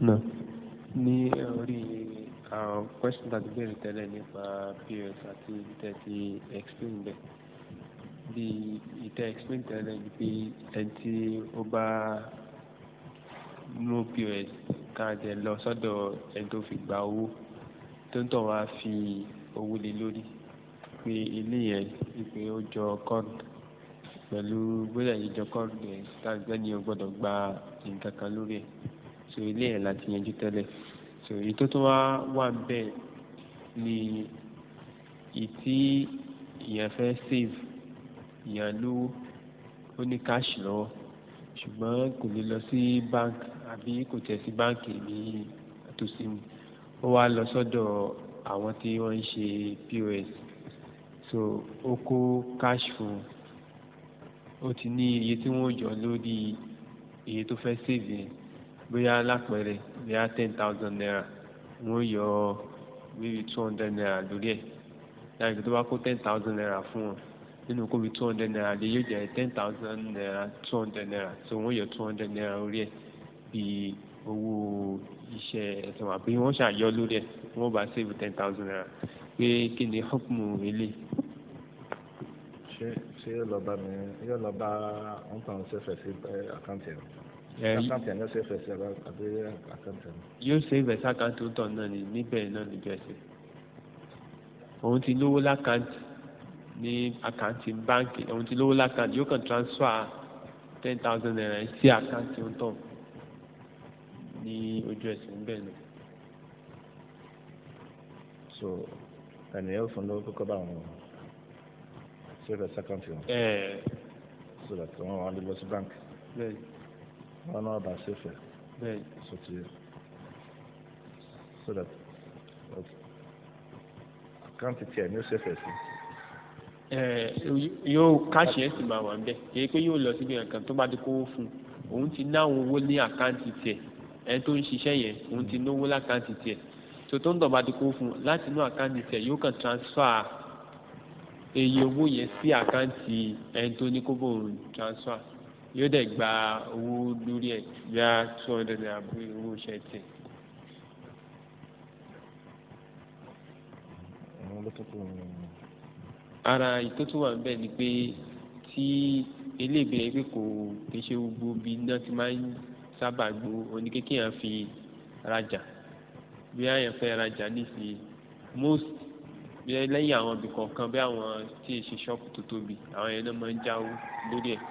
No, ní orí question tàbí béèrè tẹ́lẹ̀ nípa pos àti ìtẹ́ ti explain bẹ́ẹ̀ bí ìtẹ́ explain tẹ́lẹ̀ ni pé ẹni tí ó bá mú pos káàdì lọ sọ́dọ̀ ẹni tó fi gba owó tó ń tọ̀ wá fi owó lé lórí pé ilé yẹn ìpè ó jọ kọ́ọ̀dù pẹ̀lú bóyá ìjọ kọ́ọ̀dù yẹn tá a gbẹ́ ni o gbọ́dọ̀ gba nǹkan kan lórí ẹ̀ so ilé ẹ̀ láti yanjú tẹ́lẹ̀ so èyí tó wá wà bẹ́ẹ̀ ni ìtí ìyẹn fẹ́ save ìyẹn lówó ó ní káàṣì lọ́wọ́ ṣùgbọ́n kò lè lọ sí báńkì àbí kò tẹ̀ sí báńkì ní àtòsí mi ó wá lọ sọ́dọ̀ àwọn tí wọ́n ń ṣe pos so ó kó káàṣì fún un ó ti ní iye tí wọ́n jọ lórí iye tó fẹ́ save yẹn bóyá lápẹẹrẹ bóyá ten thousand naira wọ́n yọ bíi two hundred naira lórí ẹ̀ láìpẹ́ tó bá kó ten thousand naira fún wọn nínú kó bíi two hundred naira lè yóò jẹ́ ten thousand naira two hundred naira so wọ́n yọ two hundred naira lórí ẹ̀ bíi owó iṣẹ́ ẹ̀sìn wà bí wọ́n ṣàyọ lórí ẹ̀ wọ́n bá save ten thousand naira pé kí ni hókùmù ilé ṣé ṣé yóò lọ bá mi yóò lọ bá one pound ṣẹ̀fẹ̀ sí àkáǹtì ẹ̀ yóò ṣe ìfẹsẹ̀ àkáǹtì tó tọ̀ náà níbẹ̀ náà níbẹ̀ ṣe òun ti lówó lákàǹtì ní àkáǹtì báǹkì òun ti lówó lákàǹtì yóò kàn transfer ten thousand naira sí àkáǹtì tó tọ̀ ní ojú ẹsẹ̀ níbẹ̀ náà. so ẹnìyẹn ò fún lówó kókó bá wọn ṣe ìfẹsẹ̀ àkáǹtì wọn so that wọn wà lọ sí báǹkì wọn náà bá ṣe fẹ sọtì so that àkáǹtì tiẹ̀ ní ó ṣe fẹ sí. yóò káṣí ẹ̀ sì máa wà bẹ́ẹ̀ kìí pé yóò lọ síbi nǹkan tó bá di kówó fún un òun ti náwọn owó ní àkáǹtì tiẹ̀ ẹni tó ń ṣiṣẹ́ yẹn òun ti náwó lákáǹtì tiẹ̀ tó tó ń dọ̀bà di kówó fún un láti inú àkáǹtì tiẹ̀ yóò kàn transfer iye owó yẹn sí àkáǹtì ẹni tó ní kó bóun transfer yóò dẹ̀ gba owó lórí ẹ̀ bíá two hundred naira bí owó iṣẹ́ tì. ara ìtótó wà níbẹ̀ ni pé tí eléèbẹ̀rẹ̀ pé kò kì í ṣe gbogbo bí náà ti máa ń sábà gbó oníkékèèyàn fi rajà bí àyàn fẹ́ rajà nísìnyí most bí lẹ́yìn àwọn ibì kọ̀ọ̀kan bí àwọn tí ì ṣe ṣọ́ọ̀pù tó tóbi àwọn yẹn náà máa ń jáwó lórí ẹ̀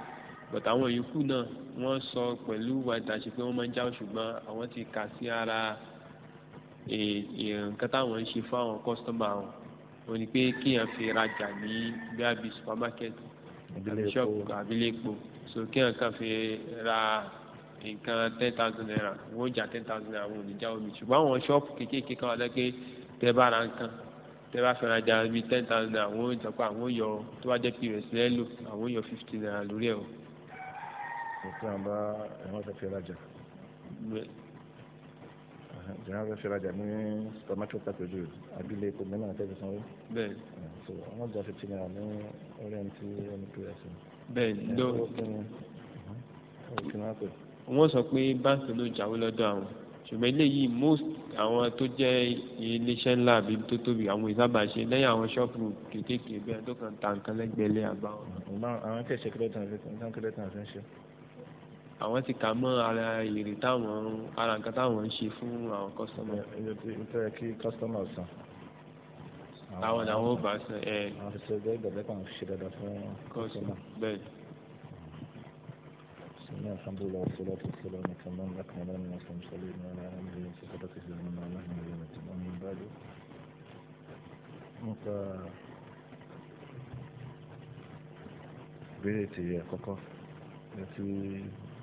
bọ̀tà àwọn yòókù náà wọ́n sọ pẹ̀lú wàdàṣe pé wọ́n máa ń já ṣùgbọ́n àwọn ti kà sí ara e, e, nǹkan táwọn ń ṣe fún kọ́sítọ́mà wọn wọ́n ní pé kéèyàn fi rajà ní bíábí supermarket àbí ṣọ́ọ̀bù àbílẹ̀ epo so kéèyàn kàn fi ra nǹkan ten thousand naira wọ́n jà ten thousand naira wọn ò ní já omi ṣùgbọ́n àwọn ṣọ́ọ̀bù kéékèèké kan wà lẹ́gbẹ́ tẹ́ bá ra nǹkan tẹ́ bá fẹ́ rajà bíi ten thousand naira wọ́n jà àwọn yọ tó bá jẹ́ pos lẹ́lò àwọn yọ fifty naira lórí ẹ̀ o tí wọ́n bá ẹ̀wọ́n fẹ́ fi rajà jẹ́wọ́n fẹ́ fi rajà ní supermarket pàtẹ́jú abilé epo mẹ́rin àti ẹ̀fẹ̀ sanwó. bẹ́ẹ̀ so wọ́n jà fifteen naira ní orienti nps. bẹ́ẹ̀ ló wọ́n sọ pé báńkì ló jáwé lọ́dọ̀ àwọn ṣùgbọ́n eléyìí most àwọn tó jẹ́ iléeṣẹ́ ńlá àbí tó tóbi àwọn ìsábà ṣe lẹ́yìn àwọn ṣọ́ọ̀bù kéékèèké bẹ́ẹ̀ tó kàn ta nǹkan lẹ́gbẹ̀ẹ́ lé àbáwọn. àwọn kẹ̀sẹ̀ kẹlẹ́tàn fẹ́ ṣe àwọn ti kà mọ́ ara èrè táwọn ara nǹkan táwọn ń ṣe fún àwọn kọ́sọ́mà. iye tí n tẹ́ kí kọ́sọ́mà san. àwọn làwọn ò bá san. àwọn ti sọ bẹ́ẹ̀ bẹ̀rẹ̀ kàn ṣe dáadáa fún kọ́sọ́mà. bẹ́ẹ̀. سمع الحمد لله والصلاة والسلام على كمان أكمل من المرسلين وعلى آله وصحبه أجمعين وعلى أهل الجنة أمين بعد nípa ìbéèrè tí àkọ́kọ́ àti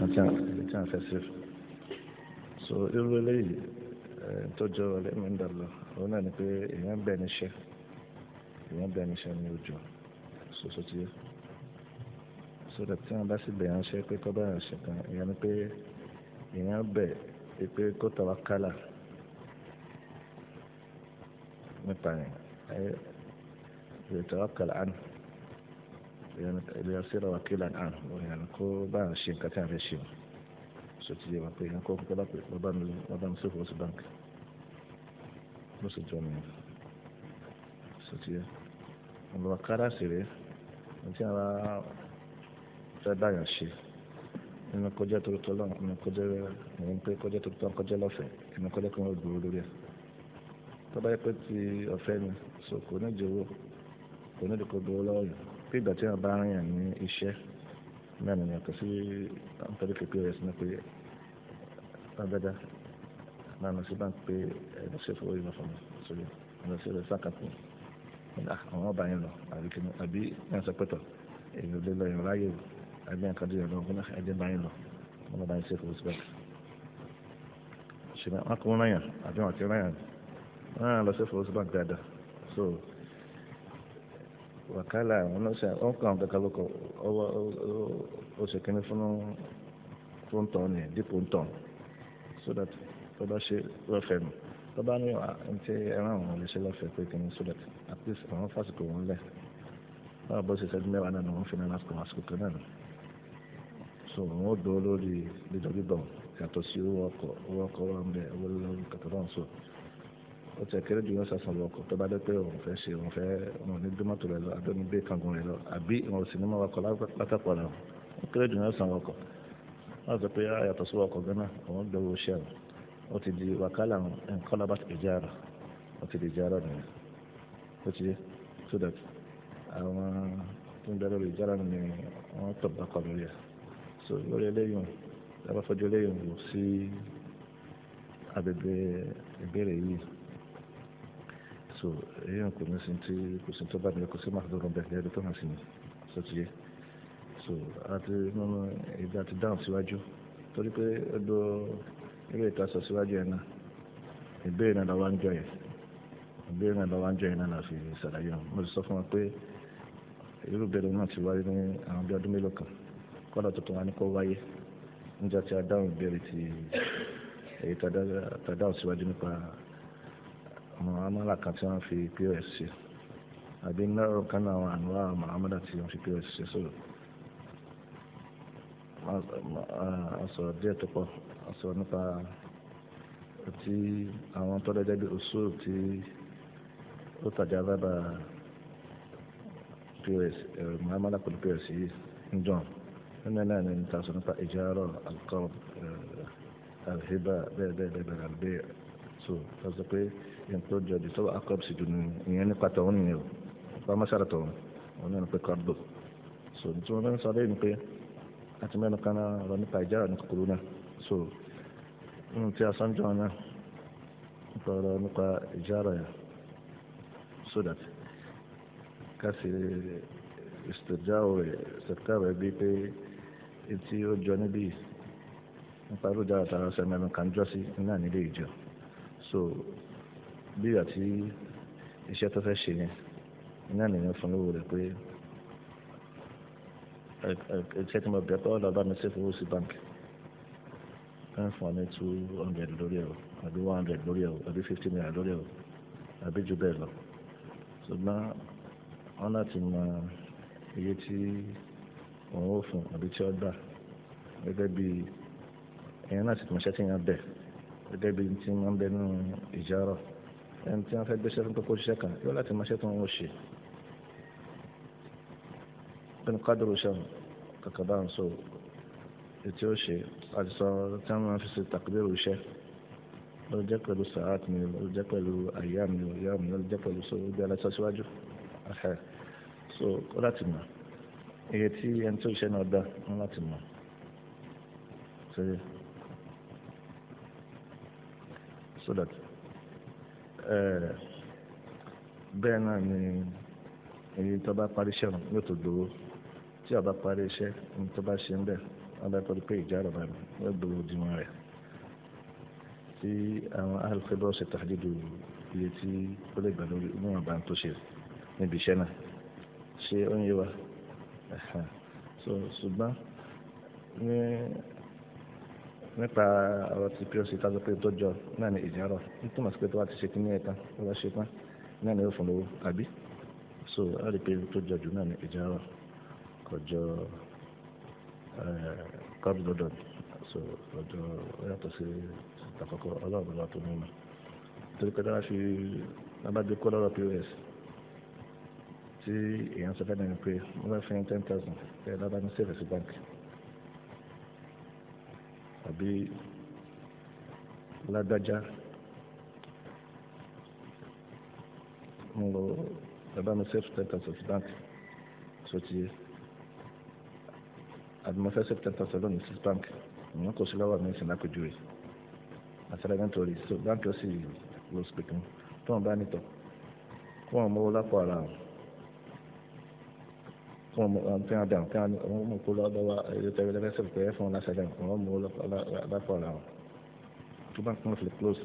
kan tí a fẹ́ sí so irú eléyìí tọ́jọ́ ọlẹ́mìíràn lọ òun náà ni pé èèyàn bẹ̀ níṣẹ́ èèyàn bẹ̀ níṣẹ́ ní ojú ṣoṣo tí so that tí wọn bá sì bẹ̀ yàn ṣe pé kọ́ bá yàn ṣe kan èèyàn ni pé èèyàn bẹ̀ pé kó tọ́wọ́ kálà nípa yẹn ẹ̀ tọ́wọ́ kálà ánì ìlẹ́sẹ̀rọ̀ wákìlà náà ìyẹn kó bá ń ṣe nǹkan tí a fẹ́ ṣe so ti yẹ wá pé ìyẹn kó kó bá pè bá mi bá bá mi sí fowó sí báńkì mo sì jọ mi so ti yẹ ọ̀rọ̀ kára sì rèé tí a bá fẹ́ báyọ̀ ṣe nínú kọjá tó tọ́ lọ́nà nínú kọjá ìwọ̀n pé kọjá tó tọ́ kọjá lọ́fẹ̀ẹ́ nínú kọjá kan ó gbòòrò lórí ẹ̀ tọ́ba yẹ pé ti ọ̀fẹ́ ni so kò ní jòwó kò ní ìdíkò gbòòrò lọ́wọ́ yìí pé ìgbà tí wọn bá rìn yàn ní iṣẹ́ náà nìyẹn yàtọ̀ sí nítorí pé pos ní pé lágbádá náà lọ sí báńkì pé ẹni ṣe fowó yìí lọ fún mi sórí ẹni ṣe lọ sákàtì ah, àwọn ọba yẹn lọ àbí ẹni sọ pẹtọ èyí ò lè lọ ìrora yẹ o àbí ẹni kadì yẹn lọ fún ẹni bá yẹn lọ wọn bá yẹn ṣe fowó sí báńkì ṣùgbọ́n wọn kò ń ráyàn àbí wọn ti ráyàn wọn lọ sí fowó sí báńkì so wàkálà àwọn ọ̀sẹ̀ wọn kàn kankan lóko ọwọ́ ọ̀sẹ̀ kìíní fún fún tọ̀ ni dípò ń tọ̀ so that tó bá ṣe lọ́fẹ̀ẹ́ mi tó bá ní ntí ẹran àwọn olè ṣe lọ́fẹ̀ẹ́ pé kìíní so that at least àwọn fásitì wọn lẹ̀ báwa bó ṣe ṣẹ́jú mẹ́wàá náà ni wọ́n fi ní lásìkò àsìkò kan náà so wọn ó dúró lórí dídọ́ bíbọ̀ yàtọ̀ sí owó ọkọ̀ owó ọkọ̀ wọn bẹ owó lọ́wọ́ kàtàkùn so ó ti ẹ̀kẹ́rẹ́ jù yóò sàṣàn lọ ọkọ̀ tó bá dé pé òun fẹ́ ṣe òun fẹ́ òun ní dómọ́tò rẹ̀ lọ àbí òun gbé kangun rẹ̀ lọ àbí òun sì ní mọ́ wakọ̀ látàpọ̀ rẹ̀ ó kéré jù yóò sàn ọkọ̀ wọ́n sọ pé àyàtọ̀ ah, sí ọkọ̀ gánà òun gbé owó ṣẹ́ ó ti di wàkálà nǹkan bá ti jára ó ti di jára nìyẹn ó ti so that àwọn tó ń bẹ lórí jára ni wọ́n tọ̀ bá kọ̀ lórí ẹ̀ so lórí eléyìí lábàfọ́jú eléyìí wò sí agbègbè ìbéèrè yìí so èèyàn kò ní sin tí kò sin tó bá mi kò sí máa dọ̀rọ̀ bẹ́ẹ̀ lẹ́yìn tó hàn sí mi so ti yé so àti nínú ìgbà àti dáhùn síwájú torí pé ọ̀dọ̀ ilé ìtasọ síwájú yẹn náà ìbéèrè náà lọ́wọ́ ń jọ yẹn ìbéèrè náà lọ́wọ́ ń jọ yẹn náà láfi ṣàlàyé wọn mo sì sọ fún wọn pé irú ìbéèrè náà ti wáyé ní àwọn bí ọdún mélòó kan kọ́dà tuntun wa ní kó wáyé níjà tí a dáhùn ìbéèrè ti èyí tàdáhùn síwájú nípa mu'amala kan tí wọ́n fi pos ṣe àbí náírà kan náà àwọn ànúwà mu'amala tí wọ́n fi pos ṣe sọ̀rọ̀ ọ̀sọ̀rọ̀ díẹ̀ tó pọ̀ ọ̀sọ̀rọ̀ nípa ti àwọn tó dẹ́jẹ́ bí usul tí ó tàjà lábà pos mu'amala pẹ̀lú pos yìí ń dùn nínú ẹ̀ náà ni ta sọ nípa ìjárọ̀ alqarb alhiba bẹ́ẹ̀ bẹ́ẹ̀ bẹ́ẹ̀ bẹ́ẹ̀ so lọ́sọ̀ pé nǹkan jọ di tọ́wọ́ akọ́bùsì dùn ní ìyẹn nípa tọ̀hún nìyẹn o bá má sára tọ̀hún náà ní pé kọ́ńdò so tí wọ́n mẹ́rin sọ lẹ́yìn pé àti mẹ́rin kan náà lọ nípa ìjára ní kúkúrú náà so nínú tí a sọ ń jọ náà nípa ọ̀rọ̀ nípa ìjára yà so that kásì ìsìtẹ̀jáwò rẹ̀ sẹ̀tẹ̀rọ̀ ẹ̀ bíi pé etí ó jọ níbí nípa ìlú ìjára tààrà sẹ́mẹ́rin kan jọ sí iná nílé so bí àti iṣẹ́ tó fẹ́ ṣe yẹn iná nìyẹn fún lówó rẹ̀ pé iṣẹ́ tí mo bẹ̀ pé ọ̀dọ̀ bá mi ṣe fowó sí báńkì wọ́n fún ọ ní two hundred lórí ẹ̀ o àbí one hundred lórí ẹ̀ o àbí fifty naira lórí ẹ̀ o àbí ju bẹ́ẹ̀ lọ ṣùgbọ́n wọ́n láti mọ iye tí òun ó fún àbí tí ó gbà gẹ́gẹ́ bí ìyẹn láti mọṣẹ́ tí yẹn bẹ̀. gẹ́gẹ́ bí ti máa ń bẹ nínú ìjárọ̀ ẹni tí wọ́n fẹ́ gbéṣẹ́ fún kókó ṣiṣẹ́ kan yóò láti máa ṣe tó ń ṣe pín kádùrú ṣẹ́wọ̀n kàkà bá ń sọ ètí ó ṣe àti sọ tí wọ́n máa fi ṣe tàkìdérò iṣẹ́ ló jẹ́ pẹ̀lú sàát mi ló jẹ́ pẹ̀lú àyà mi òyà mi ló jẹ́ pẹ̀lú sọ ibi alásọ́síwájú ẹ̀hẹ́ so ó láti mọ̀ iye tí ẹni tó ṣiṣẹ́ náà dá ó láti mọ̀ sẹ́yìn. so that eh, bẹ́ẹ̀ náà ni èyí tó bá parí iṣẹ́ rẹ̀ yóò tó gbowó tí a bá parí iṣẹ́ ní tó bá ṣe ń bẹ̀ wọ́n bá tọ́jú pé ìjà rẹ̀ bá mi yóò gbowó òdiwọ̀n rẹ̀ tí àwọn alùpùpù ṣe tàdídù iye tí ó lè gbà lórí níwọ̀n bá ń tó ṣe níbi iṣẹ́ náà ṣe ó ń yé wa so ṣùgbọ́n ní nípa ọ̀rọ̀ tí poc ta sọ pé tó jọ náà ní ìjárọ̀ nítorí màsí pé tó wà ti ṣe kí ní ẹ̀ta bá ṣe tán náà ní òfin lówó àbí so a rí pé tó jọ jù náà ní ìjárọ̀ kọjọ eh, kọ́ọ̀dù lọ́dọ̀ so ọjọ́ yàtọ̀ sí àkọ́kọ́ ọlọ́ọ̀bọ̀lọ́ tó ní ìmọ̀ torí pé dára fi abájọ kọ́ lọ́rọ̀ pos tí èèyàn sọ fẹ́ náà ni pé wọ́n fẹ́ fi ten thousand ẹ̀ lábá ní sèfẹ̀sì báńkì àbí ládájá ń lo bàbá mi self ten thousand bank sotí àbí mo fẹ́ self ten thousand lónìí six bank ìyẹn kò sí lọ́wọ́ mi sí lápèjúwe àtàlẹ́gbẹ́ nítorí so báńkì ó sì lọ sí pé kí wọ́n bá nìtọ̀ kí wọ́n mọ́wó lápò ara wọn fún ọmọ tí wọn dàn kí wọn mú kó lọ́dọ̀ wa èyí tẹ̀wé lẹ́fẹ̀sẹ̀ pé ẹ̀ fún wọn láṣẹ dàn wọn mú lápò ara wọn tó bá kún fi close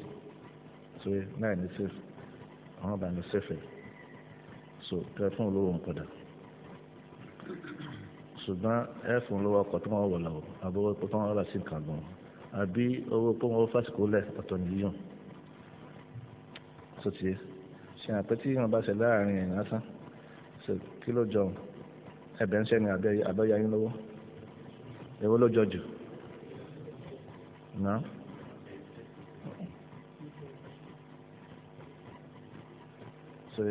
so náà ní safe àwọn bá ní safe so tẹ̀ fún olówó ń padà ṣùgbọ́n ẹ̀ fún olówó ọkọ̀ tó wọn wọ̀ lọ́wọ́ àbúrò tó wọn rà sí nǹkan gan àbí owó pé wọn fásitì lẹ̀ ọ̀tọ̀ nìyíyàn sọ tiẹ̀ ṣe àpẹtí wọn bá ṣe ẹ̀ lásán kí ló jọun ẹ̀bẹ̀ ń sẹ́ni àbẹ́yà yín lọ́wọ́ èwo ló jọjù náà. ṣe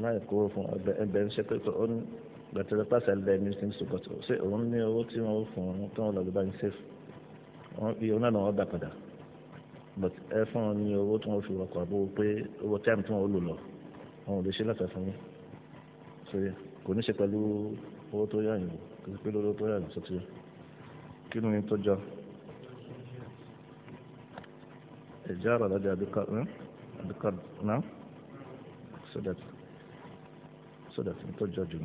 máa kó fún ẹ̀bẹ̀ ń ṣe pé ó ní gbàtẹ́rẹ́ pàṣẹ lẹ́ẹ̀ ní ṣe ń sọ̀kọ̀tọ̀ ṣé òun ní owó tí wọ́n fún un tí wọ́n lọ lè bá ń ṣe náà lọ́wọ́ dà padà but ẹ fún un ní owó tí wọ́n fi wọkọ̀ àbúrò pé owó táìmù tí wọ́n lò lọ wọn ò lè ṣe lọ́fẹ̀ẹ́ fún yín sórí kò ní ṣe pẹ̀lú owó tó yà yìí kò sí pẹ̀lú owó tó yà yìí sótú kí ni tó jọ ẹ̀jẹ̀ àrà lọ́jà àdúkàr náà sódà sódà tí tó jọ jù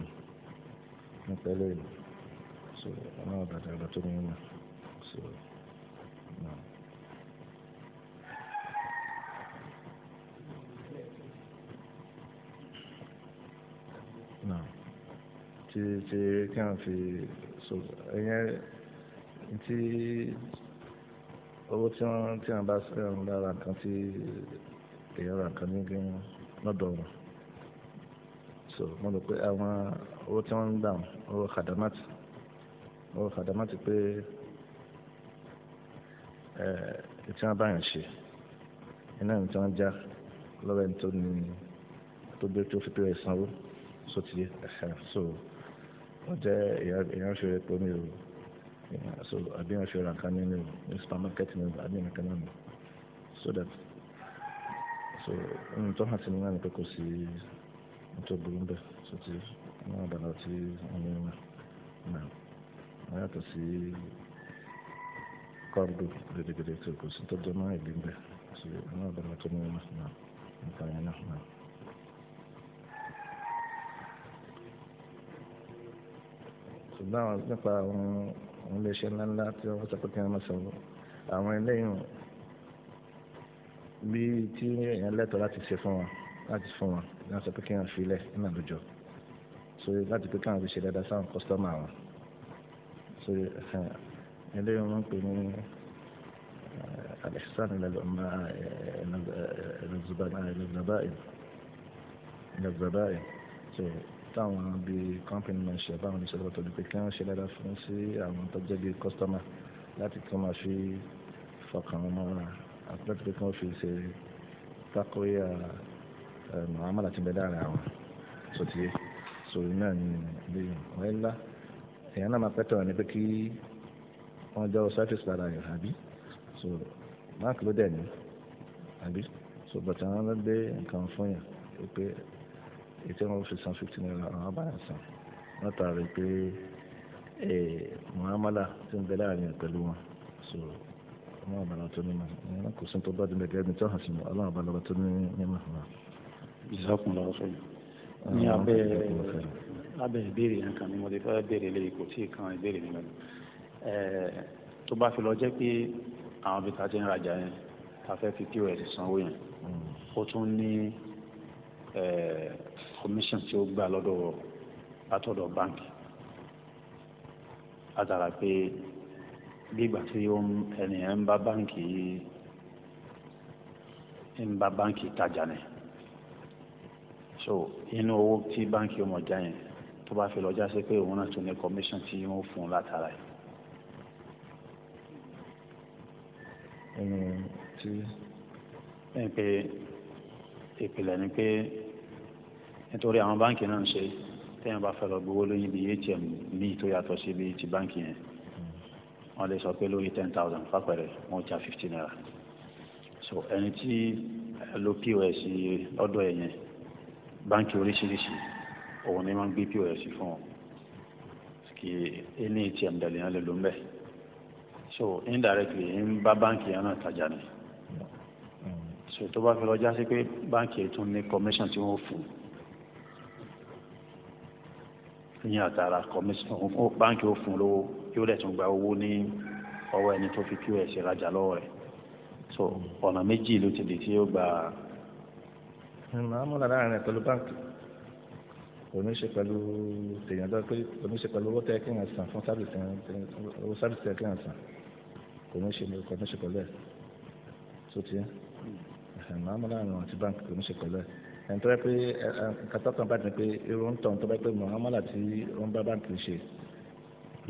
nípa ẹlẹ́yìn so àwọn àgbàdo àgbà tó ní ìmọ̀ so. ti ti kí wọ́n fi so ẹ̀yẹn tí owó tí wọ́n tí wọ́n bá sẹ́wọ̀n lára nǹkan tí èèyàn ra nǹkan ní gbé wọn wọn so mo rò pé àwọn owó tí wọ́n ń gbà owó kàdámàtì owó kàdámàtì pé ẹ̀ tí wọ́n bá yàn ṣe iná ní tí wọ́n já lọ́wọ́ ẹni tó ní tó gbé tó fi pé ẹ̀ sanwó sótìyẹ ẹ̀hẹ́ so. so ọjọ́ èèyàn ṣe rẹ̀ pọ̀ ní ìlú so àbí wọn ṣe ra nǹkan ní ìlú ní supermarket ní ìlú àbí nǹkan náà ní so that so ohun tó hàn sí mi náà ni pé kò sí nítorí burú bẹ́ẹ̀ so ti wọn àbàlà tí wọn ní ìmọ̀ náà wọn yàtọ̀ sí kọ́ńdù gidigidi tó kò sí tó jẹ́ mọ́ ìlú bẹ́ẹ̀ so wọn àbàlà tó ní ìmọ̀ náà nǹkan yẹn náà náà. báwọn nípa àwọn àwọn iléeṣẹ́ ńláńlá tí wọ́n sọ pé kí wọ́n máa sọ̀rọ̀ àwọn eléyìn bí tí èèyàn lẹ́tọ̀ọ́ láti ṣe fún wọn láti fún wọn ní wọ́n sọ pé kí wọ́n fi ilẹ̀ ní àlùjọ so láti pé káwọn fi ṣe dáadáa sáwọn kọ́sítọ́mà wọn so eléyìn wọn pè ní alẹ́sán ìlàlọ́mà ìlàzàbáyìn ìlàzàbáyìn so táwọn bíi company man ṣe àbáwọn oníṣẹ́ lọ́wọ́ tọ́jú pé kí wọ́n ṣe dáadáa fún sí àwọn tó jẹ́ bíi customer láti kí wọ́n máa fi fọkàn wọn mọ́ra àti láti pé kí wọ́n fi ṣe takoya muhammadu àti bẹ́ẹ̀ dára àwọn sọtìyẹ sọ̀rọ̀ náà ní lẹ́yìn wọ́n ńlá èèyàn náà máa pẹ́ tọ̀rọ̀ ní pé kí wọ́n jọ surface lára yẹn àbí so mark ló dẹ̀ ní àbí so bàtà wọn lọ gbé nǹkan fún yàn pé ètò wọn fi san fifty naira àwọn abáyà san látàrí pé muhammadu ti ń bẹ láàrin pẹ̀lú wọn so ọlọ́run àbálọ tó ní mọ̀ ẹ̀rọ kò sí tó bá dùn gẹ́gẹ́ bí tó hàn sí mi ọlọ́run àbálọ tó ní mímọ̀ náà. ìsàkùn lọ sọ ní abẹ́ abẹ́ ìbéèrè yẹn kan ni mo ti fẹ́ béèrè lè kò tí ì kan ìbéèrè mi lọ́nà tó bá fi lọ jẹ́ pé àwọn ibi ti ń rajà yẹn tá a fẹ́ fi pọ́s sanwó yẹn hmm. ó tún ní Eh, commission tí ó gbà lọ́dọ̀ látọ̀dọ̀ báńkì látara pé bí ìgbà tí ẹnìyẹn ń bá báńkì ń bá báńkì tajà ni so inú owó tí báńkì ọmọ já yẹn tó bá fi lọ já sí pé òun náà tún ní commission tí wọ́n fún un látara yìí. ẹ̀yìn pé ìpìlẹ̀ ni pé nítorí àwọn báǹkì náà ń ṣe téèyàn bá fẹ́ lọ gbowó lóyún bíi atm míì tó yàtọ̀ sí bíi ti báǹkì yẹn wọ́n lè sọ pé lórí ten thousand fápẹ̀rẹ̀ wọ́n já fifteen naira so ẹni tí lo pos lọ́dọ̀ ẹ̀ yẹn báǹkì oríṣiríṣi òun ni wọ́n gbé pos fún ọ kì í ní atm dẹ̀lẹ́ yẹn lè lò ń bẹ̀ so indirectly ń bá báǹkì yẹn náà tajà ni so tó bá fi lọ já sí pé báǹkì yẹn tún ní commission tí wọ́n fún un. ní àtàrà báńkì ó fún lówó yóò dẹ̀ tún gba owó ní ọwọ́ ẹni tó fi pọ́s rajà lọ́wọ́ rẹ̀ so ọ̀nà méjì ló ti di tí ó gba. màámúlà láàrin ẹ̀ pẹ̀lú báńkì oníṣe pẹ̀lú tèèyàn dọ́ pé oníṣe pẹ̀lú owó tẹ́ kí n san fún sábìsì owó sábìsì tẹ́ kí n san kò ní ṣe kò ní ṣe pẹ̀lú ẹ̀ tó tiẹ̀ màámúlà àrùn àti báńkì kò ṣe pẹ̀lú ẹ̀ ẹni tó yẹ pé kàtàkùn bá ti pé irú ń tọ̀ tó bá pé muhammadu àti wọn bá báńkì ṣe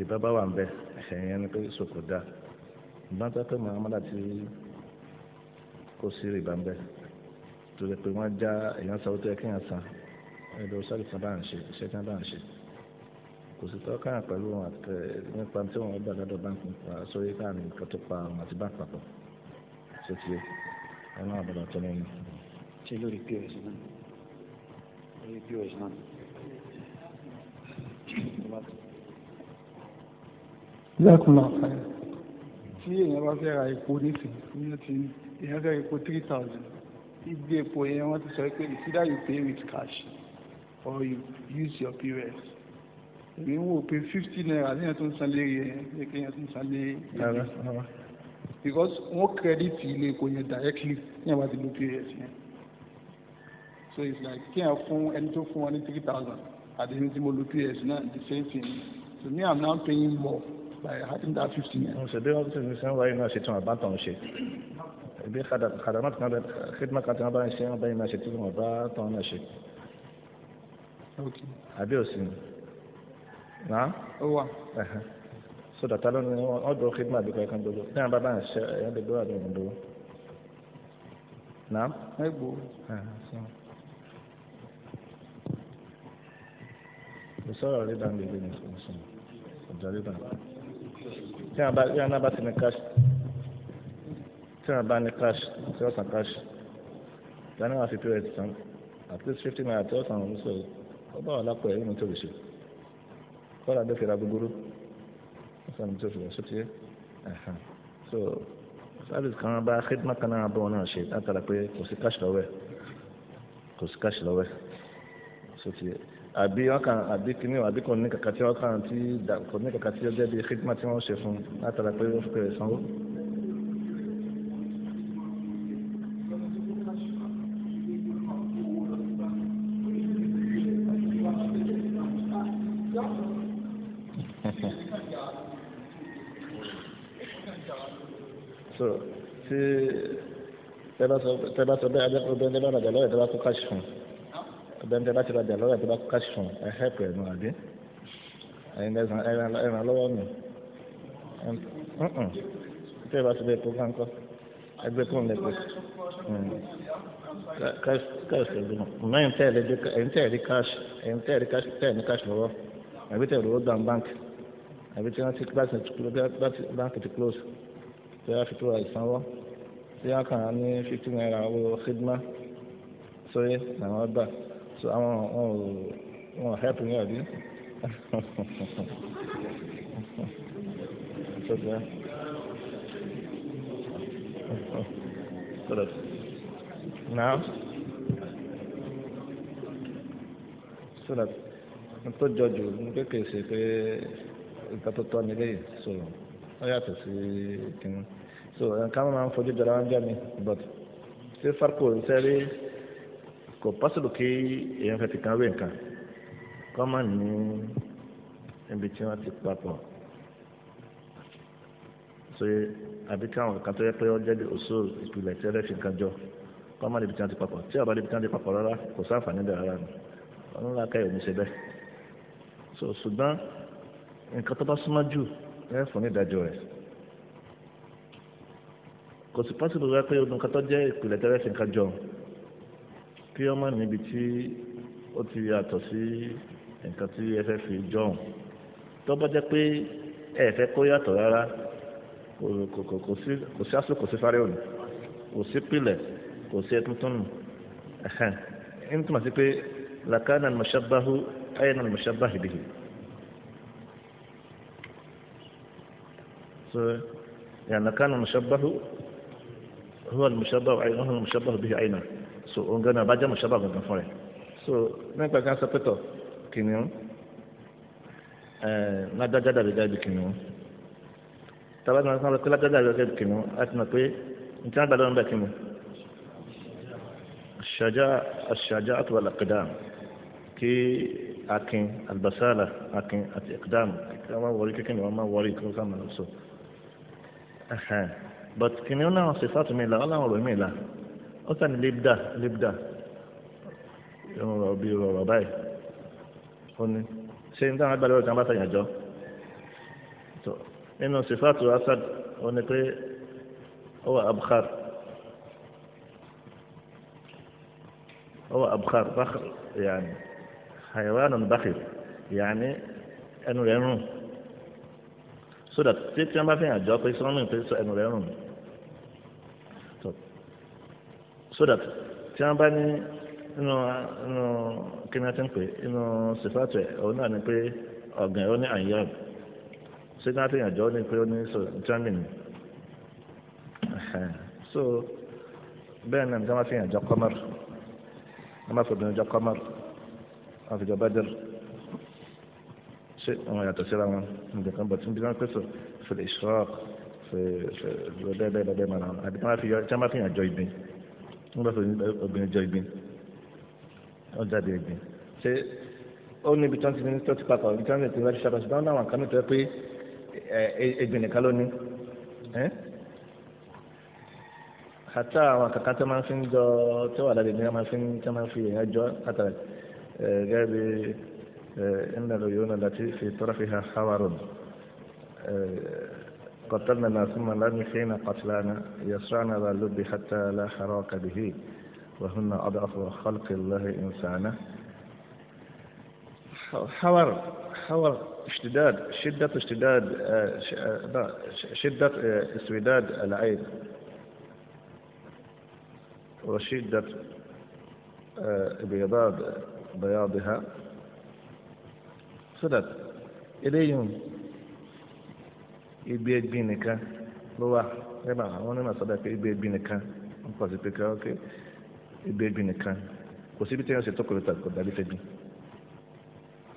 ìbá bá wà ń bẹ ẹ̀yìn ni pé sòkò dá ìbọn tó yẹ pé muhammadu àti kò sí rìbá ń bẹ tó yẹ pé wọ́n já èèyàn sanwó tó yẹ kéèyàn san ẹ̀dọ̀ sọ́ọ̀lì kan bá ń ṣe iṣẹ́ kan bá ń ṣe kò sí tọ́ka yàn pẹ̀lú wọn àti nípa tí wọn gbà lọ́dọ̀ báńkì nípa sórí káàní nǹkan tó pa wọn àti báńkì papọ̀ sótìyẹ ẹ̀ náà bọ̀dọ̀ tó lẹ́yìn ṣe lórí pos náà lórí pos náà lẹ́kùnlá tí èèyàn bá fẹ́ ra epo nísìnyí èèyàn ti èèyàn fẹ́ epo three thousand ibi epo yẹn wọ́n ti sọ pé it's either you pay with cash or you use your POS èmi ń wò pé fifty naira léèyàn tó ń san lé yẹn léèyàn tó ń san lé yẹn because wọ́n credit ilé epo yẹn directly ní àwọn àti lo POS yẹn so it's like kí ẹ fún ẹni tó fún wọn ní three thousand àti ẹni tí mo lu two years náà the same thing so me i'm now paying more by having that fifteen years. ọ̀sẹ̀ bí wọ́n ti fi sẹ́wọ́n wáyé náà ṣe tún àbátan ṣe ebi xadama kan bẹ xidima kan tí wọn bá ń ṣe wọn bá yín náà ṣe tí wọn bá tán náà ṣe. àbí òsín náà. ó wà sódà tá lónìí wọn dúró xidima àbíkọ ẹ̀kan dodo ní àwọn bàbá ṣe ẹ̀yán lè dúró àbí òun dúró. náà. ẹ gbó. ìsọ̀rọ̀ rí dàmí ilé ní ìsọ̀rọ̀ ọ̀dọ̀ rí dàmí. tí wọn náà bá ti ní cash tí wọn bá ní cash tí wọn san cash tí wọn náà wá fi period san at least fifty naira tí wọn san òun sọ ọba ọ̀la pọ̀ ẹ̀yìn tó lè ṣe kọ́lá bẹ́ẹ̀ fẹ́ra gbogbo wọn san tó fi lọ sọ́tì ẹ̀ so service kan bá xidma kan náà bá wọn náà ṣe látara pé kò sí cash lọ́wọ́ ẹ̀ kò sí cash lọ́wọ́ ẹ̀ sọ́tì àbí ọkàn àbí kìnìún àbí kò ní kàkà tí ọkàn tí kò ní kàkà tí ó jẹ́ bí hikma tí wọ́n ṣe fún látara pé ó fẹ́ sanwó. so tí tẹ́lá sọ bẹ́ẹ̀ adẹ́kùnrin bẹ́ẹ̀ ní bá nàjà lọ́wọ́ ìtẹ́lá tó káṣí fún un ọbẹ̀ níta bá ti rajà lọ́wọ́ àti bá kó káṣí fún ẹ hẹ́pù ẹ̀ nù àdé ẹ̀ràn lọ́wọ́ mi tẹ́ ẹ bá ti bẹ́ẹ̀ kó káńkọ́ ẹgbẹ́ kó ń lẹ pé káṣí ẹ̀dùn mẹ́rin tẹ́ ẹ̀rín tẹ́ ẹ̀rí káṣí ẹ̀rín tẹ́ ẹ̀rí káṣí tẹ́ ẹ̀rí káṣí lọ́wọ́ àbí tẹ́ ẹ̀rí lọ́dọ̀ báńkì àbí tí wọ́n ti báńkì ti close tí wọ́n fi tó àìsànwọ́ tí wọ́n kàn án ní fifty naira owó khidma sóyè làwọn bá so àwọn wọn ò wọn ò help yín àbí naam so that n tó jọjú n pé kì í ṣe pé nǹkan tó tọ́ nílé yìí so ó yàtọ̀ sí kìnnìún so nǹkan máa ń fojú jọra wọn jẹ́ mi but ṣé farco ń sẹ́rí kò pásítọ̀ kí èèyàn fẹ́ ti kan wé nǹkan kọ́ má ní níbi tí wọ́n ti papọ̀ ṣe àbí káwọn kan tó yẹ pé ó jẹ́ bí òṣòro ìpìlẹ̀ tí ẹlẹ́sìn nǹkan jọ kọ́ má níbi tí wọ́n ti papọ̀ tí ọ̀bá níbi tí wọ́n ti papọ̀ rárá kò sáǹfààní bẹ̀rẹ̀ rárá ni ọ̀nà ńlá káyọ̀ ní ṣe bẹ́ẹ̀ so ṣùgbọ́n nǹkan tó bá súnmọ́ jù ẹ fún ní ìdájọ́ rẹ̀ kò sí pásítọ̀ rẹ pé ọdún kan tó jẹ́ ìpìlẹ̀ tí ẹlẹ́sìn nǹkan jọ kí wọ́n má níbi tí ó ti yàtọ̀ sí nǹkan tí ẹ fẹ́ fi jọ̀hún tó bá jẹ́ pé ẹ fẹ́ kó yàtọ̀ rárá kò sí aṣọ kò sí fárẹ́ òní kò sí pilẹ̀ kò sí ẹtúntún nù ẹ̀hẹ́n ń túmọ̀ sí pé làkàna al-mushabbahu ayna al-mushabbah bihi. يعني كان المشبه هو المشبه عينه المشبه به عينه so òun gan náà bá jẹ́ mọ̀ṣábà gangan fún rẹ̀ so nípa kan sọpẹ́tọ̀ kìnìún ládájá dàbí dàbí kìnìún tàbá tí wọ́n sọ pé ládájá dàbí dàbí kìnìún á ti mọ̀ pé nǹkan àgbàdo ń bẹ̀ kí mu ṣàjá ṣàjá àtúwà làkàdá kí akin albasala akin àti ìkàdám kí wọ́n máa wọrí kékeré ni wọ́n máa wọrí kí wọ́n sá máa lọ sọ but kìnìún náà ṣe fàtúmí la wọ́n láwọn ọ̀rọ̀ mi ó sàn ní libda libda ìrùn rọ̀ bí rọ̀rọ̀ báyìí ó ní ṣé ní táwọn agbára ọ̀tí wọn bá sàyàn jọ nínú sifatu asad ó ní pé ó wà abkhar ó wà abkhar bakhr yàní hayawanun bakhir yàní ẹnu rẹ̀ rùn so that tí tí wọn bá fi hàn jọ pé sọ́nù pé ẹnu rẹ̀ rùn. so that tí wọ́n bá ní inú inú kí ni wọ́n ti ń pè inú sèfàtì òun náà ni pé ọ̀gàn ó ní àyàn sígáàtì ìyànjọ́ ó ní pé ó ní germany so bẹ́ẹ̀ náà nígbà wọ́n fi ìyànjọ́ kọ́mọ́r wọ́n máa fòbìnrin jọ kọ́mọ́r wọ́n fi jọ bẹ́dẹ̀rù ṣé àwọn yàtọ̀ síra wọn nígbà kan bọ̀ tí wọ́n pè sọ fèrè ìṣọ́ọ̀kì fèrè fèrè lọ́dẹ́ẹ́dẹ́ẹ́dẹ́ mọ́ra wọn àbí wọ́n fi ìyànjọ́ ìgbìn ń bá obìnrin jọ ìgbín ó jáde ìgbín ṣé ó ní ibi tí wọ́n ti ní tó ti papọ̀ ibi tí wọ́n ti rẹ́ṣẹ́ ṣàbàṣì báwọn náà kàn mí tó yẹ pé ìgbín nìkan ló ní àtà àwọn kàkà tó máa ń fi ń jọ tó wà lábẹ́ ìgbín tó máa ń fi èèyàn jọ àtàrà gẹ́gẹ́ bí ẹ̀ ẹ̀ ń lọ yóò náà láti fi tọ́ra fi hàn háwárò قتلنا ثم لم يحين قتلانا يسرعنا ذا اللب حتى لا حراك به وهن أضعف خلق الله إنسانا حور حور اشتداد شدة اشتداد آه، شدة آه، اسوداد العين وشدة آه، بيضاد بياضها صدت إليهم igbe ẹgbin nìkan ló wà ẹgbà àwọn onímọ̀ sọ́dà pé igbe ẹgbin nìkan wọ́n pọ̀ sí pé ká ọ́kẹ́ igbe ẹgbin nìkan kò síbi tí wọ́n ṣe tọkọ̀rọ̀ tàkọ̀ dàbí fẹ́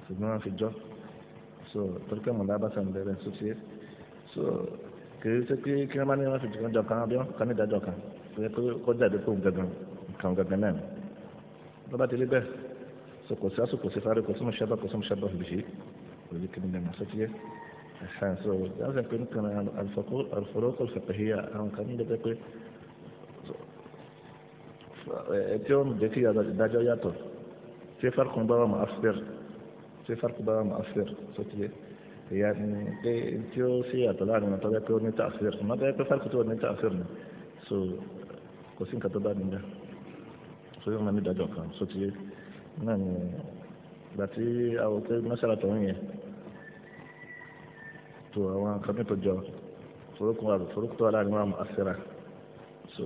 ṣùgbọ́n wọ́n fi jọ́ so torí pé mọ̀lá bá sàn bẹ̀rẹ̀ sọ sí ẹ so kì í ṣe pé kí wọ́n bá ní wọ́n fi jùlọ jọ kan bí wọ́n kàn ní ìdájọ́ kan kọjá ìdókòwò gangan nǹkan gangan náà ló bá délé bẹ́ẹ̀ so kò sí asopọ̀ sí fárí kò sí mọ̀ṣábà kò sí mọ̀ṣábà fìbìṣe òye kìnìún sọ sí ẹ ẹ̀sán so wọ́n sọ pé nǹkan al-furuq al-fiqhiyya àwọn kan níbi pé tí ó ń jẹ́ kí ìdájọ́ yàtọ̀ tí farkun bá wà mọ́ afir tí farkun bá wà mọ́ afir sọ́tìyẹ ìyá ni pé tí ó sì yàtọ̀ láàrin ọ̀tọ́ pé ó ní tàfíìr ọ̀nà tó yẹ pé farkun tó ní tàfíìr ni so kò sí nǹkan tó bá nígbà so yóò máa ní ìdájọ́ kan sọ́tìyẹ náà ni gbàtí àwọn pé mọ́sálà tó ń yẹ. tó àwọn nǹkan tó jọ forúkọ forúkọ tó wà láàrin wọn àṣírà so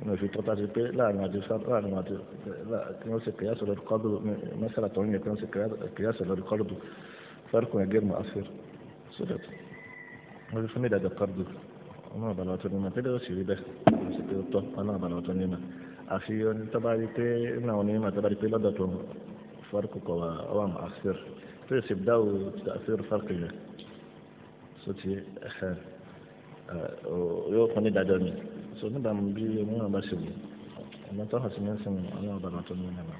wọn ò fi tọ́ta sí pé láàrin àti láàrin àti kí wọ́n ṣe kìyà sọ̀rọ̀ kọ́dù mẹ́sàlá tó ń yẹ kí wọ́n ṣe kìyà sọ̀rọ̀ kọ́dù fẹ́rùkùn ẹ̀gẹ́ mọ̀ àṣírà so sọ̀rọ̀ wọ́n fi fún mi dàgbà kọ́dù ọmọ àbàlọ́ tó ní ma tẹ́lẹ̀ ó sì rí bẹ́ẹ̀ wọ́n sì pé ó tọ́ ọmọ àbàlọ́ tó ní ma àfi tọ́bárí pé nínú àwọn onímọ̀ tọ́bárí pé lọ́dọ̀ tó fọ́rùkù kọ̀ wá ọwọ́ àmọ̀ àṣír tó sì dáwọ́ fọ́rùkù yẹn so ti yóò fún ní ìdájọ́ mi so nígbà mú bí omi náà bá ṣe wù ọmọ tó hàn sí ní sinmi ọlọ́run bàbá tó ní ìlànà.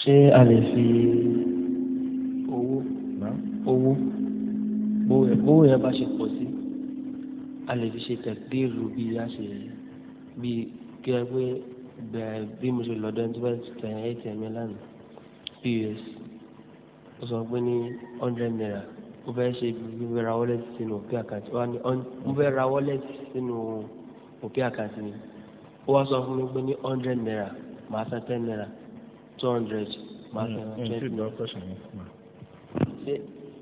ṣé a lè fi owó owó o yẹn bá ṣe pọ̀ sí a lè fi ṣe tẹ̀gbẹ́rù bí a ṣe bí kí ẹ pé bẹ́ẹ̀ bí mo ṣe lọ́dọ̀ ẹni tó bá ti tẹ̀ ẹ́ tẹ̀ mí lánàá ps ó sọ pé ní hundred naira mo fẹ́ ṣe mo fẹ́ ra wallet sínú òkè àkàtì wa ni mo fẹ́ ra wallet sínú òkè àkàtì ni ó wá sọ fún mi pé ní hundred naira màá san ten naira two hundred màá san mm, mm, twenty naira.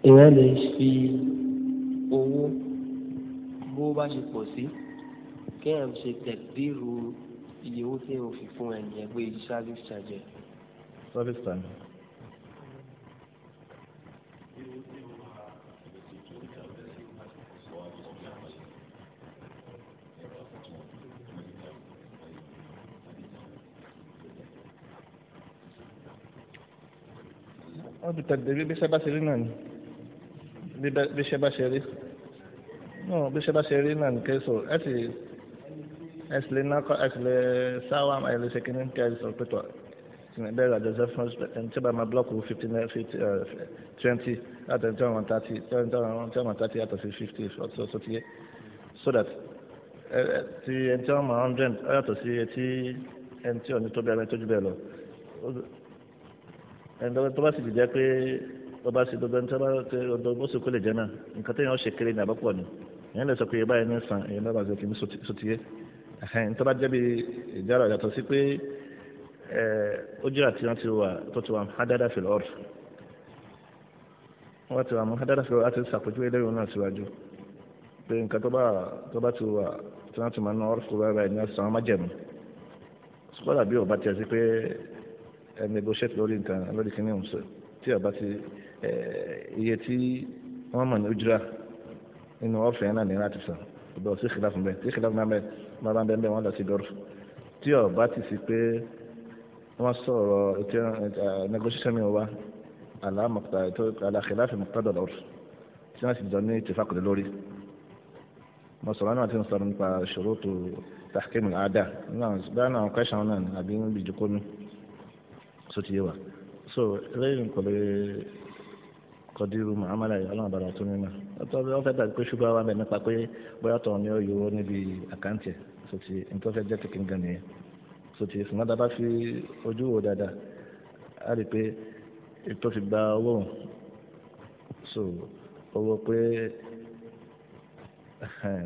èèyàn lè fi owó bó bá ṣe pọ̀ sí kéèyàn ṣe tẹ̀gbìrú iye owó tí èèyàn fi fún ẹ̀yìn ẹgbẹ́ service charge. service charge. wọ́n fi tàdébí bí ṣe bá ṣe rí náà ni bí ṣe bá ṣe rí náà bí ṣe bá ṣe rí náà ni kẹ́ sọ̀rọ̀ ẹ sì ẹ sì lè ná ẹ sì lè sáwà ẹ lè ṣe kíní kí ẹ sọ̀rọ̀ pẹ̀tọ̀ sinɛ bɛɛ la dɛsɛ fɛn ɛn tí ba ma blɔk wo fifty fifty uh, twenty ata tí wọn tati tí wọn tati ata sí fifty ọtí ọtí yẹ so that ẹ ti ẹn tí wọn ma hundred ọyàtọ̀ sí ẹtí ẹn tí wọn ní tó bẹ́ẹ̀ lọ ẹnìdọ́gbẹ́ tó bá sì dìde pé ọba sì dọ́gbẹ́ ní sábà ọdọ bó sì kó lè jẹ náà nǹkan tó yàn ó ṣe kéré ní àbọ̀pọ̀ ni lè sọ pé báyìí ní sàn sotiye ẹ̀hìn tó bá ìjára yàtọ̀ sí pé ojú àti wọn ti wà tó ti wà ọ̀rọ̀ wọn ti wà mú ọ̀rọ̀ àti sàpèjúwe lẹ́yìn náà síwájú pé nǹkan tó bá tó bá ti negotiate lórí nǹkan lórí kìíní ọ̀sẹ̀ tí a bá ti iye tí wọ́n mọ̀ ní ojúra nínú ọ̀fẹ́ náà ní láti san ọ̀dọ̀ sí ìkìlá fún bẹ́ẹ̀ tí ìkìlá fún bẹ́ẹ̀ máa bá bẹ́ẹ̀ wọ́n lọ sí gọ́ọ̀fù tí ó bá ti sí pé wọ́n sọ̀rọ̀ negotiation mi wá àlàkìlá fún mọ̀tàdọ̀ lọ́rù tí wọ́n sì jọ ní ìtìfàkùn tó ti yé wa so eléyìí nǹkan lè kọdírù muhammadu ayé ọlọ́run àbàlà tó nínú ọtọ́ bí wọ́n fẹ́ dàgbé ṣùgbọ́n wa mẹ́rin nípa pé bóyá tọ̀hún ni ó yọ owó níbi àkáǹtì ẹ̀ so ti nǹkan fẹ́ jẹ́ tìkì nǹkan nìyẹn so ti ṣùgbọ́n dábàá fi ojú wo dáadáa á rí i pé ètò fi gba owó òun so owó pé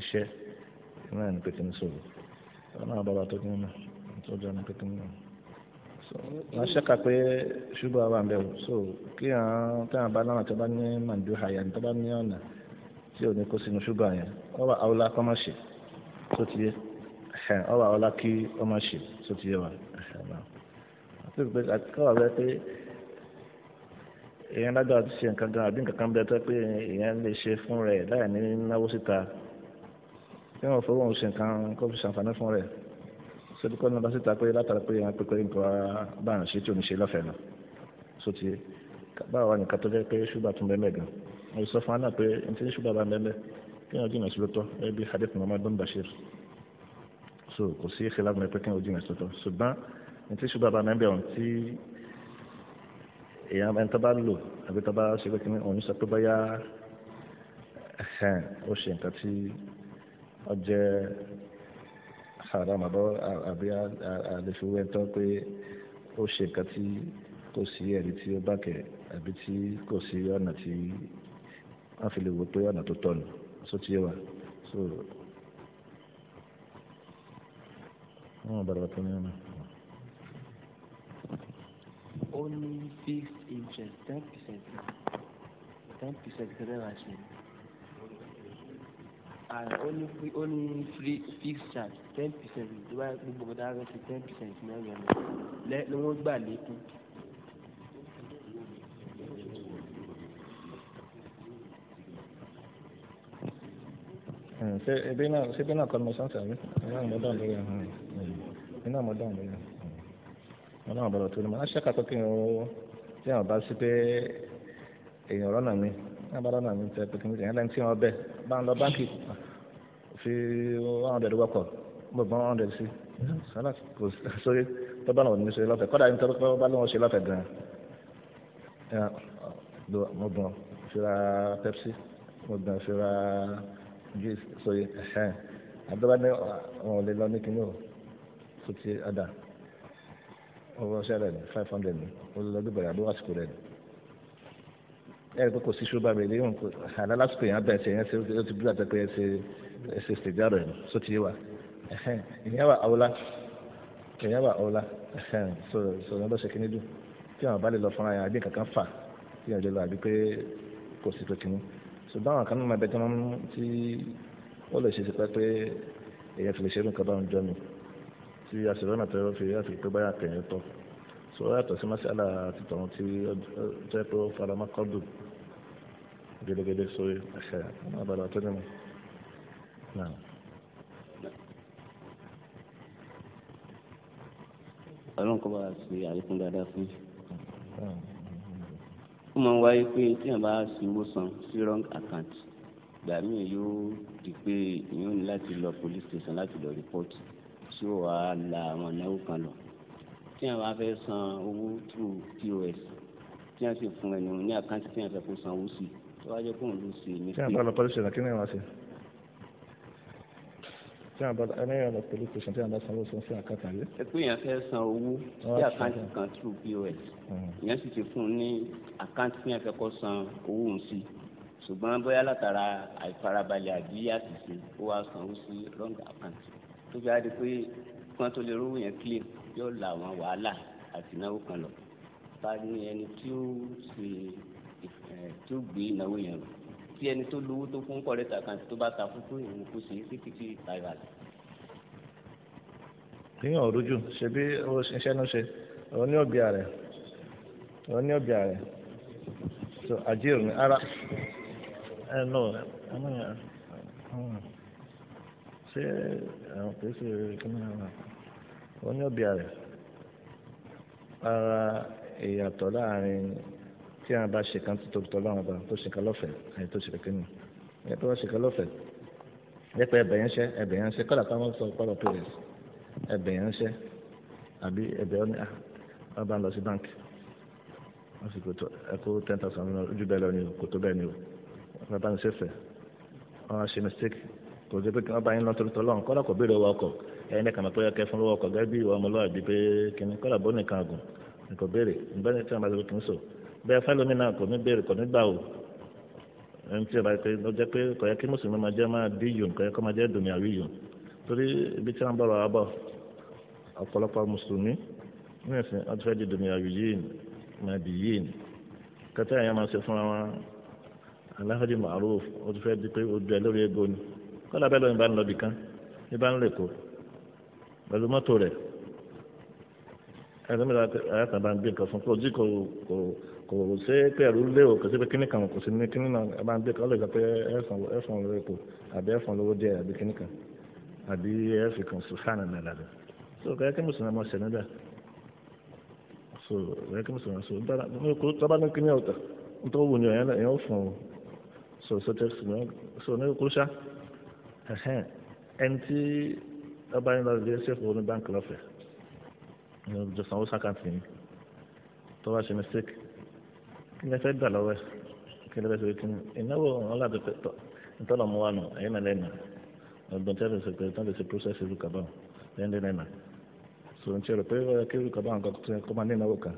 iṣẹ́ náà ní pé kí n sọ̀rọ̀ ọlọ́run àbàlà tó nínú tó jọ ní pé kí n wọ́n ṣẹ́ka pé ṣùgbọ́n àwọn àbẹ̀ wò so kí àwọn táwọn bá láwọn tó bá ní màndú àyà tó bá ní ọ̀nà tí ò ní kó sínú ṣùgbọ́n àyà ọ wà áwòlá kọ́ máa ṣe tó ti yé ọ wà áwòlá kí ọ máa ṣe tó ti yé wa àti pé káwà bẹ́ẹ̀ pé èèyàn lágbára ti ṣe nǹkan gan àbí nǹkan kan bẹ́ẹ̀ tó pé èèyàn lè ṣe fún rẹ̀ láì ní náwó síta tí wọ́n fọwọ́ sódì kọ́ ní ọba síta pé látara pé àwọn pípẹ́ nǹkan bá ń ṣe tí òun ṣe lọ́fẹ̀ẹ́ náà so ti báwa wà nìkan tó jẹ́ pé ṣùgbọ́n tún bẹ́ẹ̀ gan mo sọ fún aná pé n ti ní ṣùgbọ́n bá ń bẹ́ẹ̀ kí wọ́n jìnnà sí lótọ́ ẹ bí hadith Muhammad bin Bashir so kò sí ìṣẹ̀lẹ̀ àwọn ẹ̀pẹ́ kí wọ́n jìnnà sí lótọ́ ṣùgbọ́n n ti ṣùgbọ́n bá ń bẹ́ẹ̀ ọ̀hún tí èèyàn ẹni tó bá lò àbí tó bá ṣe pé kí òun sọ pé bóyá ó ṣe nǹkan tí ó jẹ́ haram àbọ̀ àbí àlefowó ẹ̀tọ́ pé ó ṣe nǹkan tí kò sí ẹ̀rí tí ó bàkẹ́ àbí tí kò sí ọ̀nà tí wọ́n fi lè wò pé ọ̀nà tó tọ́ ni só tí ó wà so. wọ́n bá ten percent ten percent kẹrẹ́rà ó ní free fixed charge ten percent tó bá gbogbo ọ̀dà rẹ̀ ti ten percent náà yẹn lọ lọ́wọ́ gbà lékún. Hmm, ṣe ebi náà ṣe ebi náà kọ́ ni mo sọ ń sàmì iná mo dáhùn lórí ẹ̀hún hmm. iná mo dáhùn lórí ẹ̀hún hmm. mo náà bọ̀dọ̀ tó ní mo á ṣẹ́ka pé kí n ó tí àwọn bá sí pé èèyàn rọ́nà mi abala náà mi tẹ pé kí n yẹn lẹ́yìn tí wọ́n bẹ̀ bá ń lọ báńkì fi one hundred wọ́pọ̀ mo bọ́ one hundred sí sọ́nà kò sórí tó bá lọ́wọ́ ní sórí lọ́fẹ̀ẹ́ kọ́dà nítorí pé wọ́n bá lọ́wọ́ ṣe lọ́fẹ̀ẹ́ gan-an mo bọ̀ fi pepsi mo bọ̀ fi juice sórí ẹ̀hẹ́n àdọ́bá ní ọ̀hún lè lọ ní kinní o tó ti ada owó ṣẹlẹ̀ ní five hundred ní olùlọ́gbẹ̀rẹ̀ àdúrà sìkò rẹ̀ ní ẹ̀rí pé kò sí ṣùgbọ́n mi lẹ́yìn àná lásìkò yẹn abẹ́ ẹsẹ̀ yẹn ṣe ó ti bílà tẹ́pẹ́ ẹsẹ̀ ẹsẹ̀ ṣèjárọ̀ ẹ̀ só ti yé wa ìyẹn wà ọ̀la ìyẹn wà ọ̀la so so ní ọlọ́sẹ̀ kìíní dùn tí àwọn bá lè lọ fúnra yẹn àbí kankan fà tí yẹn lè lọ àbí pé kò sí tó kìíní so báwọn kan náà bẹ́ẹ̀ tí wọ́n ti ó lè ṣe ṣe pé pé èèyàn fi lè ṣe é nǹkan báwọn jọ mi tí àṣìlọ́nà tó fi so yàtọ̀ sí masala titọ̀hún tí ọjọ́ pé ó fara mọ́ kọ́dù gẹ́gẹ́gẹ́dẹ́ sórí àṣẹ àwọn abala tó dẹ́mu. ọlọ́run kọ́ bá a ṣe àlékún dáadáa fún ó máa ń wáyé pé tí èèyàn bá ṣíwó san sí wrong account ìgbà míì yóò di pé èèyàn ní láti lọ police station láti lọ report tí ó wàá la àwọn náwó kan lọ tí wọn bá fẹ́ san owó through pos tí wọn sì fún ẹni ní àkáǹtì tí wọn fẹ́ kó san owó sí tó wá jẹ́ kóun ló ṣe ní. tí wọn bá lọ pẹ̀lú ṣẹlẹ̀ kí ni wọn ṣe tí a bá ẹni yà lọ pẹ̀lú pẹ̀sẹ̀ tí a bá sanwó sanwó sí àkàtà yìí. ẹ pé èèyàn fẹ́ san owó sí àkáǹtì kan through pos hmm. èèyàn sì ti fún un ní àkáǹtì tí èèyàn fẹ́ kọ́ san owó òun sí ṣùgbọ́n bóyá látara àìfarabalẹ̀ àbí àṣìṣe ó wá sanwó sí wrong account tó fi á di pé kí wọ́n tó lè rówó yẹn clear yóò la àwọn wàhálà àti ìnáwó kan lọ bá ní ẹni tí ó ṣe tí ó gbé ìnáwó yẹn lọ tí ẹni tó lówó tó fún kọ̀rẹ́tà kan tó bá ta fúnfú ìrìn kò sí kíkìkì tàyà rẹ̀. kíyàn òrújú ṣebí iṣẹ́ ló ṣe òun ní ọ̀bì ààrẹ òun ní ọ̀bì ààrẹ so àjíìrì ní ara ẹ nọ ẹ mọ̀ yẹn ṣé àwọn kìí ṣe kí ni àwọn ó ní òbí rẹ̀ ara ìyàtọ̀ láàrin tí a bá ṣe kan tó tóbi tọ́ lọ́wọ́ ọba tó ṣe kan lọ́fẹ̀ẹ́ àyè tó ṣe kékeré nù ẹ tó wá ṣe kan lọ́fẹ̀ẹ́ nípa ẹbẹ̀ yẹn ṣẹ́ ẹbẹ̀ yẹn ṣẹ́ kọ́lá táwọn sọ pọ́lọ̀ pérès ẹbẹ̀ yẹn ṣẹ́ àbí ẹbẹ̀ ọ́nà ọba ń lọ sí báńkì wọ́n sì kótó ẹkó ten thousand náà ojú bẹ́ẹ̀ lọ ni kótó bẹ́ẹ̀ ni o wọ́n bá ń ṣe fẹ́ wọ́n á ṣe mistake kò dé pé kí wọ́n bá yín lọ́tọ́lọ́tọ́ lọ́hùn kọ́lá kò béèrè owó ọkọ̀ ẹ̀yin nìkan mọ̀ pé ọkẹ́ fún lọ́wọ́ ọkọ̀ gẹ́gẹ́ bí ìwà ọmọlúwàbí pé kìnnì kọ́là bó nìkan gùn kò béèrè nígbà tí wọ́n bá ti kì í sọ bẹ́ẹ̀ fẹ́lómi náà kò ní béèrè kò ní gbà o ẹni tí ọba pé ó jẹ́ pé kò yẹ kí mùsùlùmí máa jẹ́ máa dí yòó kò yẹ kó máa jẹ́ dùnmí àrí yòó torí ibi tí wọ́n bọ̀ wá bọ̀ ọ̀pọ̀lọpọ̀ mùsùlùmí ní ẹ̀sìn wọ́n pẹ̀lú mọ́tò rẹ̀ ẹ̀rọ mìíràn ayáta bá ń gbé nǹkan fún kó ojú kò kò kò ṣe é pé ẹ̀rú lé o kò sí pé kíní kan kò sí ní kíní náà ẹ bá ń gbé kan lè gbà pé ẹ̀fọn lówó epo àbí ẹ̀fọn lówó díẹ̀ àbí kíní kan àbí ẹ̀fì kan sùfàànà nàlà rẹ̀ so kẹ́kẹ́ kí mùsùlùmí ọmọ ṣẹ̀ nígbà so kẹ́kẹ́ kí mùsùlùmí so dára kó tọ́ba ní kíní ọ̀tọ̀ nítorí wù ní ọ̀yàn ẹ̀yàn fún so so tẹ́ so ní kúrúṣà ẹni tí ọba yín lọ rí ṣèkù ní báńkì lọ́fẹ̀ẹ́ ní ọjọ́ sanwó sàkáǹtì yín tó bá ṣe mistake kí ni ẹ fẹ́ gbà lọ́wọ́ ẹ̀ kí ni ẹ fẹ́ sọ kí ni ìnáwó ọ̀hún láti pẹ́ tọ́ ntọ́lọ̀ mú wa nù ẹ̀yìn náà lẹ́nu ọ̀gbọ̀n tí a lè ṣe pé tí a lè ṣe process ìlú kaba ẹ̀yìn lẹ́nu so n tí a rò pé kí ìlú kaba nǹkan tó yẹ kó máa ní ìnáwó kan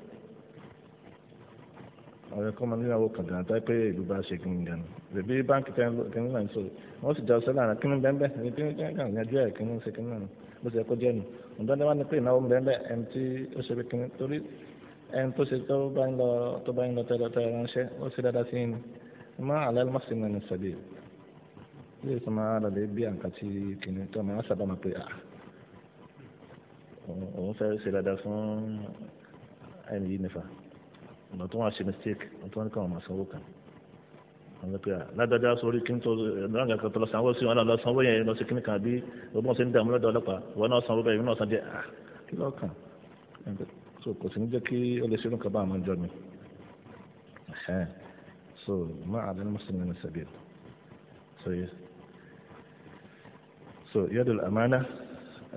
àwọn ẹ̀kọ́ máa níyàwó kan dáná táyé pé ìlú bá ṣe kí n gan ni bí báńkì kan náà ń sọ wọ́n sì já ọsẹ láàrin kí ni bẹ́ẹ̀ ẹni kí ni kí ni kí ni yanjú ẹ̀ kí ni ṣe kí ni náà bó ṣe kó jẹ́ nu ọ̀dọ́ ni wọ́n ní pé ìnáwó bẹ́ẹ̀ ẹni tí ó ṣe kí ni torí ẹni tó ṣe tó bá ń lọ tó bá ń lọ tẹ́lẹ̀ tẹ́lẹ̀ ránṣẹ́ ó ṣe dáadáa sí ni má alẹ́ má sì ẹni yìí nìfà ọ̀nà tó wà ṣe mistake ọ̀nà tó wà ní káwọn máa sanwó kan àwọn pé lágbájá sórí kí n tó náà nǹkan kan tó lọ sanwó sí wọn náà lọ sanwó yẹn lọ sí kíní kan bí ọgbọ́n ṣe ń dààmú lọ́dọ̀ ọlọ́pàá wọn náà sanwó bẹ́ẹ̀ náà san díẹ̀ ah kí lọ́ọ̀ kàn so kò sí ní jẹ́ kí ó lè ṣerú nǹkan bá àwọn jọ mi so máa àdé ní mùsùlùmí ní sẹ́bíà so yẹ so yadul amana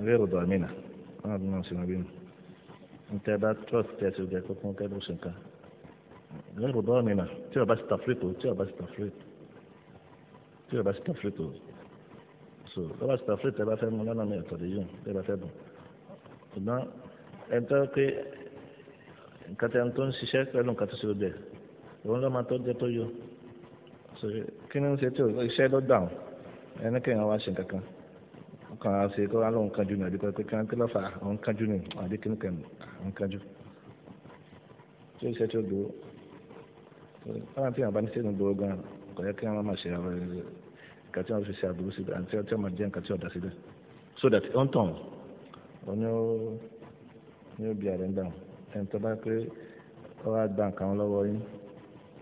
ghairu damina wọn àdúgbò ṣe wọn bí mi n tẹ́ bá trust tẹ́ ti gbẹ kó kẹ́ ló ṣe nǹkan lẹ́rù dọ́ọ̀nìnà tí ọba sì tàfírìtò tí ọba sì tàfírìtò tí ọba sì tàfírìtò so ọba sì tàfírìtò ẹ bá fẹ́ mu lọ́nà mi ọ̀tọ̀ lẹ́yìn ẹ bá fẹ́ bù ṣùgbọ́n ẹ ń tọ́ pé nǹkan tí a tó ń ṣiṣẹ́ pẹ̀lú nǹkan tó ṣe ó dẹ̀ òun ló máa tó jẹ́ tó yọ so kí ni ń ṣe tí o iṣẹ́ ló dà ẹni kí èèyàn wá ṣe nǹkan kan ọkàn á ṣe kó wá lóun kanjú ni àbí pé kí wọ́n kí lọ́fà òun kanjú ni àbí kí nìkan òun kanjú tí o ṣe tí o dúró fáwọn tí àwọn bá ní sẹ́gun gbòòrò gan kò yẹ kí wọ́n máa ṣe àwọn nǹkan tí wọ́n fi ṣe àbúrú síbẹ̀ àti tí wọ́n máa jẹ́ nǹkan tí wọ́n dá síbẹ̀ so that ó ń tàn wọ́n ní ó ní ó bí ààrẹ ń dáhùn ẹni tó bá pé ó wá gba nǹkan lọ́wọ́ yín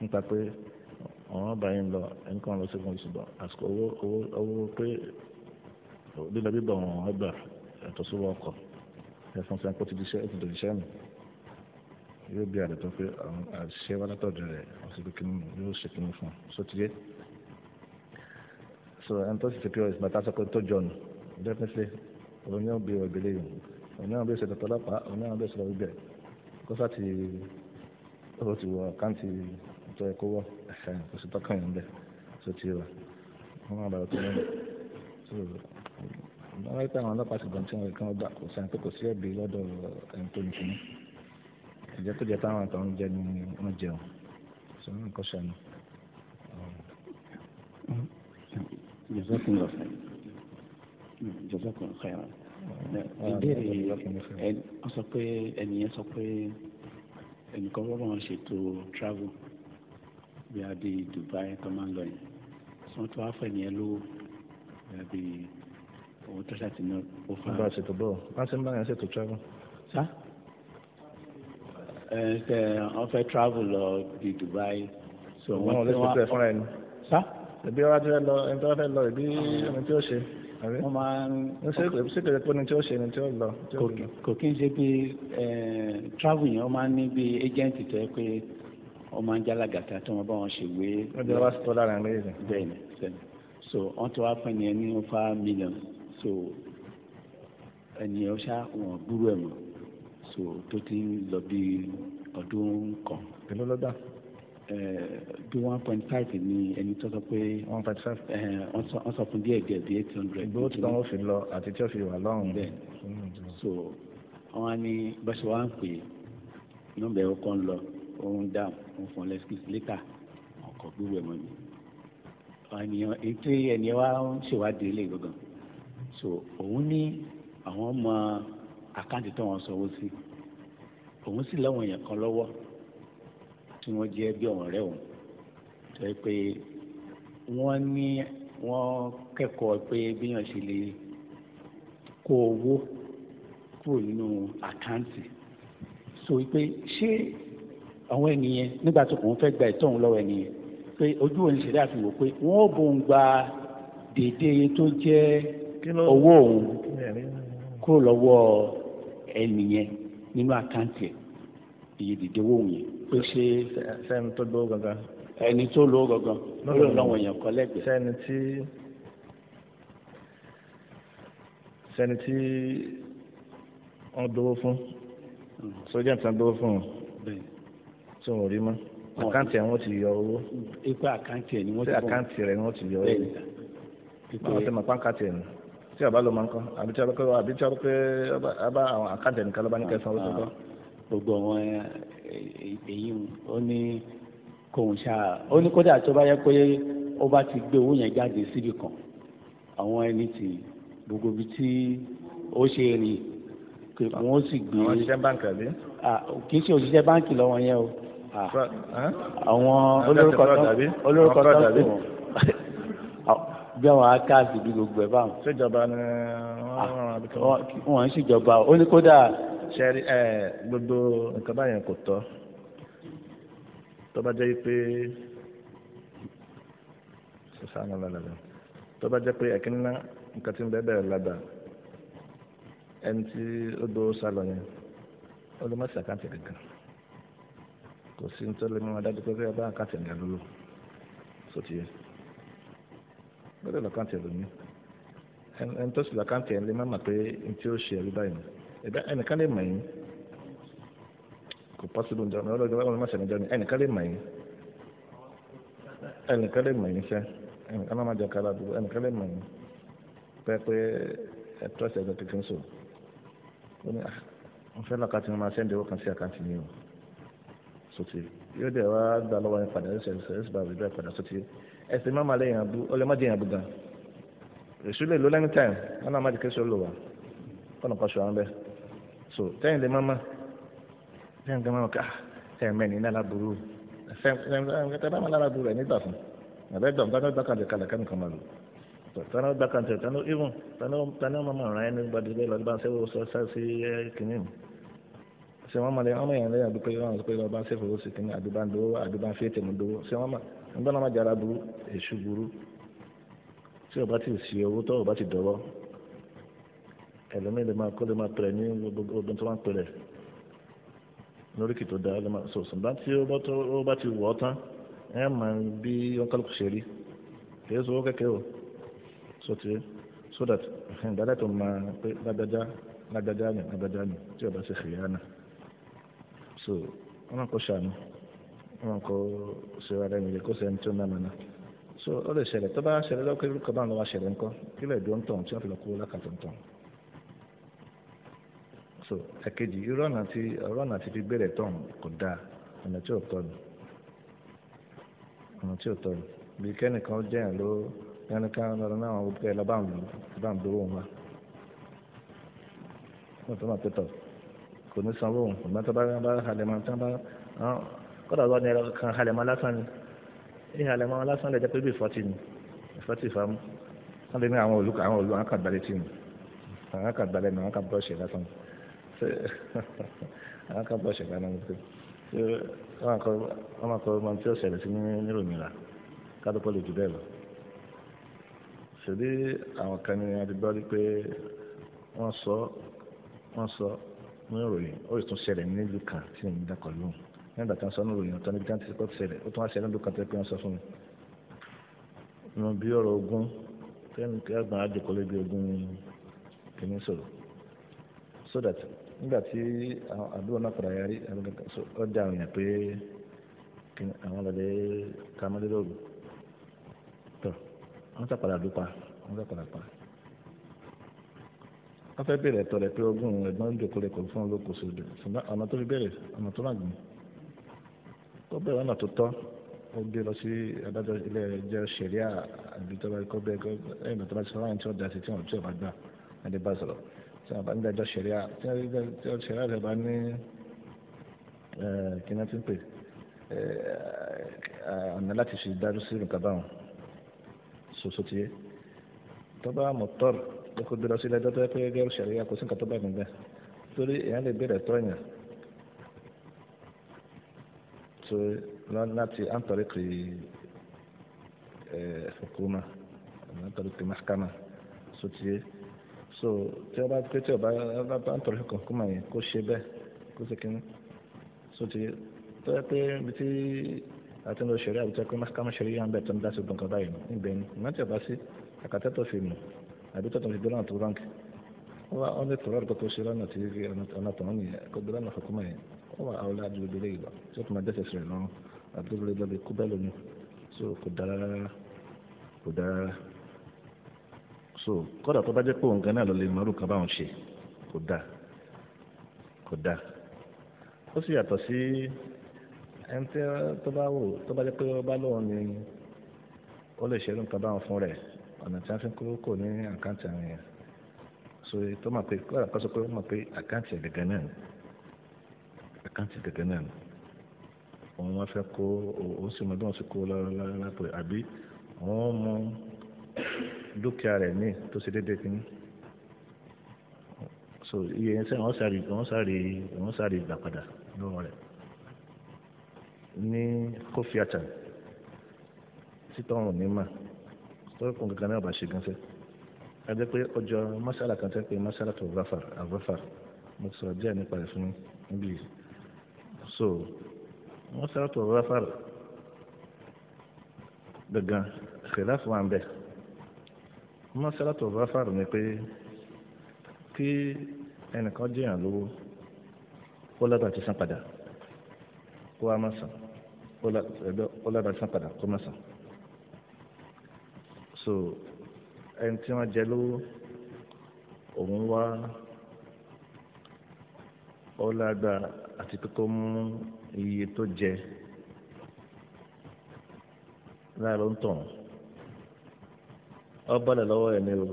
nípa pé àwọn ọba yín lọ ẹni kan lọ sẹ́gun ṣùgbọ́n àsìkò owó owó owó pé lílọ bíbọ̀ wọn ọgbà ẹ̀tọ́ sówó ọkọ̀ ẹ̀fọn sẹ́ńkó ti di iṣẹ́ ètò yóò bí àdàtọ̀ pé àwọn àṣẹ wa látọ̀dọ̀ rẹ̀ wọ́n sì pé kí yóò ṣe kínní fún un so ti yé so ẹni tó sì ṣe pos bàtà sọ pé tó jọnu definitely òun yóò bí ọgbẹ́ lẹ́yìn òun yóò bí ìṣẹ̀dọ̀ tọ́lọ́pàá òun yóò bí ìṣẹ̀dọ̀ gbígbẹ́ kó sá ti ó ti wọ àkáǹtì tó yẹ kó wọ ẹ̀fẹ̀ kó sì tọ́kàn yẹn bẹ́ẹ̀ so ti yé wa wọ́n máa bàrọ̀ tó lẹ́yìn so wọ́n rí pé àwọn ọlọ́pàá ti gbọ̀n tí wọ́n rí kí wọ́n gbà kò sí àpé kò sí ẹ̀bí lọ́dọ̀ ẹni tó ní kíní ìjẹ́ tó jẹ́ táwọn àtàwọn jẹ ni wọ́n jẹun sọ ní nǹkan ṣàánú. jazakumullah khairan jazakumullah ìbéèrè ọ sọ pé ẹnìyẹn sọ pé ẹnìkan wọ́n máa ṣètò travel bí a di Dubai tó máa ń lọ yẹn tí wọ́n tó wá fẹ́ ẹnìyẹn lówó bí owó tó ṣàtìlẹ́yìn ó fà á. bá a ṣètò bọ́ọ̀ bá a ṣe ń bá yẹn ṣètò travel ẹ wọn fẹ́ travel lọ di Dubai. so wọn lè fi tẹ fúnra ẹni. sá. ẹbí wa ti fẹ́ lọ ẹni tí wọn fẹ́ lọ ẹbí ẹni tí ó ṣe. wọn máa ń ṣe kò sí pé ẹni tí ó ṣe ẹni tí ó lọ. kò kí n ṣe pé travel yẹn wọn máa ń ní bí agent tó yẹ pé wọn máa ń jálàgàtà tó wọn bá wọn ṣe wé. wọn jẹ wá sí tọ́lá rẹ̀ lẹ́yìn. bẹ́ẹ̀ni so wọn ti wá fún ẹni ẹni ó fa mílíọ̀nù so ẹni ọ̀ṣà wọn gbúrú ẹ̀ mọ́ so tó ti ń lọ bí ọdún kan. pẹ̀lú ọlọ́dà. bí one point five ni ẹni tó sọ pé. one point five. wọ́n sọ fún díẹ̀ díẹ̀ bí eight hundred. ìgbówó tí wọ́n fi lọ àti tí wọ́n fi wà lọ́hùn-ún. bẹ́ẹ̀ mm-hmm. so wọ́n á ní bá ṣe wá ń pè é nọ́mbà ẹ̀rọ kan lọ òun dáhùn òun fún lẹ́sìkìsì létà ọkọ̀ gbúgbù ẹ̀ mọ́ mi. ènìyàn ètò ẹni wa ń ṣèwádìí lè gbọ̀ngàn so òun ní àwọn máa àkáǹtì tó wọn sanwó sí òun sì láwọn èèyàn kan lọ́wọ́ tí wọ́n jẹ́ bí ọ̀rẹ́ òun tó yẹ pé wọ́n ní wọ́n kẹ́kọ̀ọ́ pé bíyàn ṣe lè kó owó kúrò nínú àkáǹtì so pé ṣé àwọn ènìyàn nígbà tó kàn fẹ́ gba ìtọ́ lọ́wọ́ ènìyàn pé ojú òun ṣẹlẹ̀ àfihàn pé wọ́n bòun gba déédéé tó jẹ́ owó òun kúrò lọ́wọ́ ẹni yẹn nínú àkáǹtì ẹ̀ iye dìde owó yẹn. ó ṣe sẹ́ni tó lówó gangan. ẹni tó lówó gangan ó lè lọ́wọ́ yẹn kọ́ lẹ́gbẹ̀ẹ́. sẹ́ni tí sẹ́ni tí wọ́n dówó fún sójà tí wọ́n dówó fún wọn tí wọ́n rí mọ́ àkáǹtì ẹ̀ wọ́n ti yọ owó. ipa àkáǹtì ẹ̀ ni wọ́n ti bọ́ àkáǹtì rẹ̀ ni wọ́n ti yọ owó. bẹ́ẹ̀ ni ipa àkáǹtì ẹ̀ ni tí ọba ló máa ń kọ́ àbí tí ọba pé àbí tí ọba pé ọba àwọn àkáǹtì ẹnìkan ló bá ní kẹsàn-án ló tó kọ́. gbogbo àwọn èyí ó ní kóun ṣáà ó ní kódà tó bá yẹ pé ó bá ti gbé owó yẹn jáde síbi kan àwọn ẹni tí gbogbo ibi tí ó ṣe rìn pé àwọn ó sì gbé. àwọn òṣìṣẹ́ báǹkì àbí. kì í ṣe òṣìṣẹ́ báǹkì lọ́wọ́ yẹn o àwọn olórúkọ tó ń pè wọ́n bí àwọn akáàsì bí gbogbo ẹ báwọn. ṣèjọba ni wọn ń ṣèjọba ó ní kódà. ṣẹ́rí ẹ gbogbo nǹkan báyẹn kò tọ́ tó bá jẹ́ pé sàánù lálẹ́ tó bá jẹ́ pé ẹ̀kíní náà nǹkan tí ń bẹ́ẹ̀ bẹ́ẹ̀ lágbà ẹni tí ó do sálọ yẹn ó lè má sí àkáǹtì kankan kò sí nítorí mọ́ adájọ́ pé bẹ́ẹ̀ bá àkáǹtì ẹ̀gá lólò sótìyẹ́ lọ́dọ̀ làkáǹtì ẹlòmíì ẹni tó sì làkáǹtì ẹni má mà pé n tí ó ṣe ẹ̀rí báyìí ẹ̀dá ẹnìkan lè mọ̀ yín kò pọ́sibú ǹjọ́ ní ọlọ́dọ̀ ọlọ́dọ̀ mọ̀ṣẹ̀ ǹjọ́ ní ẹnìkan lè mọ̀ yín ẹnìkan lè mọ̀ yín sẹ́ ẹnìkan má má jẹ́ kára dúró ẹnìkan lè mọ̀ yín pẹ́ pé ẹ tọ́sí ẹ̀dọ̀ kékeré sọ ó ní wọ́n ah, fẹ́ làkáǹtì mi máa sẹ́ndẹ̀wọ́ kan sí àkáǹtì mi o sotiri yóò dẹ̀ wá gbà lọ́wọ́ yẹn padà ẹ̀ ẹsẹ̀ mọ́mọ́ alẹ́ yàn bú ọlẹ́ mọ́jẹ yàn bú gan èṣù lè lo lẹ́nu táìm wọn náà má jẹ́ kí èṣù lò wá kọ́nà kọ́ ṣùgbọ́n so tẹ́yìn lè mama. tẹ́yìn lè mama, ká tẹ́yìn mẹ́ni ní aláburú tẹ́yìn bá máa aláburú rẹ̀ nígbà fún àbẹ́ dọ̀ nǹkan náà gbàkàndé kalẹ̀ kẹ́mi kan máa lò tọ́nà gbàkàndé tọ́nà even tọ́nà mọ́mọ́ rẹ̀ ẹni gbàdúrà bẹ́ẹ̀ lọ́dún bá ń sẹ́wọ́ sọ sí kìnìún ṣé wọ́n mọ̀ lẹ́yìn ọmọ yẹn lẹ́yìn àdúgbò yẹn wọ́n sọ pé lọ́ọ́ bá ń sẹ́fọ̀ nígbà náà má jara burú èṣù burú tí o bá ti sì owó tó o bá ti dọ̀wọ́ ẹlòmíì lè máa kó lè máa pẹ̀lẹ́ ní gbogbo obìnrin tó máa ń pẹ̀lẹ́ lóríkì tó dáa lè máa sọ sùn bá tí o bá ti wọ̀ ọ́ tán ẹ máa bí ọkọlùkù ṣe rí kì sọ owó kékeré o so ti so that ìdálẹ́ tó máa pé lágbájá lágbájá ni lágbájá ni tí o bá ṣe xìyà náà so wọn náà ṣàánú wọn kò ṣe wà lẹ́yìn ìlẹ̀kọ́ sẹ́ni tó nàmà náà so ó lè ṣẹlẹ̀ tó bá ṣẹlẹ̀ lọ́kọ́ irú kan bá lọ́wọ́ ṣẹlẹ̀ ńkọ́ kí lè dùn tán tí wọ́n fi lọ́ kó lákàtọ̀ tán so ẹ̀kejì irú ọ̀nà tí ọ̀rọ̀ ọ̀nà tí fi gbére tán kò dáa ọ̀nà tí ò tọ́ ni ọ̀nà tí ò tọ́ ni bí kẹ́nìkan jẹ́ ẹ̀ ló kẹ́nìkan lọ́dọ̀ náà wọ́n kẹ́ lọ́ bá ń dúró wọn wá wọ́n tó máa pẹ́tọ̀ kò bá halẹ̀ máa tán bá kọ́dà ọ̀dọ́ náírà kan halẹ̀mọ́ lásán ni ní halẹ̀mọ́ lásán lè jẹ́ pé bí ìfọ́tì ni ìfọ́tì ìfọ́mù wọ́n lè ní àwọn olùkọ àwọn olùkọ àwọn kan gbalẹ̀ tì ní àwọn kan gbalẹ̀ ní àwọn kan bọ́ọ̀ṣì lásán àwọn kan bọ́ọ̀ṣì lásán wọ́n kọ́ wọ́n kọ́ ọmọ tí ó ṣẹlẹ̀ sí níròmìnira kádọ́pọ̀ lè jù bẹ́ẹ̀ lọ ṣèlú àwọn kan ní adigbọ́ rí pé wọ́n sọ wọ́n sọ ní ìròyìn ó sì tún ṣẹlẹ̀ nílùú kan tí ń dákọ̀ lóhùn nígbà tí wọ́n sọ nínú ìyàn tán níbi tí wọ́n ti kọ́ ṣẹlẹ̀ ó tún wá ṣẹlẹ̀ lókàn tó pé wọ́n sọ fún mi. mo bí ọ̀rọ̀ ogun kẹ́mi kẹ́gbọ̀n àjòkó lébi ogun kìíní sọ̀rọ̀ so that nígbà tí àdúrà náà padà yarí ó dá àwọn èèyàn pé àwọn ọ̀dọ́ kàmọ́lélógún tọ̀ wọ́n sàpàdà dúpa wọ́n sàpàdà pa wọ́n fẹ́ bẹ̀rẹ̀ tọ̀rẹ̀ pé ogún ẹ̀gbọ́n jòkó lẹ́kọ̀ọ́ fún olókòso ṣùgbọ́n ọ̀nà tó fi bẹ̀rẹ̀ ọ̀nà tó náà gbìn kó bẹ̀rẹ̀ lọ́nà tó tọ́ ó gbé lọ sí adájọ́ ilé ẹjọ́ sẹ̀ríà àbí tó bá kó bẹ́ẹ̀ kó ẹ̀yìn bàtà bá ti sọ́wọ́n tí wọ́n da sí tí wọ́n tí wọ́n bá gbà ẹni bá sọ̀rọ̀ tí wọ́n bá ní ẹjọ́ sẹ̀ríà tí wọ́n sẹ̀ríà rẹ̀ bá ní kíná tí ń pè ọ̀nà láti fi dájú sí nǹkan báwọn soso tiye tó bá mọ̀tọ́r tó kó gbé lọ sí ilé ẹjọ́ tó yẹ pé so láti antariki hukuma antariki mahakama so tiye so tí ọba pé tí ọba bá antariki hukuma yẹn kó ṣe bẹ́ẹ̀ kó ṣe kínní so tiye tó yẹ pé ibi tí àti ní òṣèré àbújá pé mahakama ṣeré yá ń bẹ̀ tó ń dá sí gbọ̀ngàn báyìí níbẹ̀ ni ìmọ̀ tí ọba sí àkàtẹ́ tó fi mọ̀ àbí tó tó fi gbọ́dọ̀ tó ránkì wọ́n á ní tòwárì ó wà áwòlá ju ìdílé ìgbà tí ó tún máa dẹ́sẹ̀ sọ̀rọ̀ lọ́rùn àti lórí lọ́bẹ̀ kú bẹ́ẹ̀ lónìí so kò dára rárá kò dára rárá so kódà tó bá jẹ́ pé òun gan náà lọ lè mọ́rù kan báwọn ṣe kò dáa kò dáa ó sì yàtọ̀ sí ẹni tí tó bá wò tó bá jẹ́ pé ọba lóun ni ó lè ṣerú nǹkan báwọn fún rẹ̀ ọ̀nà tí wọ́n fi kúrò kò ní àkáǹtì àwọn èèyàn so tó mọ̀ pé kódà kó pé ó mọ̀ pé àkáǹtì ẹ̀ gẹ́gẹ́ náà àkáǹtì kẹ̀kẹ́ náà ni wọ́n wá fẹ́ kó o sì mọ bí wọ́n sì kó lápò àbí wọ́n mọ dúkìá rẹ̀ míì tó ṣe déédéé kínní so iye yẹn sẹ́yìn wọ́n sáré wọ́n sáré wọ́n sáré ìgbà padà lọ́wọ́ rẹ̀ ní kófí àtàn títọ́ ọ̀run ní mà lórí kùn kankan náà bá ṣe gan fẹ́ a pé ọjọ́ masala kan tẹ́ pé masala tó gbáfà àgbáfà mo sọ díẹ̀ nípa rẹ̀ fún níbi yìí so wọ́n sàtò ráfàr gangan xìláfù wà ń bẹ̀ wọ́n sàtò ráfàr ni pé kí ẹnìkan jẹyàn lówó kó lágbà ti san padà kó a má san kó lágbà ti san padà kó má san so ẹni tí wọ́n jẹ lówó òun wá ọlágbà àti kókó mú iye tó jẹ láàárọ̀ ń tàn ọ bọ́lẹ̀ lọ́wọ́ ẹ̀ ní o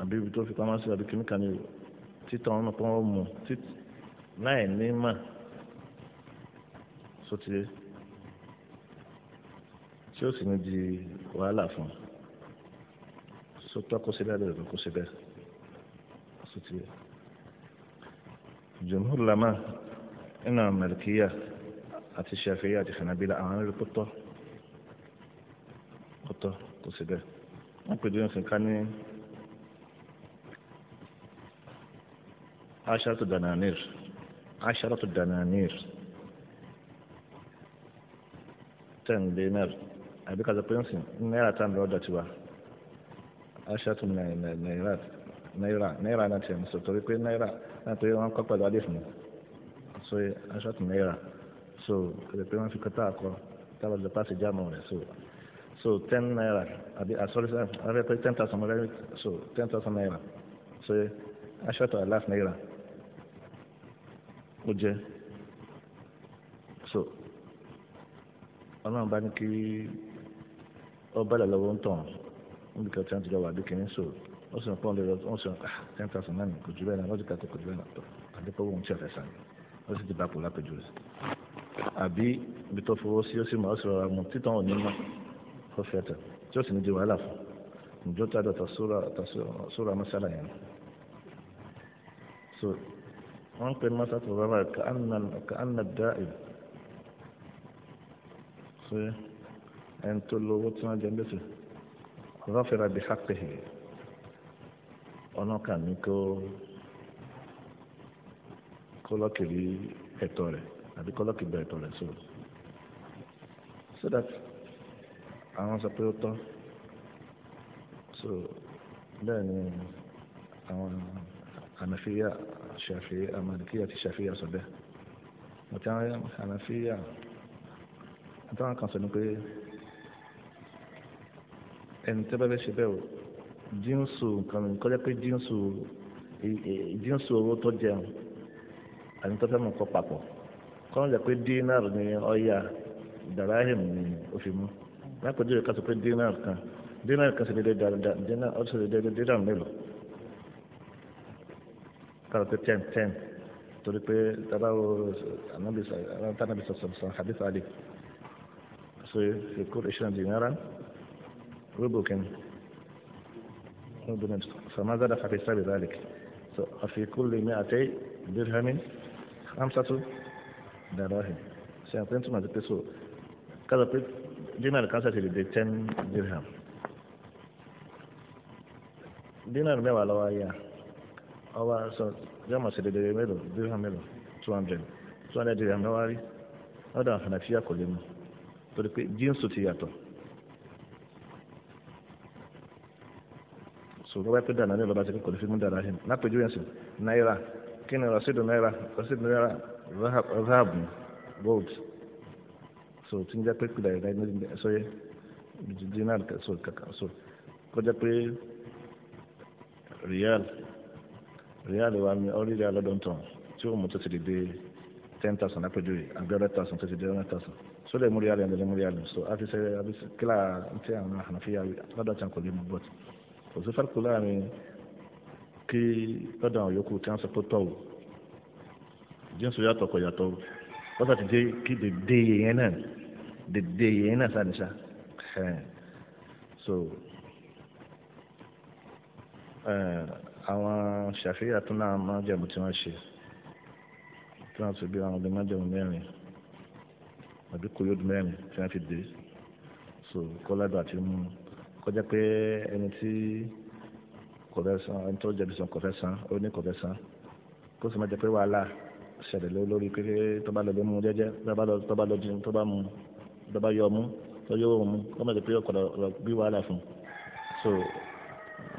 àbí ibi tó fi pamọ́ sí àbí kìnnìkà ní o títàn ọ̀nà pọ́n ó mú láì ní mà sótìlé tí ó sì ní di wàhálà fún un sótọ́ kó síbẹ̀ lórí kó síbẹ̀ sótìlé jùmọ̀ lama nínú amẹ̀ríkìyà àti ṣàfihàn àti fìnàbílà àwọn ẹ̀rí pọ̀tọ́ pọ̀tọ́ kò sí bẹ́ẹ̀ wọ́n pè lóyún fìkà ní aṣáàtú dananir aṣáàtú dananir ten dinar àbíkàtà pẹ́ńsì náírà tá à ń lọ́ọ́ dọ̀tí wa aṣáàtú náírà náírà náírà náà tiẹ̀ mú sọ torí pé náírà náà torí wọn kọ́ pẹ̀lú alif mu so aṣọ àti náírà so kò pé wọn fi kọ́tà àkọ́ tábà lè pàṣẹ jáàmù rẹ̀ so so ten náírà àbí àsọrí sáà rẹ pé ten thousand rẹ so ten thousand naira so aṣọ àti alaf náírà ó jẹ́ so ọlọ́run bá ní kí ọ bá lọ lọ́wọ́ ń tàn níbi kan tí wọ́n ti lọ wà bí kìíní so ó sì ń pọ́n lórí ó ten thousand náà kò jù náà lọ́jọ́ kàtó kò jù náà tó a ti kó àbí fowó sí mu títàn òní mọ́ kó fẹ́ tí ó sì di wàhálà fún so pe masa tó rárá ọlọ́kàn mi kó kọ́lọ́kìrì ẹ̀tọ́ rẹ̀ àbí kọ́lọ́kìrì ẹ̀tọ́ rẹ̀ so so that àwọn sọ pé ó tọ́ so bẹ́ẹ̀ ni àwọn ànàfíà ṣàfihàn àmàlìkíyà ti ṣàfihàn sọ bẹ́ẹ̀ àti àwọn ànàfíà àtàwọn kan sọ ni pé ẹni tẹ́ bá fẹ́ ṣe bẹ́ẹ̀ o jíǹsù nǹkan mi kọjá pé jíǹsù jíǹsù owó tó jẹun àti tó fẹ́ mọ̀ kọ́ papọ̀ kọ́nà jẹ́ pé dínárù ni ọ̀yà dàráhìm ni ó fi mú lápẹjọ yìí ká sọ pé dínárù kan dínárù kan sì lè dé dáadáa dínárù ó sì lè dé dínárù mélòó ká lọ pé ten ten torí pé tabawo anabi anabi sọsọ sọ hadith ali so ìkúrò ìṣúná dínárù rúbù kìíní. بن فما زاد ففي سبب ذلك ففي كل 200 درهم خمسة دراهم سيكون ما تقصوا كذا دينار كاسة سيدي 10 درهم دينار ميوا لوايا، يا أو جمع سيدي ميلو درهم ميلو 200 200 درهم نواري هذا حنفية كلمة torí pé jíǹsù so bọ́bá pé dànù ní ìlọba ṣe kò lè fi mú dànù ahìm lápèjú yẹn sìn náírà kí ni rọ̀ṣídù náírà rọ̀ṣídù náírà ráàbù gold so tí ń jẹ́ pé kúlẹ̀ ìdáyé ní sọ́yẹ́ dinar so kàkà so kó jẹ́ pé riyal riyal wa mi ọ́ rí riyal lọ́dún tán tí ó mú tó ti di dé ten thousand lápèjú yìí àbí ọ̀rẹ́ thousand tó ti di ọ̀rẹ́ thousand so lè mú riyal yẹn lè mú riyal so àfi sẹ́ àfi kílà ntí àwọn àhànàfíà lọ́dọ̀ tí kò sí fárikù láàrin kí lọ́dọ̀ àwọn yòókù tí wọ́n sọ pé tọ́wò jíǹsì yàtọ̀ kọ̀ yàtọ̀ wọ́n sàti jẹ́ kí dèdè yẹn náà dèdè yẹn náà sani so àwọn ṣàfihàn tó náà máa jẹ̀mú tí wọ́n ṣe tí wọ́n sọ bí àwọn ọdún máa jẹ̀mú mẹ́rin àbí kò yóò dùn mẹ́rin tí wọ́n fi dé so kọ́ládọ̀ àti mú un kọjá pé ẹni tí kò fẹ́ san ẹni tó jẹ̀bi san kò fẹ́ san ó ní kò fẹ́ san kó sì má jẹ́ pé wàhálà ṣẹlẹ̀ lórí pé tó bá lọ lé mu jẹ́jẹ́ tó bá lọ jìn tó bá mu tó bá yọ ọmú tó yọ ọmú kó má jẹ́ pé ọkọ̀ lọ bí wàhálà fún so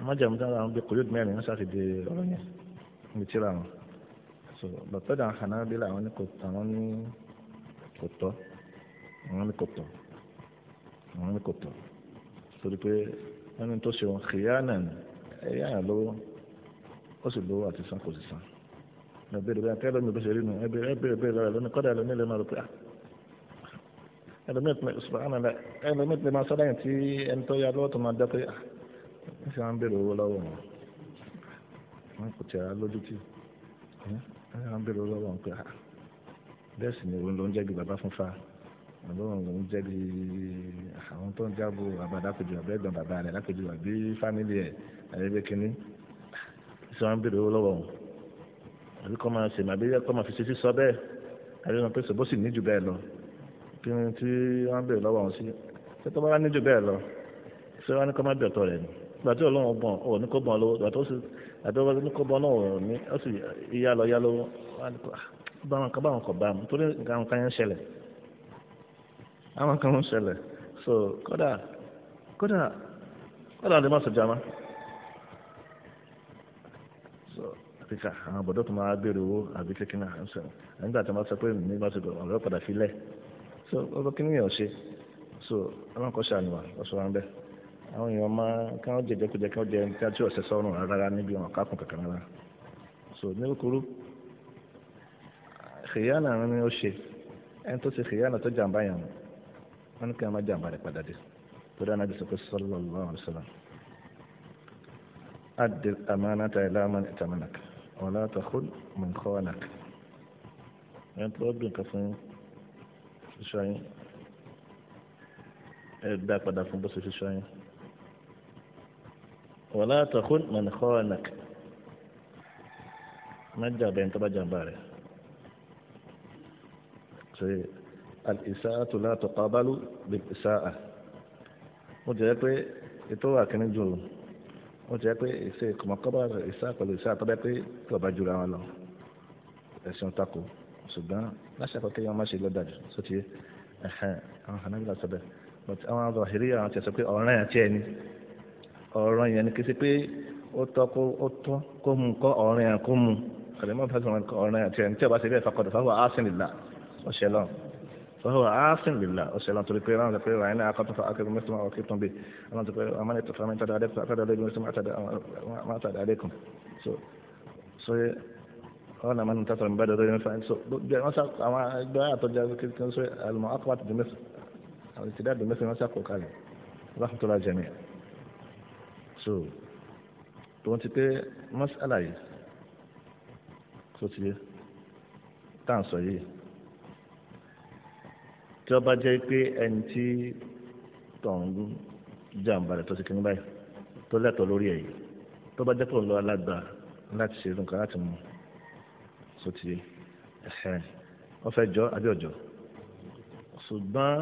májàmú dára àwọn bí kò yóò mẹ́rin wọ́n ṣàfihàn ọ̀rọ̀ yẹn níbi tíra wọn so bàtọ́jà Hanabila àwọn ní kò tọ́ àwọn ní kò tọ́ àwọn ní kò tọ́ àwọn ní kò tọ́ torí pé ẹni tó ṣe wọn kìyànà ẹ̀yà lówó ó sì lówó àti san kò sì san ẹ bèrè bẹ́ẹ̀ kẹ́lẹ́ mi bó ṣe rí nu ẹ bèrè bẹ́ẹ̀ lọ́rẹ̀ lónìí kọ́dà lónìí lè máa rò pé à ẹlòmíì subahana la ẹlòmíì lè máa sọ́dọ̀ yẹn tí ẹni tó ya lọ́wọ́ tó máa dá pé à ẹ sì máa ń bèrè owó lọ́wọ́ wọn wọn kò tẹ̀ ẹ́ lójú tì ẹ sì máa ń bèrè owó lọ́wọ́ wọn pé à bẹ́ẹ̀ sì ni òun ló ń jẹ́ bí bàbá fún fa àbọ̀n òun jẹ́ bí àwọn tó ń jábọ̀ àbàdà kojú àbẹ́ ẹ̀gbọ́n bàbá rẹ̀ lákojú àbí fámìlì ẹ̀ àbẹ́bẹ́ kínní sọ wọn bèrè owó lọ́wọ́ àbí kọ́ máa ṣèmọ̀ àbí kọ́ máa fi ṣe sísọ bẹ́ẹ̀ àbí wọn pèsè bó sì níjù bẹ́ẹ̀ lọ kí wọn tí wọn bèrè lọ́wọ́ wọn sí ṣé tó bá wá níjù bẹ́ẹ̀ lọ ṣé wọn ní kọ́ máa bẹ̀ ọ̀tọ̀ rẹ̀ ni ìgbà tí ọlọ́run bọ̀ ọ̀ ní kó bọ̀ lọ́wọ́ ìgbà tó sì àbí wọn ní kó bọ̀ náà ọ̀ ní ó sì yá àwọn kan ń ṣẹlẹ̀ so kódà kódà kódà lè má sọ jama so àfikà àwọn bọ̀dọ̀ tó máa béèrè owó àbí kékeré náà ń sẹ́wọ̀n nígbà tí wọ́n sọ pé ní bá ti gbọ̀ ọ̀rẹ́ padà fi lẹ̀ so ọkọ̀ kí nìyẹn ò ṣe so àwọn kan ṣàníwà ọ̀ṣọ́ wa ń bẹ̀ àwọn èèyàn máa kí wọ́n jẹjẹ kó jẹ kí wọ́n jẹ níta tí ọ̀sẹ̀ sọ́run rárá níbi wọn kákùn kankan rárá so ní kúrú xèyàn náà ni ó ṣe ẹni tó ṣe xèyàn náà tó jàǹbá yàn wọn ní kí wọn má jàǹbá rẹ̀ padà dé torí ànábi sọ pé sallallahu alaihi wasallam addi al-amanata ila man i'tamanaka wa la takhun man khanaka ẹni tó bí nǹkan fún ṣíṣọ́ yín ẹ dá padà fún bó ṣe ṣíṣọ́ yín wa la takhun man khanaka má jàǹbá ẹni tó bá jàǹbá rẹ̀ ṣe. al-isa'atu la tuqabalu bil-isa'a ó jẹ́ pé ètò àkínní jù ó jẹ́ pé ìṣe kọ̀mọ́kọ́bá ìṣá pẹ̀lú ìṣá tó bẹ́ pé tí ọba jura wọn lọ ẹ̀sìn tako ṣùgbọ́n láṣà kọ́kẹ́ yẹn wọ́n má ṣe lọ́dà jù sọ́tì ẹ̀hẹ́n àwọn hanabila sọ bẹ́ẹ̀ but àwọn àbọ̀hìrí àwọn ti sọ pé ọ̀ràn yẹn tiẹ̀ ni ọ̀ràn yẹn ni kí sí pé ó tọ́ kó ó tọ́ kó mu kọ́ ọ̀ràn yẹn kó mu àdèmọ́ fásitì ọ̀ràn yẹn tiẹ̀ ni tí ọba ṣe bẹ́ẹ̀ fakọ̀dọ̀ fáwọn فهو عاص لله وسأل أن تلقي رأى تلقي رأى إن عاقبتم فعاقبوا مثل ما عوقبتم به ومن تلقي أمن فمن اعتدى عليكم فاعتدى عليه مثل ما اعتدى عليكم so so قال من انتصر من بعد ذلك فإن so مثلا àwọn ìgbà àtọ́jà kìkìn so المعاقبة بمثل الاعتداء بمثل ما ساقوا قال رحمة الله جميعا so tòun ti pé mas'ala yìí tó ti yé tá à ń sọ yìí tí wọ́n bá jẹ́ pé ẹni tí tọ̀hún jàǹbá rẹ̀ tó ti kíní báyìí tó lẹ́tọ̀ lórí ẹ̀yìn tó bá jẹ́ pé òun lọ alágbà láti ṣe irun kan láti mú sóti ẹ̀hẹ́n wọ́n fẹ́ jọ àbí ọ̀jọ́ ṣùgbọ́n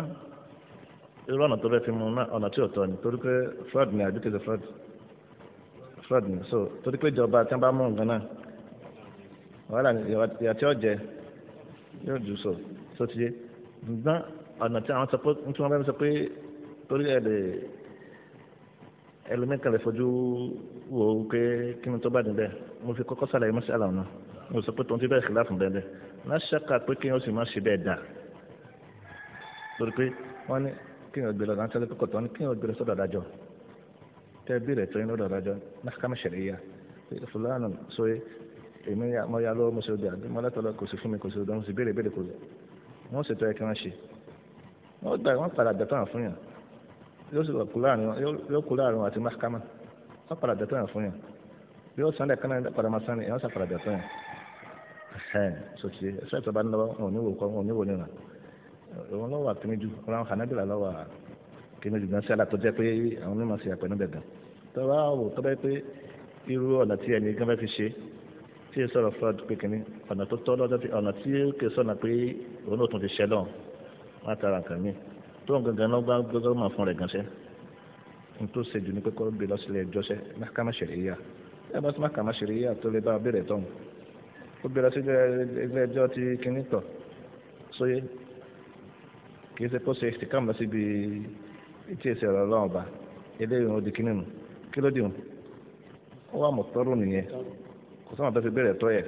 irú ọ̀nà tó fẹ́ fi mu náà ọ̀nà tí ò tọ́ ni torí pé fraud ni àbí kejì fraud fraud ni so torí pé ìjọba tí wọ́n bá mú nǹkan náà wàhálà ìyàtí ọ̀jẹ̀ yóò jù so sóti yé ǹgbọ́n ọ̀nà tí àwọn sọpọ́ tí wọ́n bá sọ pé torí ẹ̀ lè ẹlòmíì kan lè fojú wò ó pé kí ni tó bá níbẹ̀ mo fi kọ́kọ́ sàlàyé mọ́sí àlànà mo sọ pé tòun ti bẹ́ẹ̀ kí láàfin bẹ́ẹ̀ bẹ́ẹ̀ náà ṣàkà pé kí ni ó sì máa ṣe bẹ́ẹ̀ dà torí pé wọ́n ní kí ni ògbélé ọ̀dà ńṣẹ́lẹ̀ kọ́kọ́ tó ní kí ni ògbélé sọ́dọ̀ adájọ́ tẹ́ bí rẹ̀ tó yín lọ́dọ̀ adájọ́ náà ká wọ́n ṣètò ẹ̀ kí wọ́n ṣe wọ́n gbà wọ́n padà dẹ̀tọ́ àwọn fún yàn yóò sì kú láàrin yóò kú láàrin àti mákàmá wọ́n padà dẹ̀tọ́ yàn fún yàn yóò sàn lẹ̀ kánà padà máa sàn yàn sàn padà dẹ̀tọ́ yàn ẹ̀hẹ́n sọ̀tì ẹ̀sọ́ ìtọ́ba ń lọ́wọ́ wọn ò ní wò kọ́ wọn ò ní wò níran wọn lọ́wọ́ àkínníjú wọn àwọn hànábìlà lọ́wọ́ àkínníjú gan sí alátọ́jẹ́ pé àwọn onímọ̀ sí àpẹ̀nú bẹ̀ gan tọ́ba wò tọ́ba pé irú ọ̀nà tí ẹni gan fẹ́ fi ṣe tí ẹ sọ̀rọ̀ fraud pé kínní ọ̀nà tó tọ́ lọ́dọ̀ tí ọ̀nà tí kì í sọ̀nà pé òun ò tún ti ṣẹlọ̀ látara nǹkan mi tó ń gangan lọ́gbà gbọ́dọ̀ mọ̀ fún rẹ̀ gan ṣẹ́ n tó ṣe jù ní pẹ́kọ́ bí lọ́sílẹ̀ ẹjọ́ ṣẹ́ mákàmá ṣẹlẹ̀ yíyá ẹ bá tí mákàmá ṣẹlẹ̀ yíyá tó lè bá abẹ́rẹ́ tọ̀ ó bí lọ́sílẹ̀ ẹjọ́ ti kínní tọ̀ sóyè kì ṣe kó ṣe ìtìkàm lọ síbi tí èsì ọ̀rọ̀ ọlọ́run sọ́wọ́n tó fi bẹ̀rẹ̀ tọ́ yẹ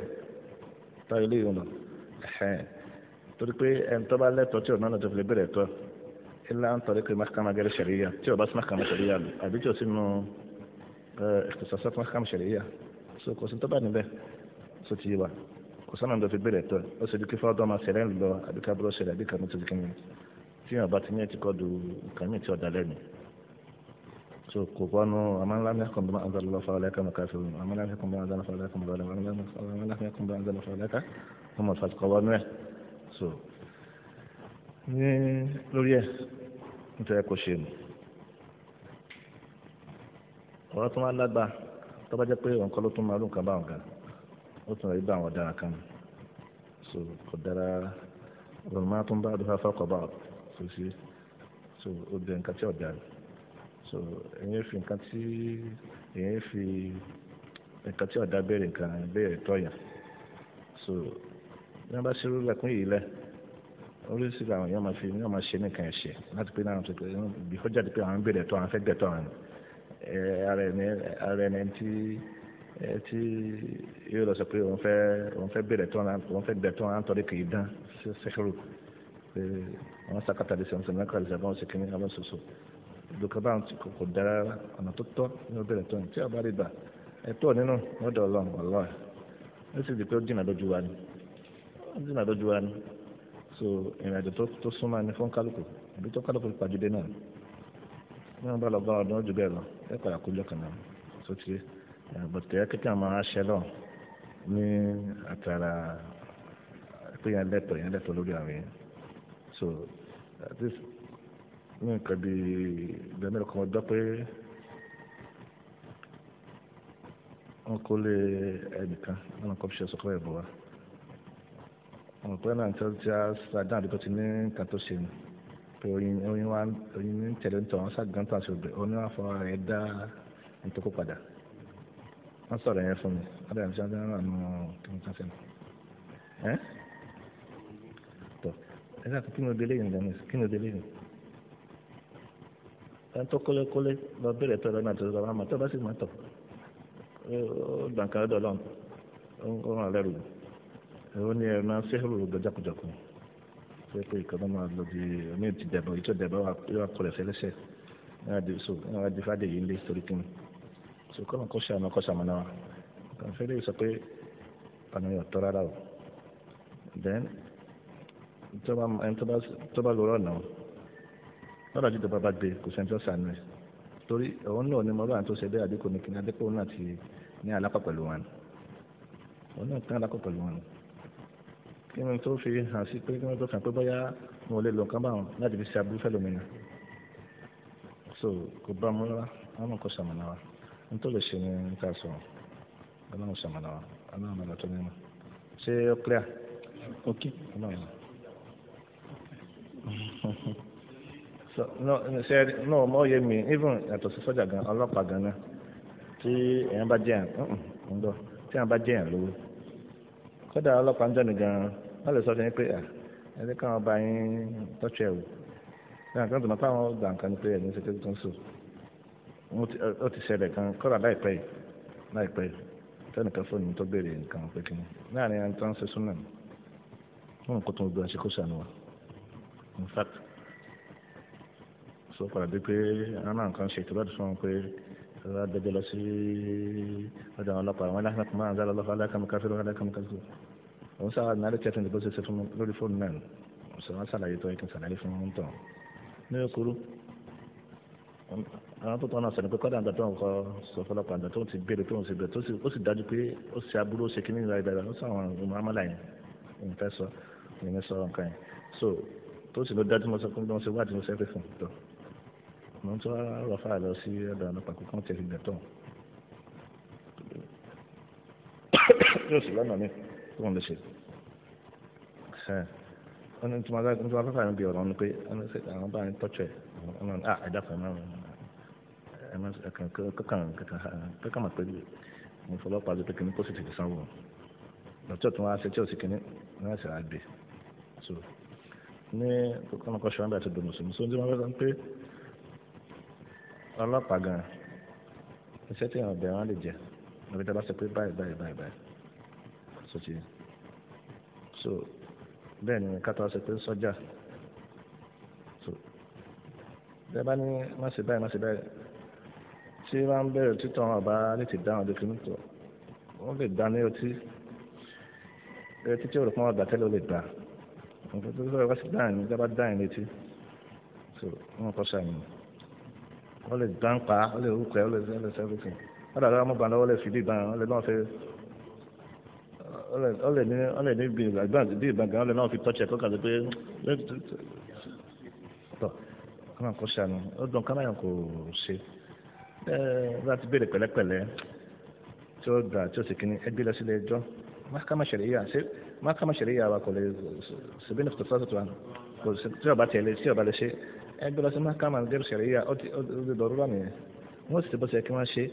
tọ́ ilé yìí nù torí pé ẹni tó bá lẹ́tọ̀ọ́ tí ọ̀nà tó fi bẹ̀rẹ̀ tọ́ ilá ń tọ́lé pé mákàmá gẹ́rẹ́ ṣẹ̀ríyà tí ọba sí mákàmá ṣẹ̀ríyà lò àbí tí o sínú ẹ̀kọ́sọ́sọ́ eh, mákàmá ṣẹ̀ríyà so kò sí tó bá níbẹ̀ so ti yé wa kò tó fi bẹ̀rẹ̀ tọ́ ó sì dúkìá fọ́dọ́ máa so kò fọnù amáńlámi ẹkùn bí wọn zọlọ fọlẹ kẹmọ káfíìn wọn amáńlámi ẹkùn bí wọn zọlọ fọlẹ kẹmọ zọlọ wọn amáńlámi ẹkùn bí wọn zọlọ fọlẹ ká ọmọ ìfàsíkọ wọnú ẹ so ní lórí ẹ nítorí kò ṣe mu ọ̀rọ̀ tó máa lágbá tó bá jẹ́ pé òun kọ́ ló tún máa lóun kan bá wọn gan ó tún kan so kò dara òun máa tún bá àdúrà fọkọ̀ bá ọ̀ so sí so ó bẹ nǹkan tí so èyàn fi nǹkan tí èyàn fi nǹkan tí ọ̀dà béèrè nǹkan béèrè tọ̀yàn so ní wọ́n bá ṣe rúlẹ̀ kún yìí lẹ̀ oríṣiríṣi àwọn èèyàn máa fi ní wọ́n máa ṣe nìkan ẹ̀ ṣe láti pé náà bí ó jáde pé àwọn ń béèrè tọ́ àwọn fẹ́ gbẹ̀tọ́ àwọn ara ẹni tí tí yóò lọ sọ pé òun fẹ́ òun fẹ́ béèrè tọ́ òun fẹ́ gbẹ̀tọ́ àwọn àtọ́rí kì í dán sẹ́kẹ̀rù pé àwọn sàkátà lè sọ̀rọ̀ sọ̀rọ̀ náà kàlẹ́ sọ̀rọ̀ sọ̀rọ̀ kìnìún àwọn sọ̀sọ̀ dùkọ̀bá ti kòkò dára ọ̀nà tó tọ́ nínú bẹ̀rẹ̀ tó ní tí a bá rí gbà ẹ̀tọ́ nínú lọ́dọ̀ ọlọ́run ọ̀lọ́ ẹ̀ ó sì di pé ó dìnà lójú wa ni ó dìnà lójú wa ni so ìrìn àjò tó súnmọ́ ni fún kálukú àbí tó kálukú pàdúdé náà ní wọn bá lọ bá ọdún ojú bẹ́ẹ̀ lọ ẹ padà kó lọ́kàn náà tó ti bọ̀tẹ́ kékeré àwọn aṣẹ lọ ní àtàrà pé yẹn lẹ́tọ̀ yẹn lẹ́tọ̀ lórí àwọn yẹn so ní nǹkan bíi ìdámẹ́rin kan ọjọ́ pé wọn kò lè ẹnìkan wọn kò fi ṣe sọkọ ẹ̀ bọ̀ wá wọn pẹ́ náà tí wọ́n ti ṣàdá àdúgbò ti ní nǹkan tó ṣe ni pé oyin oyin wa oyin ní tẹ̀lé nítorí wọn ṣàgbọ́n tó àṣẹ òbẹ̀ oní wọn fọ ẹ̀ dá nítorí padà wọn sọ̀rọ̀ yẹn fún mi wọn dàbí ṣáájú náà nù kí wọ́n kásẹ̀ ẹ́ tó ẹ dàpọ̀ kí ni o délé yìí nìkan kí ni o délé yìí ẹni tó kólékólé lọ bèrè tó lọ́nà tó lọ́nà àmọ́ tó bá sì máa tọ̀ ó gbàǹkà ọ̀dọ̀ lọ́n ó ràn lẹ́rù ó ní ẹ̀rọ náà sẹ́hùrù gbẹdẹ́kùjọkù pé pé ìkànnì máa lọ di omi ti dẹ̀bọ̀ ìtò dẹ̀bọ̀ yóò kọlẹ̀ fẹ́lẹ́sẹ̀ náà wàá di fàdé yìí lé torí kí ni so kọ́nà kó ṣe àmọ́ kó ṣe àmọ́ náà kàn fẹ́ lè sọ pé àná yóò tọ́ rárá o then tó bá lọ́rọ̀ náà lọ́dọ̀ jíjẹ bàbá gbé kò sẹ́ni tó sànú ẹ̀ torí òun náà ni mo bá àwọn tó ṣe bẹ́ẹ̀ àdínkù ní kíni adépò náà ti ní alápá pẹ̀lú wọn òun náà ti ní alápá pẹ̀lú wọn kí ni tó fi hàn sí pé kí ni tó fi hàn pé bóyá mo lè lo nǹkan báwọn láti fi ṣe abúlé fẹ́lómìnà so kò bá mu rárá àwọn nǹkan ṣàmùnà wa nítorí lè ṣe ní níta sọ ọlọ́run ṣàmùnà wa ọlọ́run ọ̀nà tó nínú ṣé ó clear ok ọlọ́run. so no ṣe no ọmọ yẹ mi even yàtọ̀ sí sọ́jà gan ọlọ́pàá gan náà tí èèyàn bá jẹ́ yàn ń lọ tí èèyàn bá jẹ́ yàn lówó kódà ọlọ́pàá ń jọ nìgan wọ́n lè sọ fún yín pé ah, ẹni káwọn bá yín tọ́jú ẹ̀ wò ṣé àǹkan tó máa fáwọn gbà nǹkan ní pé ẹ̀ ní ṣe tó ń sò ó ti ṣẹlẹ̀ kan kódà láìpẹ́ yìí láìpẹ́ yìí tẹ́nìkan fóònù tó béèrè nǹkan pé kí ni láàrin ẹni tó ń ṣe súnmọ́ ní nǹkan tó ń gbé ọṣẹ kó ṣàánú in fact so padà di pé àwọn nǹkan ṣe ìtọ́jú fún wọn pé ẹ̀rọ adájọ́ lọ sí ọ̀dọ̀ àwọn ọlọ́pàá àwọn aláǹkà máa ń zá lọ́lọ́fà aláǹkà mi káfíńrì aláǹkà mi káfíńrì òun sáà nàlẹ́ tẹ́tẹ́ ní bó ṣe ṣe fún mi lórí fóònù náà sọ wọn ṣàlàyé tó yẹ kí n ṣàlàyé fún wọn tán ní okuru àwọn tó tọ́ náà sọ̀rọ̀ pé kọ́dà àgbà tó ń kọ́ sọ fọlọ́pàá àgbà tó ń ti béèrè tó ń ti béèrè tó sì dájú pé ó sì aburú ó ṣe kí ní ìlà ìdàgbà ó sàwọn ọmọ amálà yẹn ń fẹ́ sọ ìyẹn sọ nǹkan yẹn tó sì dájú pé ó ṣe mo ń tọ́ rọ́fà lọ sí ọ̀dọ̀ ọ̀nà pàkó kan tẹ̀lé gbẹ̀tọ̀ yóò sì lọ́nà mi tí wọ́n lè ṣe wọ́n ní tí wọ́n bá fẹ́ fàmí bí ọ̀rọ̀ ni pé àwọn bá ń tọ́jú ẹ̀ wọ́n ní ah ẹ̀dá fàmí àwọn kankan máa pé mo fọlọ́pàá ló pé kí ni pósìtì ti sanwó lọ́tọ̀ tí wọ́n á ṣe tí ò sí kíní wọ́n á sì rà gbé so ní kọ́nà kọ́ ṣọ́nà àti ìdùnnú sùn so ní wọ́n fẹ́ sọ pé ọlọ́pàá gan iṣẹ́ tí àwọn ọ̀bẹ̀ wọn lè jẹ àbí tí a bá sọ pé báyìí báyìí báyìí báyìí so ti so bẹ́ẹ̀ ni ká tó pé sọ́jà so bẹ́ẹ̀ bá ní má ṣe báyìí má ṣe báyìí tí wọ́n ń bẹ̀rẹ̀ títọ́ àwọn ọba lè ti dáhùn lókè nítọ̀ wọ́n lè dá ní ọtí ẹtí tí olùkọ́ ọ̀dà tẹ́lẹ̀ ó lè dá nǹkan tó sọ̀rọ̀ wá sí dáhùn ní dábàá dáhùn létí so wọ́n kọ́ sàmì wọ́n lè dán pa wọ́n lè rúkẹ́ wọ́n lè ṣe ẹlẹ́sẹ̀ ẹlẹ́sẹ̀ wọ́n dàgbà mọ́ gbàndán wọ́n lè fìdí ìbọn wọ́n lè náà fẹ́ wọ́n lè ní wọ́n lè ní bí ìbọn gan wọ́n lè náà fi tọ́jú ẹ̀kọ́ kàdé pé tọ́ kọ́nà kó ṣàánú ó dùn kọ́nà yẹn kò ṣe ẹ bá ti béèrè pẹ̀lẹ́pẹ̀lẹ́ tí ó dà tí ó sì kíní ẹgbẹ́ lọ sílé ẹjọ́ mákàmá ṣẹlẹ̀ yà ṣe mákàmá ṣẹlẹ̀ yà wa kò lè ṣèbí ní kòtò sọ́tò tó wà kò lè ẹgbẹ́ lọ sí mahakama gẹ́rù sẹ̀ríyà ó ti dọ̀rọ̀ lọ́nà yẹn wọ́n sì ti bọ́ sí ẹ kí wọ́n ṣe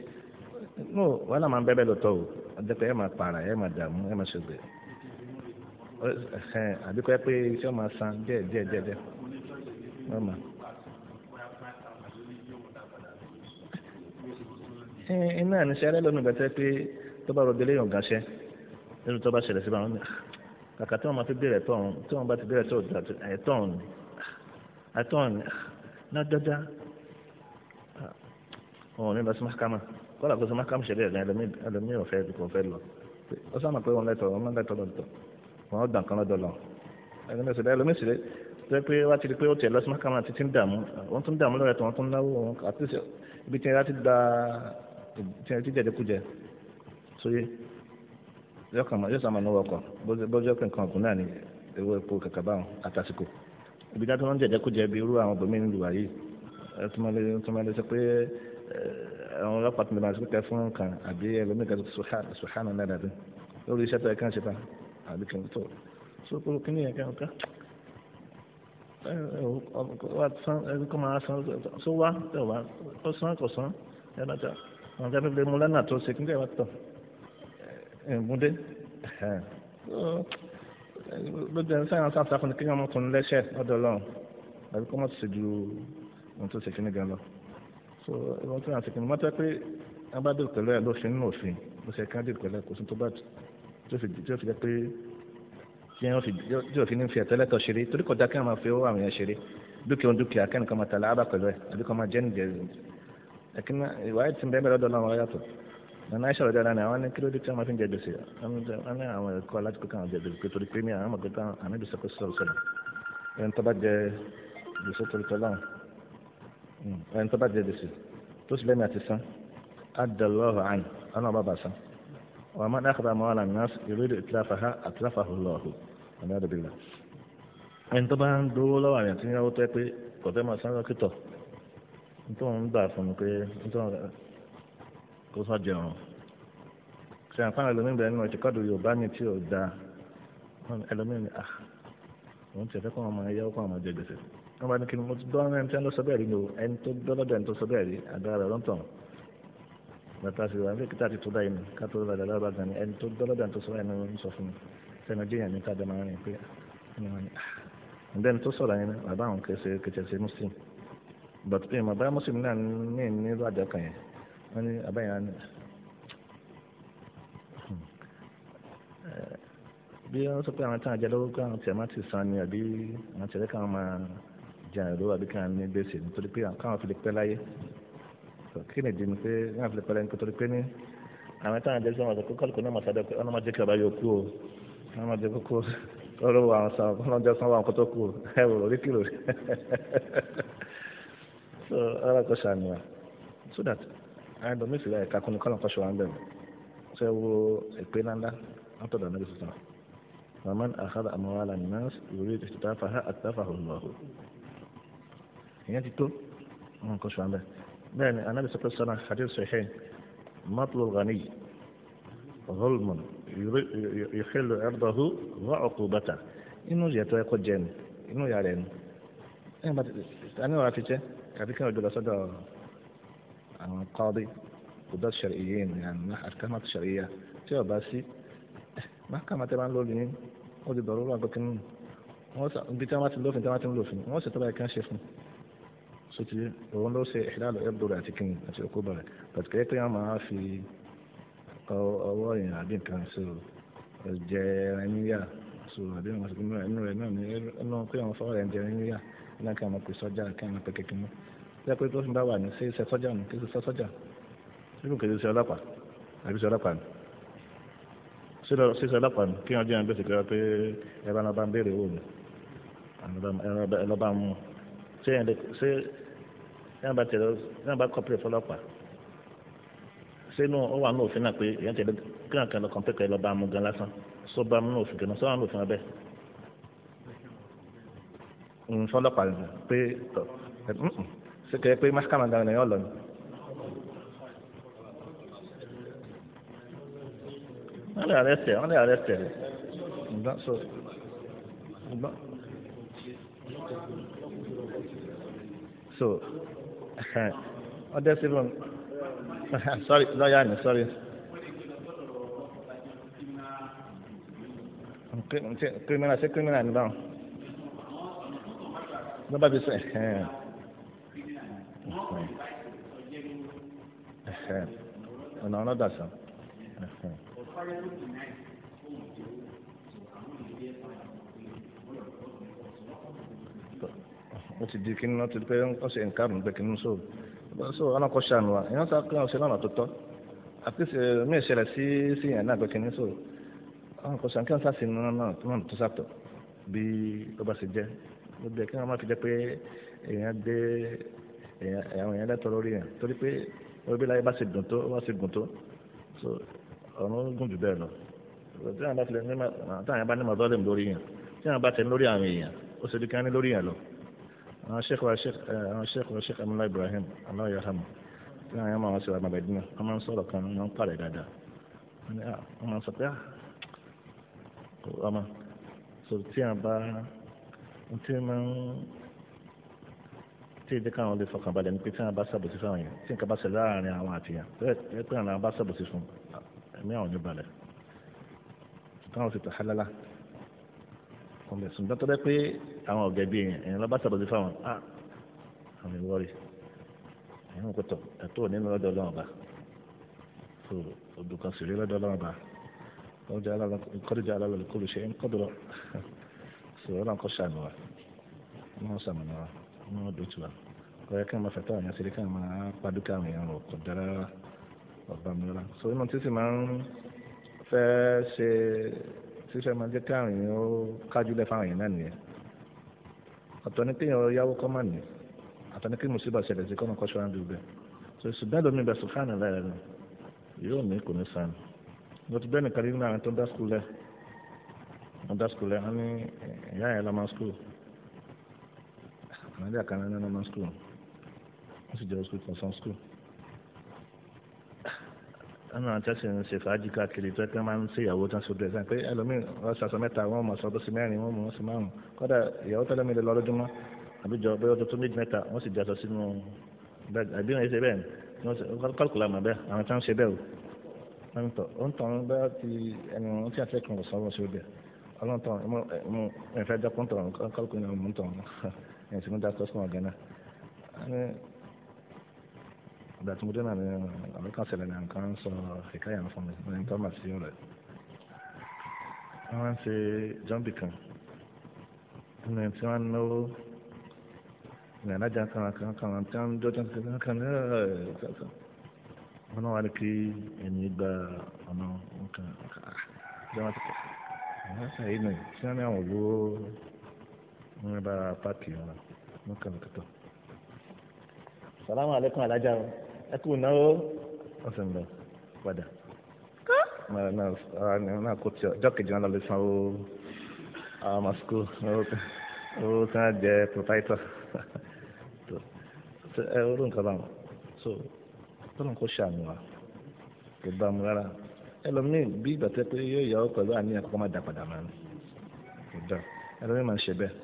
no wàhálà máa ń bẹ́ẹ̀ bẹ́ẹ̀ lọ́tọ̀ o ọ̀dẹ́pẹ́ ẹ máa pààrà ẹ máa dààmú ẹ máa ṣègbè àbíkọ́ ẹ pé iṣẹ́ máa san díẹ̀ díẹ̀ díẹ̀ díẹ̀ wọ́n máa. iná àníṣe alẹ́ lónìí gbàtẹ́ pé tó bá rọgbẹ́ léèyàn gàṣẹ́ nínú tó bá ṣẹlẹ̀ sí báwọn ah, kàkà tí wọ́n máa fi bẹ̀rẹ̀ tọ̀hún tí wọ́n bá ti bẹ̀rẹ̀ tọ̀hún ẹ̀tọ̀hún ni dada àtọ́n ládọ́dá ọ̀hún ní lọ sí mákàmà kọ́lá kó sí mákàmà ṣẹlẹ̀ ẹ̀gbẹ́ ẹlòmíì ọ̀fẹ́ kò fẹ́ lọ ó sábà pé wọn lẹ́tọ̀ wọn lẹ́tọ̀ lọ́tọ̀ wọn ó dàn kan lọ́dọ̀ lọ ẹlòmíì ṣẹlẹ̀ ẹlòmíì ṣẹlẹ̀ tó pé wá ti di pé ó tẹ̀ lọ sí mákàmà títí ń dààmú wọn tún dààmú lọ́rẹ̀ tó wọn tún náwó wọn àti ibi tí wọn ti da tí jẹ̀dẹ̀kújẹ sóyè yọ̀ọ̀kan yọ̀ọ̀sán máa ń wọkọ̀ bó ibi tá a ti máa ń jẹ̀dẹ́kùjẹ́ bí irú àwọn bòmí nílùú wáyé ẹ tún máa lè sọ pé àwọn ọlọ́pàá tún lè máa sọ pé fún kan àbí ẹlòmíì kan sùhánà náà dàbí lórí iṣẹ́ tó yẹ kí ṣe fa àbí kí tó so kúrò kí ni yẹ kí wọ́n ká wá san ẹbí kọ́ máa san so wá ẹ wá ó san kò san ẹ bá ta wọn kẹ́ fẹ́ mu lánàá tó ṣe kí n kẹ́ wá tọ̀ ẹ̀ múdé lójú ẹni sẹ́yìn ọ̀sán àfẹ́kùn ní kéèyàn ọmọkùnrin lẹ́sẹ̀ lọ́dọ̀ ọlọ́run tàbí kọ́ mọ̀ ti ju ohun tó ṣe kí ni gan lọ so ìwọ́n tó yàn sí kí ni mọ́tẹ́ pé agbádùn pẹ̀lú ẹ̀ lófin nínú òfin ló ṣe ká dìbò pẹ̀lú ẹ̀ kò sí tó bá tí ó fi jẹ́ pé tí òfin ní fi ẹ̀tẹ́lẹ́tọ̀ ṣeré torí kọjá kí wọ́n máa fi owó àwọn yẹn ṣeré dúkìá ń dúkìá kẹ́nìkan máa tàlà ábà pẹ̀lú ẹ̀ àbí kọ́ máa jẹ́ nìjẹ́ ẹ̀kínná ìwà nana aisha ọ̀dọ́ lánàá àwọn ní kí ló dé tí wọ́n fi ń jẹ gbèsè wọ́n ní àwọn ẹ̀kọ́ láti kó káwọn jẹ gbèsè pé torí pé ní àwọn ọmọdé tán ànábì sọ pé sọ̀rọ̀ sọ̀rọ̀ ẹni tó bá jẹ gbèsè torí tọ́ lọ́hùn hmm, ẹni tó bá jẹ gbèsè tó sì lẹ́mìí àti san adàlọ́hù àn ọ̀nà ọba bàṣán wọ́n máa dákàtà mọ́ àlà náà ìrírí ìtìláfàá àtìláfàá lọ́hù ọ̀nàdàbìlà ẹni tó bá ń dúró lọ́wọ́ àyàn tí ń yáwó san lọ́kítọ̀ nítorí wọn ń gbà kó sọ jẹun ṣe àǹfààní ẹlòmíín bẹ̀rẹ̀ nínú ìtìkọ́dù yorùbá ni tí ò da ẹlòmíín ni ah òun ti ẹ̀fẹ́ kọ́ ọmọ ẹ̀yà ọkọ̀ ọmọ jẹ gbèsè wọ́n bá ní kí ni mo ti dọ́ ẹni tí wọ́n lọ sọ bẹ́ẹ̀ rí ni o ẹni tó dọ́lọ́dọ̀ ẹni tó sọ bẹ́ẹ̀ rí àgbára rẹ̀ lọ́ntàn bàtà sí wàá kíkítà ti tó dá inú ká tó lọ́dọ̀ lọ́dọ̀ gan ni ẹni tó dọ́lọ́dọ̀ ẹni tó sọ bẹ́ẹ̀ ni ń sọ fún mi sẹ́ni ọjọ́ yẹn ní ká dẹ́ máa rìn pé ẹni wọn ni ah ǹdẹ́ ni tó sọ̀rọ̀ yẹn bàbá àwọn kẹsẹ̀ kẹsẹ̀ muslim but pé bàbá muslim náà ní ìnílò àjọkàn yẹn wọ́n ní abẹ́yẹn ní hmm. bí wọ́n sọ pé àwọn tí wọ́n jẹ lọ́wọ́ pé àwọn tiẹ̀ má ti san ni àbí àwọn tiẹ̀ káwọn máa jẹ àyàn lọ́wọ́ àbí káwọn ní gbèsè nítorí pé káwọn fi lè pẹ́ láyé kí ni ìdí ni pé káwọn fi lè pẹ́ láyé nítorí pé ní àwọn táwọn jẹ sọ́wọ́n sọ pé kọ́lùkù náà màsádà pé ọlọ́mọ jẹ́ kí ọba yóò kú o ọlọ́mọ jẹ́ kókó ọlọ́wọ́ àwọn sàn ọlọ́mọ jẹ́ sanwó àwọn kótó kú o ẹ wò lórí kìlò so ọlọ́kọ̀ sàmìyàn so that àìdọ̀ mí ìsìlẹ̀ ẹ̀ka kúnni kọ́lọ̀ kọ́ṣọ́ wọn bẹ̀rẹ̀ ṣé wo ìpè náà látọ̀dọ̀ nàbí sọ̀tàn màmá àkàdà àmọ́wá lànà náà lórí ìtìtà fàhà àtàfà òlùwàhù ìyẹn ti tó wọn kọ́ṣọ́ wọn bẹ̀rẹ̀ bẹ́ẹ̀ ni anábì sọ̀tàn sọ̀nà hadith sahih matlul ghani ظلم wà ọkọ bàtà inú yẹtọ ẹkọ jẹ ni inú yàrá ẹnu ẹni bá ti ẹni wàá fi jẹ kàbí kí jọ lọ sọ́dọ̀ àwọn kọ́dí kùdọ́ ṣẹ̀rìyé ìyànnà àkàmà ṣẹ̀rìyà tí ó bá sí mákàmà tẹ́ bá ń lò lóyún ó di dọ̀rọ̀ lọ́wọ́ àgbẹ̀kẹ́ nínú wọ́n sà ibi tí wọ́n bá ti lófin tí wọ́n bá ti ń lófin wọ́n sì tọ́ba ẹ̀ka ṣe fún sotí òun ló ṣe ìdáàlú ẹ̀bùdó rẹ̀ àti kìnnì àti òkú bàrẹ̀ pàtó kẹ́kẹ́ pé wọ́n máa fi ọwọ́ ìrìn àbí nǹkan so jẹ ẹnìyà so àbí wọn sọ pé ẹnu rẹ̀ náà ní ẹnu pé àwọn fọwọ́ rẹ̀ ń jẹ ẹnìyà náà kí àwọn pèsè ọjà kí àwọn pẹ̀kẹ́kẹ́ mọ́ jẹ́ pé tó fi bá wà ní sí iṣẹ́ sọ́jà nù kí iṣẹ́ sọ́jà síbùn kì í ṣe ọlọ́pàá àbí ṣe ọlọ́pàá nù ṣíṣe ọlọ́pàá nù kí wọ́n jẹ́ ẹgbẹ́ sìkìrọ̀ pé ẹ̀rọ ọba ń béèrè owó mi ẹ̀rọ ọba ń mú ṣé ẹ̀rọ bá tẹ̀lé ẹ̀rọ bá kọ́pìrì fọlọ́pàá sínú ó wà ní òfin náà pé èèyàn tẹ̀lé kí wọ́n kàn lọ kàn pẹ́kẹ́ lọ́ba mú gan lásán sọ bá mú òfin gan sọ wà ní se cree que hay más que mandar ada. el orden. Vale, a ver So, so, so, so, so, so, so, so, so, so, criminal, c'est criminal, non. Non, pas de ọ̀nà ọ̀nà dàsán. ó ti di kíni náà ti pé ó ṣe nǹkan àrùn gbẹ̀kínú sóò so ọ̀nà kò ṣàánú wa èèyàn sá pé ọ̀ṣẹ́ lọ́nà tó tọ́ àti mí ìṣẹ̀lẹ̀ sí sí ìyàn náà gbẹ̀kínú sóò ọ̀nà kò ṣàánú kí wọ́n sá sí náà náà tó náà tó sàtọ̀ bí ó bá ṣe jẹ́ ó bẹ̀ kí wọ́n má fi jẹ́ pé èèyàn dé àwọn èèyàn lẹ́tọ̀ lórí yẹn torí pé orí láyé bá ṣe gùn tó bá ṣe gùn tó so ọ̀run gùn jù bẹ́ẹ̀ lọ tí àwọn bá tilẹ̀ ní táwọn bá ní mọ̀tọ́lẹ̀ lórí yẹn tí àwọn bá tẹ̀ lórí àwọn èèyàn ó ṣe dúkìá ní lórí yẹn lọ àwọn sheikh wa sheikh eh, àwọn sheikh wa sheikh amúlá ibrahim aláwọ̀ yà hàmù tí àwọn yẹn máa wọ́n ṣe wà màbẹ̀dínà wọ́n máa ń sọ̀rọ̀ kan wọ́n pàrẹ̀ dáadáa ah, wọ́n máa ń sọ pé ah, ọmọ so tí àwọn bá tí wọ́n máa ń tí èdè káwọn lè fọkàn balẹ̀ ní pé tí wọn bá ṣàbòsí fáwọn yẹn tí nǹkan bá ṣẹlẹ̀ láàrin àwọn àtìyàn ẹ pé àwọn bá ṣàbòsí fún ẹ̀mí àwọn ní balẹ̀ táwọn sì tà hálálà wọn bẹ̀ sùn dọ́tọ́ bẹ́ pé àwọn ọ̀gá bíi yẹn ẹ̀yìn lọ́ bá ṣàbòsí fáwọn a àwọn ìwọ́rì ẹ̀yìn kò tọ̀ ẹ̀tọ́ nínú lọ́dọ̀ ọlọ́run ọba so odò kan sì rí lọ́dọ̀ ọlọ́run ọba kọ́díjà alálọ́ọ̀lù kọ́lù ṣe ń kọ́dọ̀ ní ọdún tiwa kò yẹ kí n máa fẹ̀tọ́ àwọn ẹ̀sìn kí n máa padùkà àwọn èèyàn rò kò dára ọ̀bá mi rárá so inú títí máa ń fẹ́ ṣe ṣíṣẹ́ máa jẹ́ kí àwọn èèyàn ó kájú lẹ̀ fáwọn èèyàn náà nìyẹn ọ̀tọ̀ ní kí èèyàn yáwó kọ́ máa nì ọ̀tọ̀ ní kí mùsíbà ṣẹlẹ̀ sí kọ́nà kọ́ṣọ́ àǹdí ibẹ̀ so ṣùgbọ́n lómi ibẹ̀ sùfáànì lára rẹ̀ yóò ní kò ní sàn mo ti bẹ́ẹ̀ nìkan nínú àwọn tó ń dá skul lẹ̀ wọ́n dá skul lẹ̀ wọ́n ní ìyá yẹn lọ́mọ skul ànádé àkànná ní normal school wọ́n sì jẹ́ school concern school. ẹnu àwọn tẹ́sí ń ṣe fàájì káàkiri tó ẹgbẹ́ máa ń ṣe ìyàwó tó ń sọdọ̀ ẹ̀sán pé ẹlòmíì wọ́n ṣaṣọ mẹ́ta wọ́n mọ̀ sọ́dọ̀ sí mẹ́rin wọ́n mọ̀ sí márùn-ún kọ́dà ìyàwó tẹ́lẹ̀ mi lè lọ lójúmọ́ àbíjọ bẹ́ẹ̀ ọdún tó méjì mẹ́ta wọ́n sì jẹ́sọ sínú àbí wọ́n ṣe bẹ́ẹ̀ kọ́lùkùlà mọ̀ bẹ́ẹ̀ àwọn táwọn ṣe bẹ́ẹ̀ o wọ́n tọ̀ ó ń tọ̀ ń bá ti ẹni wọn tí a fẹ́ kàn sọ́wọ́ sí ọbẹ̀ jẹ́ kọ́ńtàn kọ́lùkùlà mọ̀ ń ẹ̀ sì ń da customer gan náà ìgbà tí mo dé náà ni àwọn kan ṣẹlẹ̀ náà kan sọ ẹ̀ka yàn fún mi ní tọ́mà sí ọ̀rẹ́ wọ́n ń ṣe jọ́ǹbì kan ní tí wọ́n ń náwó ní alájà kan kan kan tí wọ́n ń dọ́jọ́ kan kan ní ọ̀rẹ́ wọn náà wà ní kí ẹ̀yìn gba ọ̀nà nǹkan jọ́ǹbì kan wọ́n ṣàyẹ̀nì tí wọ́n ní àwọn òwúrò wọn bá pààkì wọn wọn kàn kàtọ. salamu aleykum alájà o ẹ kú náwó wọn sì ń lọ padà. náà kò tí ọ ọjọ́ kejì náà lọ lè sanwó o ọmọ sukùl owó tí wọ́n jẹ proprietor ẹ orú nǹkan báwọn so tọ́lọ́n kò ṣàánú wa kò bá mu rárá ẹlòmíì bí ìgbà tẹ́ pé yóò yà ọ́ pẹ̀lú àníyàn kó má dà padà máa ń kò dà ẹlòmíì máa ń ṣe bẹ́ẹ̀.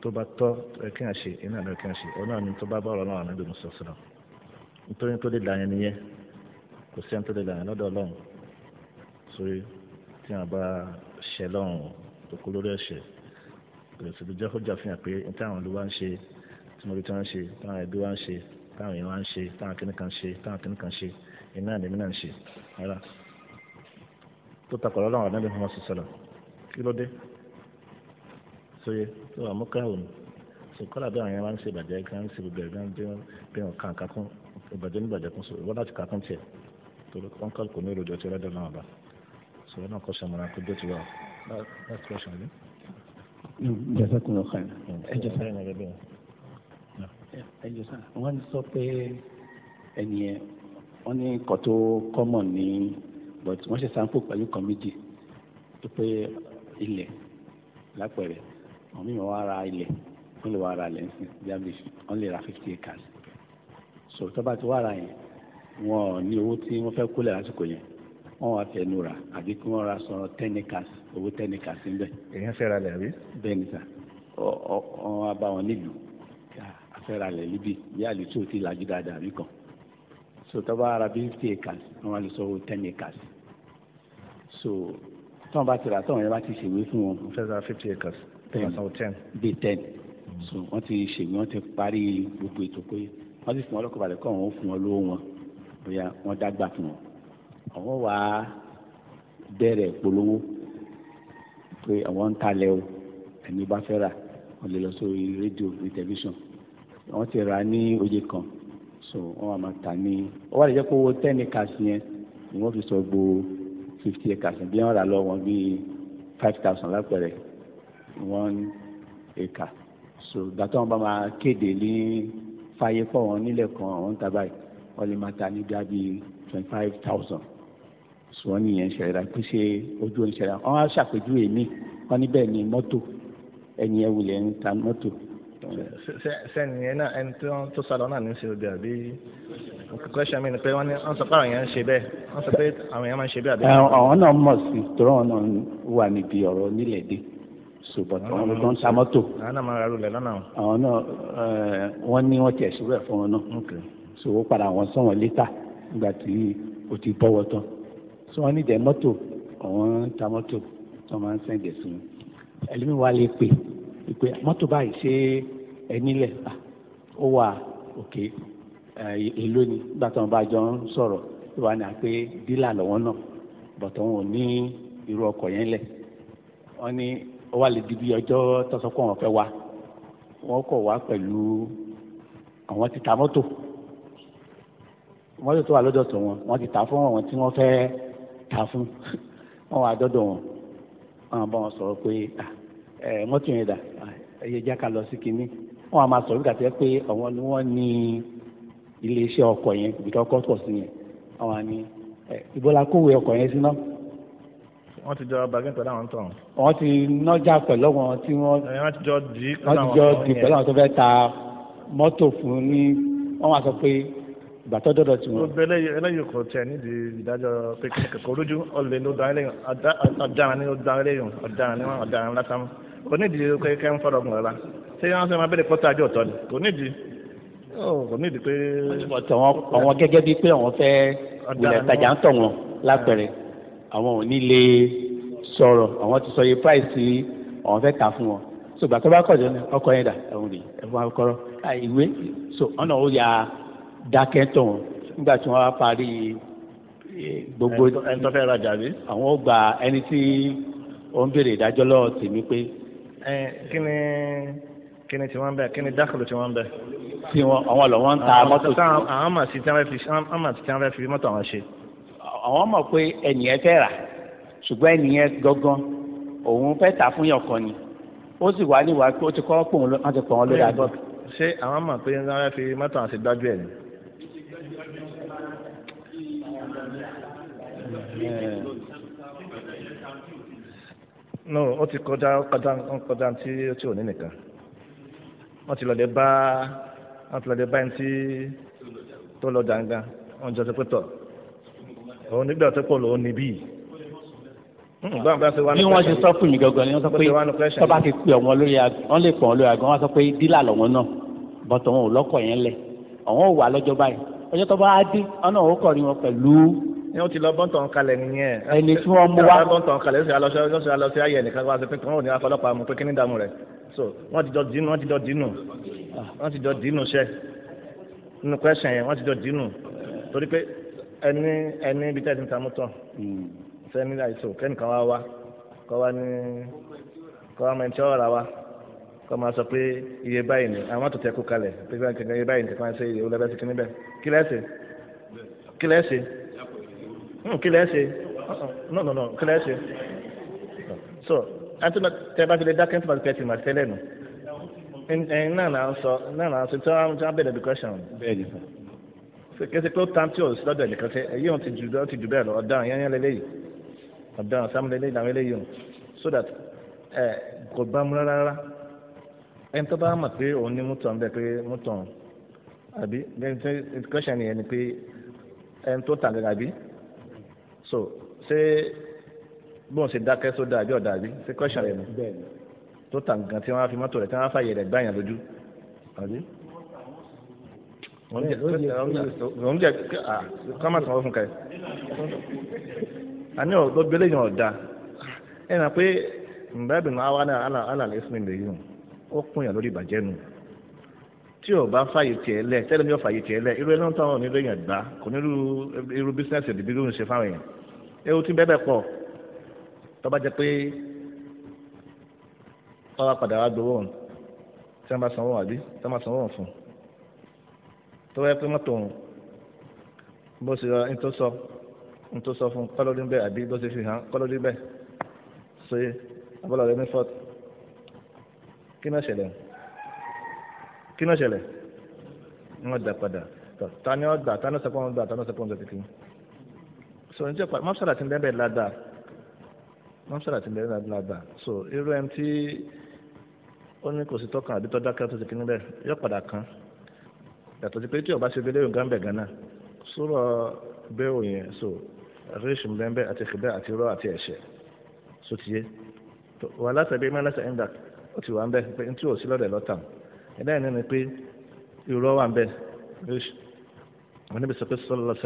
tó bá tọ́ kí ina ṣe iná ló kí n ṣe ọ náà ni tó bá bá ọ̀rọ̀ náà níbi musa sọ̀rọ̀ nítorí tó lè là yẹn nìyẹn kò sí ẹni tó lè là yẹn lọ́dọ̀ ọlọ́run sórí tí wọn bá ṣẹ lọ́run òkú lórí ẹ̀ṣẹ̀ bẹ̀rẹ̀ sí jẹ́ kójà fi hàn pé ní táwọn olú wa ń ṣe tí mo rí tí wọ́n ń ṣe táwọn ẹbí wa ń ṣe táwọn èèyàn wa ń ṣe táwọn kìnnìkan ṣe táwọn kìnnìkan ṣe iná lèmi náà ń ṣe rárá tó takọ̀ lọ́wọ́ àwọn ànábì Muhammad sallallahu kí ló dé sóye tó wà mọ́kàwọ́ ni sọkọ́lá bí àwọn yẹn máa ń ṣe ìbàjẹ́ kí wọ́n ń ṣe gbogbo ẹ̀gbọ́n bí wọ́n kàn kakún ìbàjẹ́ níbàjẹ́ kún so ìwọ́n láti kakún tiẹ̀ torí wọ́n kọ́ kò ní ìròjọ́ tí ọlọ́dọ̀ náà bá so wọ́n náà kọ́ sọmọ́ra kó dé tiwa last question ni. jẹ́sẹ̀ kún lọ kàn ẹ jẹ́ sáré náà lẹ́bẹ̀ẹ́. ẹ jẹ́ sáré wọ́n sọ pé ẹni ẹ wọ́n ní nǹkan tó common ní but wọ́n ṣe sample pẹ̀lú kan méjì tó pé ilẹ̀ lápẹ̀rẹ̀ àwọn míì wọ́n ra ilẹ̀ wọ́n lè wá ra ilẹ̀ ńsìn jábìs wọ́n lè ra fifty acres so tó bá ti wá ra yẹn wọn ò ní owó tí wọ́n fẹ́ kó lẹ̀ lásìkò yẹn wọ́n wá fẹnu rà àbí kí wọ́n ra sọ ten acres owó ten acres ńbẹ. èèyàn fẹ́ ra lẹ̀ àbí. bẹ́ẹ̀ ni sà wọ́n wá bá wọn nílùú afẹ́ra lẹ̀ níbí bí àlùtí ò ti lajú dáadáa àbí kan so tó bá ra fifty acres wọ́n wá lè sọ owó ten acres so tọ́wọ́n bá ti rà tọ́wọ́n yẹn bá ti ṣèwé fún wọn. fẹ́ ra fifty acres bíi ten so wọ́n ti ṣègbè wọ́n ti parí gbogbo ètò pé wọ́n ti fún wọn lọ́kọ̀ọ́balẹ̀ kọ́ àwọn fún wọn lówó wọn bóyá wọ́n dágbà fún wọn àwọn wà á bẹ̀rẹ̀ polówó pé àwọn ń talẹ̀ o ẹni bá fẹ́ rà wọ́n lè lọ sórí rédíò ní tẹlifíṣàn wọ́n ti rà á ní oye kan so wọ́n wà máa tà ní ó wà lè jẹ́ kó owó ten acres yẹn ni wọ́n fi sọ gbó fifty acres bí wọ́n rà lọ́wọ́ bíi five thousand lápẹ̀rẹ̀ one acre so gbàtọ́ wọn bá máa kéde ní fàyè pọ̀ wọn nílẹ̀ kan àwọn tàbá yìí wọ́n lè máa ta ní bíi twenty five thousand so wọ́n nìyẹn ṣẹlẹ̀ pé ṣe ojú ẹ̀ ṣẹlẹ̀ wọ́n á ṣàpèjúwe mi wọ́n ní bẹ́ẹ̀ ni mọ́tò ẹni ẹ wulẹ̀ ń ta mọ́tò. sẹ́ni yẹn náà ẹni tó sálọ náà ní í ṣe òde àbí kọ́ṣẹ́ mi ni pé wọ́n ní wọ́n sọ pé àwọn yẹn ń ṣe bẹ́ẹ̀ wọ́n sọ pé àwọn yẹn máa ń ṣe bẹ́ẹ̀ àbí. àwọn náà mọ̀ sí torí wọn náà wà níbi ọ̀rọ̀ nílẹ̀ dé ṣùgbọ́n ah, àwọn ló ń ta mọ́tò. àwọn ah, náà máa ra rúlẹ̀ lọ́nà. àwọn náà eh, wọ́n ní wọ́n tiẹ̀ ṣúgbẹ́ fún wọn náà. so ó padà wọn sọ wọn létà nígbà tí ó ti bọ́wọ́ tán. so wọ́n ní jẹ́ mọ́tò àwọn ta mọ́tò tó máa ń sẹ́ǹdẹ̀ sí wọn. ẹlẹ́mi wa lè pè é pé mọ́tò báyìí ṣé ẹ nílẹ̀ ah, ó wà òkè eh, èló ni nígbà tí wọ́n bá jọ ń sọ̀rọ̀ ìwà ni àpé dílà lọ́wọ́ náà bọ̀tọ̀ wọn ò ní irú ọkọ̀ yẹn lẹ̀ wọ́n ní ó lè di ọjọ́ tọ́sọ́kọ̀ wọn fẹ́ wa wọ́n kọ̀ wá pẹ̀lú àwọn ti ta mọ́tò mọ́tò tó wà lọ́dọ̀ tó wọn wọ́n ti ta fún àwọn tí wọ́n fẹ́ ta fún wọn wà dọ́dọ̀ wọn wọn bá wọn sọ̀rọ̀ pé mọ́tò yẹn dà ẹ̀yẹ já lọ sí kínní wọn a máa sọ̀rọ̀ gàtẹ́ pé àwọn ni wọ́n ní iléeṣẹ́ ọkọ̀ yẹn ibi tí kọ́ pọ̀ sí yẹn àwọn àni ìbọ̀lá kówé ọkọ̀ yẹn sí wọ́n ti jọ bargain pẹ̀lú àwọn tán. wọ́n ti nọ́jà pẹ̀lú wọn tí wọ́n. wọ́n ti jọ dì í pẹ̀lú àwọn tó yẹn. wọ́n ti jọ dì pẹ̀lú àwọn tó fẹ́ ta mọ́tò fún ní wọ́n wá sọ pé ìgbà tó dọ̀dọ̀ tí wọ́n. gbogbo eléyìí kò tẹ̀ nídìí ìdájọ́ pé kò lójú ọ̀lẹ́ ló da eléyìí ọ̀daràn ni ó da eléyìí ọ̀daràn ni wọ́n ọ̀daràn lásán kò nídìí kẹ́kẹ́ ń fọ́dọ̀ gùn rárá ṣé wọ́n fẹ́ máa bẹ̀rẹ̀ pọ́tà àjọ ọ̀tọ̀ ni kò nídìí kò nídìí pé. àwọn gẹ́gẹ́ bíi pé àwọn fẹ́ wulẹ̀ tajà ń tọ̀ wọn lápẹ̀rẹ̀ àwọn ò ní lè sọ̀rọ̀ àwọn ti sọ iye price tí àwọn fẹ́ ta fún wọn so gbàtọ́ bá kọ̀jọ́ ní ọkọ̀ yẹn dà ẹ̀wọ̀n rè ẹ̀wọ̀n akọ́rọ́ ìwé so ọ̀nà ó ya dákẹ́ tó wọn nígbà tí wọ́n bá parí e, gbogbo ẹni tó fẹ́ rajà rí àwọn ó gba ẹni tí ó ń béèrè ìdájọ́ lọ́wọ́ tèmi pé. kí ni kí ni tí wọ́n ń bẹ̀ kí ni dákàlù tí wọ́n ń bẹ̀. tí wọn àwọn lọ wọn ń ta mọ́tò. àwọn àmà sí tí wọ́n fẹ́ fi mọ́tò àwọn ṣe àwọn mọ̀ pé ẹnìyẹn fẹ́ rà ṣùgbọ́n ẹnìyẹn gangan òun fẹ́ tà fún yàn kan ni ó sì wá níwàá pé ó ti kọ́ pòun ló ti pọ̀ wọn lórí àgọ́. ṣé àwọn mọ̀ pé ń rárá fi mọ́tò àti dájú ẹ̀ ni. no ó ti kọjá kọjá kọjá tí ó ti ò ní nìkan wọ́n ti lọ́ọ́ dé bá bá ẹni tí tó lọ jàǹgà wọ́n jọ sí pé tọ̀ òun nígbà tó pọ̀ lòun níbí. bí wọ́n ṣe sọ fún mi gangan ni wọ́n sọ pé tọ́ba ti pè wọ́n lórí wọ́n lè pọ̀ wọ́n lórí àgọ́ wọ́n sọ pé dílà lọ́wọ́ náà bọ́tọ̀ wọn ò lọ́kọ̀ yẹn lẹ̀ àwọn ò wà lọ́jọ́ báyìí ọjọ́ tó bá á dé ọ̀nà òun kọ̀ ní wọn pẹ̀lú. ni wọn ti lọ bọ́ǹtọ̀ ń kalẹ̀ nìyẹn. ẹni tí wọ́n mú wa. bọ́ǹtọ̀ ń kalẹ̀ ó sì alọ́ ó sì alọ́ sí ayé ẹnìkan wá sí pé wọn ò ní afọlọ́pàá mu pé kíní dààmú rẹ̀ so wọ́n ti jọ dínú wọ́n ti jọ dínú ah. wọ́n ti jọ dínú sẹ́ nínú kwẹ́sàn yẹn wọ́n ti jọ dínú torí pé ẹni ẹni ibi tẹ́sí ta mọ́tọ̀ sẹ́ni hmm. àìsàn kẹ́nìkan wá wá kọ́ wá ní kọ́ wá mẹ́tí ọ̀rà wá kọ́ máa sọ pé iye báyìí ni àwọn tó tẹ́ kó kalẹ̀ pé bí wọ́n kẹ́kẹ́ iye báyìí ni kẹ́kẹ́ ṣe iye olẹ́bẹ̀ẹ́sì kí níbẹ̀ kí lẹ́sẹ̀ kí lẹ́sẹ̀ hmm, kí lẹ́sẹ̀ no no no kí lẹ́sẹ̀ so àti tẹ́ bá ti lè dákẹ́ nípa tẹ́sí màá tẹ́lẹ̀ nù náà náà sọ náà náà sọ tí wọ́n bẹ̀rẹ̀ bí question. bẹ́ẹ̀ kẹsẹ pé ó tan tí o sí ẹnìkan sẹ èyí wọn ti jù bẹ́ẹ̀ ti jù bẹ́ẹ̀ lọ ọ̀daràn yẹn yẹn lélẹyìí ọ̀daràn sáà lélẹyìí làwọn eléyìí o so that ẹ kò bá mu rárá ẹni tó bá mọ̀ pé òun ní mútọ̀ nbẹ pé mútọ̀ àbí ẹni tó question yẹn ni pé ẹni tó tàn gàgà so ṣé bóun ṣe dákẹ́ sódà àbí ọ̀dà àbí ṣé question yẹn ni tó tàn gàgà tí wọ́n á fi mọ́tò rẹ̀ tí wọ́n á fàyè rẹ̀ gbáyàn lójú àbí òun jẹ ah, ká má sanwó fún ka yìí àní ọ̀dọ́ bẹ́lẹ̀ yẹn ọ̀dà ẹ̀ nà pé nbàbí nà wà ní àlàlẹ́ fún mi lè yùn ó kún yàn lórí ìbàjẹ́ nù tí o bá fàyè tiẹ̀ lẹ̀ tẹ́lẹ̀ mi ò fàyè tiẹ̀ lẹ̀ irú ẹni tó àwọn onílé yẹn gbà kò ní irú bísíǹsì ìdìbí ló ń ṣe fáwọn èèyàn ewu tí bẹ́ẹ̀ bẹ́ẹ̀ pọ̀ tó bá jẹ́ pé ọba padà wá gbowó tí wọ́n bá sanwó àbí tí wọ́n bá sanwó fún un tó yẹ pé mọ́tò òun bó ṣe ń tó sọ ń tó sọ fún kọ́lọ́dún bẹ́ẹ̀ àbí bó ṣe fi hàn kọ́lọ́dún bẹ́ẹ̀ ṣe abọ́lá rẹ̀ ní fọ́t kí náà ṣẹlẹ̀ kí náà ṣẹlẹ̀ wọ́n dà padà ta ni wọ́n gbà ta ni wọ́n sọ pé wọ́n gbà ta ni wọ́n sọ pé wọ́n gbà kékeré so n jẹ pa mọ́sálà ti bẹ́ẹ̀ ládàá mọ́sálà ti bẹ́ẹ̀ ládàá so irú ẹni tí ó ní kò sí tọ́kàn àbí tọ́dákẹ́ tó ti kí níbẹ̀ yọ padà kan yàtọ̀ sí pé tí ọba ṣe fi léyìn gánbẹ̀ gánà sọ̀rọ̀ bẹ́ẹ̀ òyìn so ríṣì mbẹ́mbẹ́ àti ìfìdá àti rọ́ àti ẹ̀ṣẹ̀ so tiye wà látàbí mẹ́rin lẹ́sẹ̀ ẹ̀ńdà ó ti wà ń bẹ́ pé ntí ò sí lọ́dẹ̀ lọ́tà ẹ̀dá ìní ni pé irọ́ wà ń bẹ́ ríṣì wọn níbi sọ pé sọlọ lọ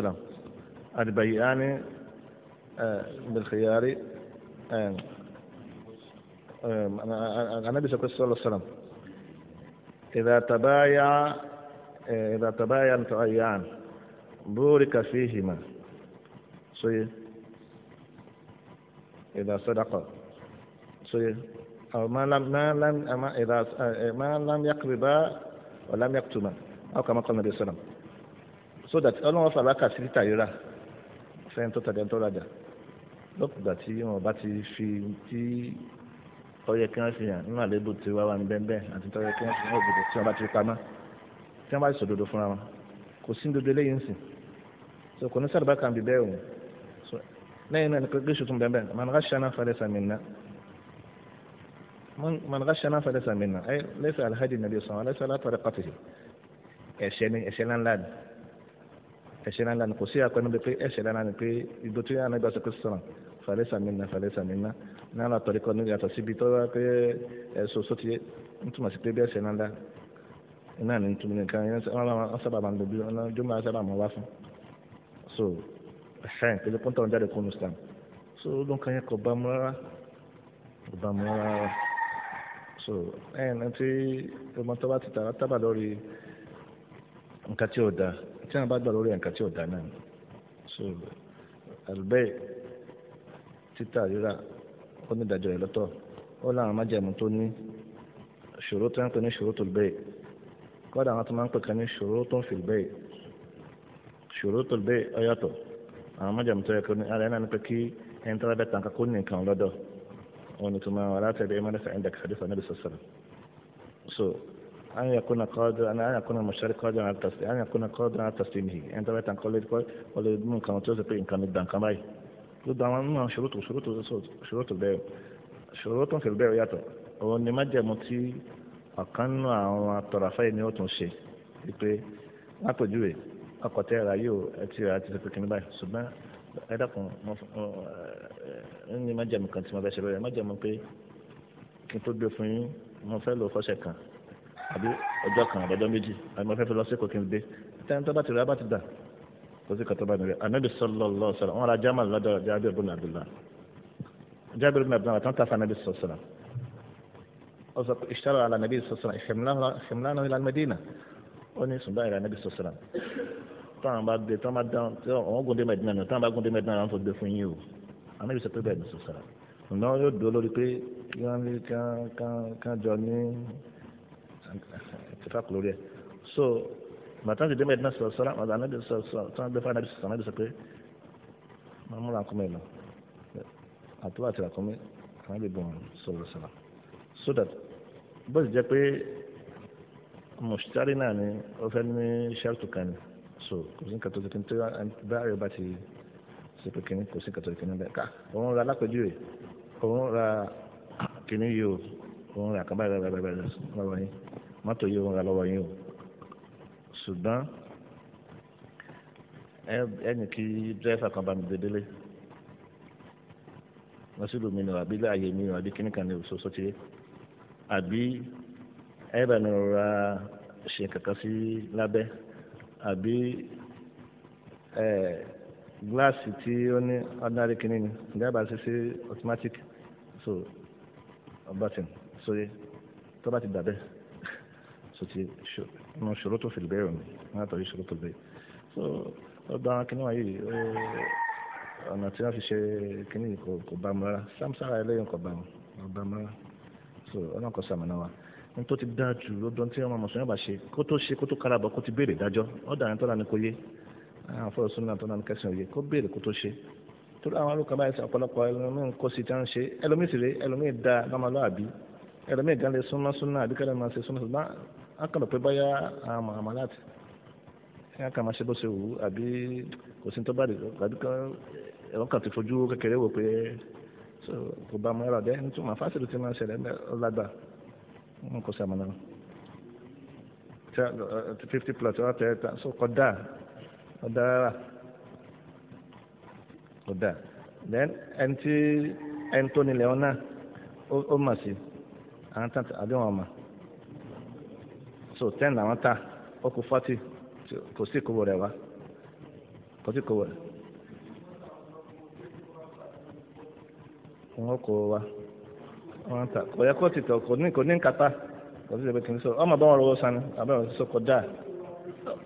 àdìbàyí á ní bẹ̀rẹ̀kẹ̀yàrí ànábì pé sọlọ sílám ìdàtàbáyà. إذا تباينت أيان بورك فيهما سي إذا صدق سي أو ما لم ما لم أما إذا ما لم يقربا ولم يكتما أو كما قال النبي صلى الله عليه وسلم so that ọlọ́run fàlà kà sí tàyíra fẹ́ni tó tàbí ẹni tó rajà lọ́kùnrin ti fi tí ọyẹ kí wọ́n fi hàn nínú àlébù tí wọ́n wà ní bẹ́ẹ̀ tí wọ́n bá sòdodo fúnra wọn kò sí dodo eléyìí ń sìn so kò ní sọ̀rọ̀ bá kàn bí bẹ́ẹ̀ o so lẹ́yìn náà nípa gíṣù tún bẹ́ẹ̀ man ghashana falaysa minna man ghashana falaysa minna ẹ laysa alhadi nàbí sọ̀rọ̀ laysa ala tariqatihi ẹ̀ṣẹ̀ ni ẹ̀ṣẹ̀ ńláńlá ni ẹ̀ṣẹ̀ ńláńlá ni kò sí àpẹnu bí pé ẹ̀ṣẹ̀ ńláńlá ni pé ibi tó yà nígbà sọ̀kè sọ̀rọ̀ falaysa minna falaysa minna náà látọ̀rẹ́kọ̀ nígbà tó síbi tó wá pé ẹ̀ṣọ́ sọ́tìyẹ ń túmọ̀ sí pé bí ẹ̀ṣẹ̀ ńláńlá náà ní túnmí nìkan yẹn wọn sábà máa ń lò bí wọn jọmọ sábà máa wá fún so ẹhẹn pẹ̀lú pọntà wọn jáde kún islam so lóǹkan yẹn kò bá mu rárá kò bá rárá so ẹyìn náà tí ọmọ tó bá ti tà tábà lórí nǹkan tí ò da tí wọn bá gbà lórí nǹkan tí ò da náà so àlùbẹ́ẹ̀ títà rírà ó ní ìdájọ́ rẹ̀ lọ́tọ̀ ó láwọn májẹ̀mú tó ní ṣòro tó ń pè ní ṣòro tó bẹ́ẹ̀ kọ́dà àwọn tó máa ń pè kan ní shurutun fil bay' shurutul bay' ọ̀yọ̀tọ̀ àwọn mọ́jàmú tó yẹ kó ní ara ẹ̀ náà ní pé kí ẹni tó bá bẹ́ẹ̀ tàn ká kó ní nǹkan lọ́dọ̀ òun ni tó máa wà láti ẹ̀dẹ̀ ìmọ̀lẹ́sẹ̀ ẹ̀ńdà so an yakuna qadiran an yakuna al-mushtari qadiran ala taslim an yakuna qadiran ala taslimihi ẹni tó bá tàn kọ́ lórí kọ́ lórí mú nǹkan tó ṣe pé nǹkan ní dàn kan báyìí gbogbo àwọn nínú àwọn shurutu shurutu shurutu bẹ́ẹ̀ shurutu fil bay' yàtọ̀ òun ni ọ̀kan nínú àwọn atọ̀ràfẹ́ ni ó tún ṣe wípé lápèjúwe ọkọ̀ tẹ́ ra yóò ẹtì rà ti pé kíní báyìí ṣùgbọ́n ẹ dákun ní májàmú kan tí mo fẹ́ ṣe lórí ẹ májàmú pé kí n tó gbé fún yín mo fẹ́ lò fọ́ṣẹ̀ kan àbí ọjọ́ kan àbọ̀jọ́ méjì àbí mo fẹ́ fi lọ sí kò kí tẹ́ni tó bá ti rà bá ti dà kò sí kàtó bá mi rẹ̀ anabi sallallahu alaihi wasallam wọn ra jamal lọ́dọ̀ Jabir ibn Abdullah Jabir ibn Abdullah àtàntàfà anabi sallallahu alaihi wasallam. اشترى على النبي صلى الله عليه وسلم حملانه حملانه الى المدينه ó ní sùn báyìí rà níbi sọ̀sọ̀rà táwọn bá dé táwọn bá dáhùn tí wọ́n gùn dé mẹ́dínà náà táwọn bá gùn dé mẹ́dínà náà wọ́n tó gbé fún yín o ànábì sọ pé bẹ́ẹ̀ ní sọ̀sọ̀rà ǹgbọ́n yóò dúró lórí pé kí wọ́n ní kán jọ ní ìtàkùn lórí ẹ̀ so màtán ti dé mẹ́dínà sọ̀sọ̀rà màtà ànábì sọ̀sọ̀rà táwọn gbé fún ànábì sọ̀sọ̀rà ànábì sọ pé máa múra kún mi lọ àtúwà àti ràkúnmí ànábì bùn sọ̀rọ̀ sọ̀rọ̀ so that bó ti jẹ́ pé mùsítárì náà ni ó fẹ́ ní ṣẹ́ẹ̀tù kan so kò sí nǹkan tó ti kí n tó báyọ̀ bá ti ṣe pé kìnní kò sí nǹkan tó ti kí ní bẹ́ẹ̀ ká òun ra alápèjúwe òun ra kìnní yìí o òun ra àkàbà rẹ̀ rẹ̀ rẹ̀ lọ́wọ́ yín mọ́tò yìí òun ra lọ́wọ́ yín o ṣùgbọ́n ẹnì kí dírẹ́fà kan bá mi dé délé wọ́n sì lù mí nù láàyè mi nù àbí kìnní kan ní òṣòṣò àbí ẹ̀bẹ̀nu ra ṣe kankan sí lábẹ́ àbí gíláàsì tí ó ní ordinary kìíní ni ìjábà ṣe sí automatic so button so tó bá ti dà so ti mo ṣòro tó fìlì bẹ́ẹ̀ rẹ̀ mi látọ̀ yìí ṣòro tó bẹ́ẹ̀ so ọba kìíní wọ̀nyí ọ̀nà tí wọ́n fi ṣe kìíní kò bá mu rárá samsara ẹlẹ́yìn kò bá mu rárá so ọlọ́run kò sàmìnà wa ní tó ti dáa jù lọ́dọ̀ tí ọmọ mùsùlùmí bá ṣe kó tó ṣe kó tó karabọ̀ kó ti béèrè dájọ́ ọ̀dà àwọn tọ́lá ni kò yé àwọn afọ́rọ̀ súnmọ́ àtọ́lá ni kẹsàn-án òye kó béèrè kó tó ṣe torí àwọn arúgbó báyìí sí ọ̀pọ̀lọpọ̀ ẹlòmíín kó sí tí ṣe ẹlòmíín sì rè ẹlòmíín da lọ́mọlúwàbí ẹlòmíín gan lè súnmọ́ súnmọ́ àbí kẹ́lẹ́ máa ṣe súnmọ́ súnmọ́ akọ̀lọ̀ pé báyà àmọ̀ àmọ̀ láti ẹ̀yà kò bá ọmọ dẹ́ nítorí màá fásitì ti máa ṣẹlẹ̀ ọ̀làgbà wọn kò fifty plus tẹ̀ so kọ̀dà ọ̀dà rárá kọ̀dà then ẹni tí ẹni tó nílẹ̀ ọ̀nà ó mà sí àwọn tán àbí wọn so ten làwọn ó kú forty kò sí rẹ̀ wá kò sí rẹ̀. wọn kò wá wọn ta kọ yẹ kó ti tọ ní kò ní nkata kò sí ìbẹ̀kì ní ọmọ bá wọn rọwọ san ni wọn sọ kọ dáa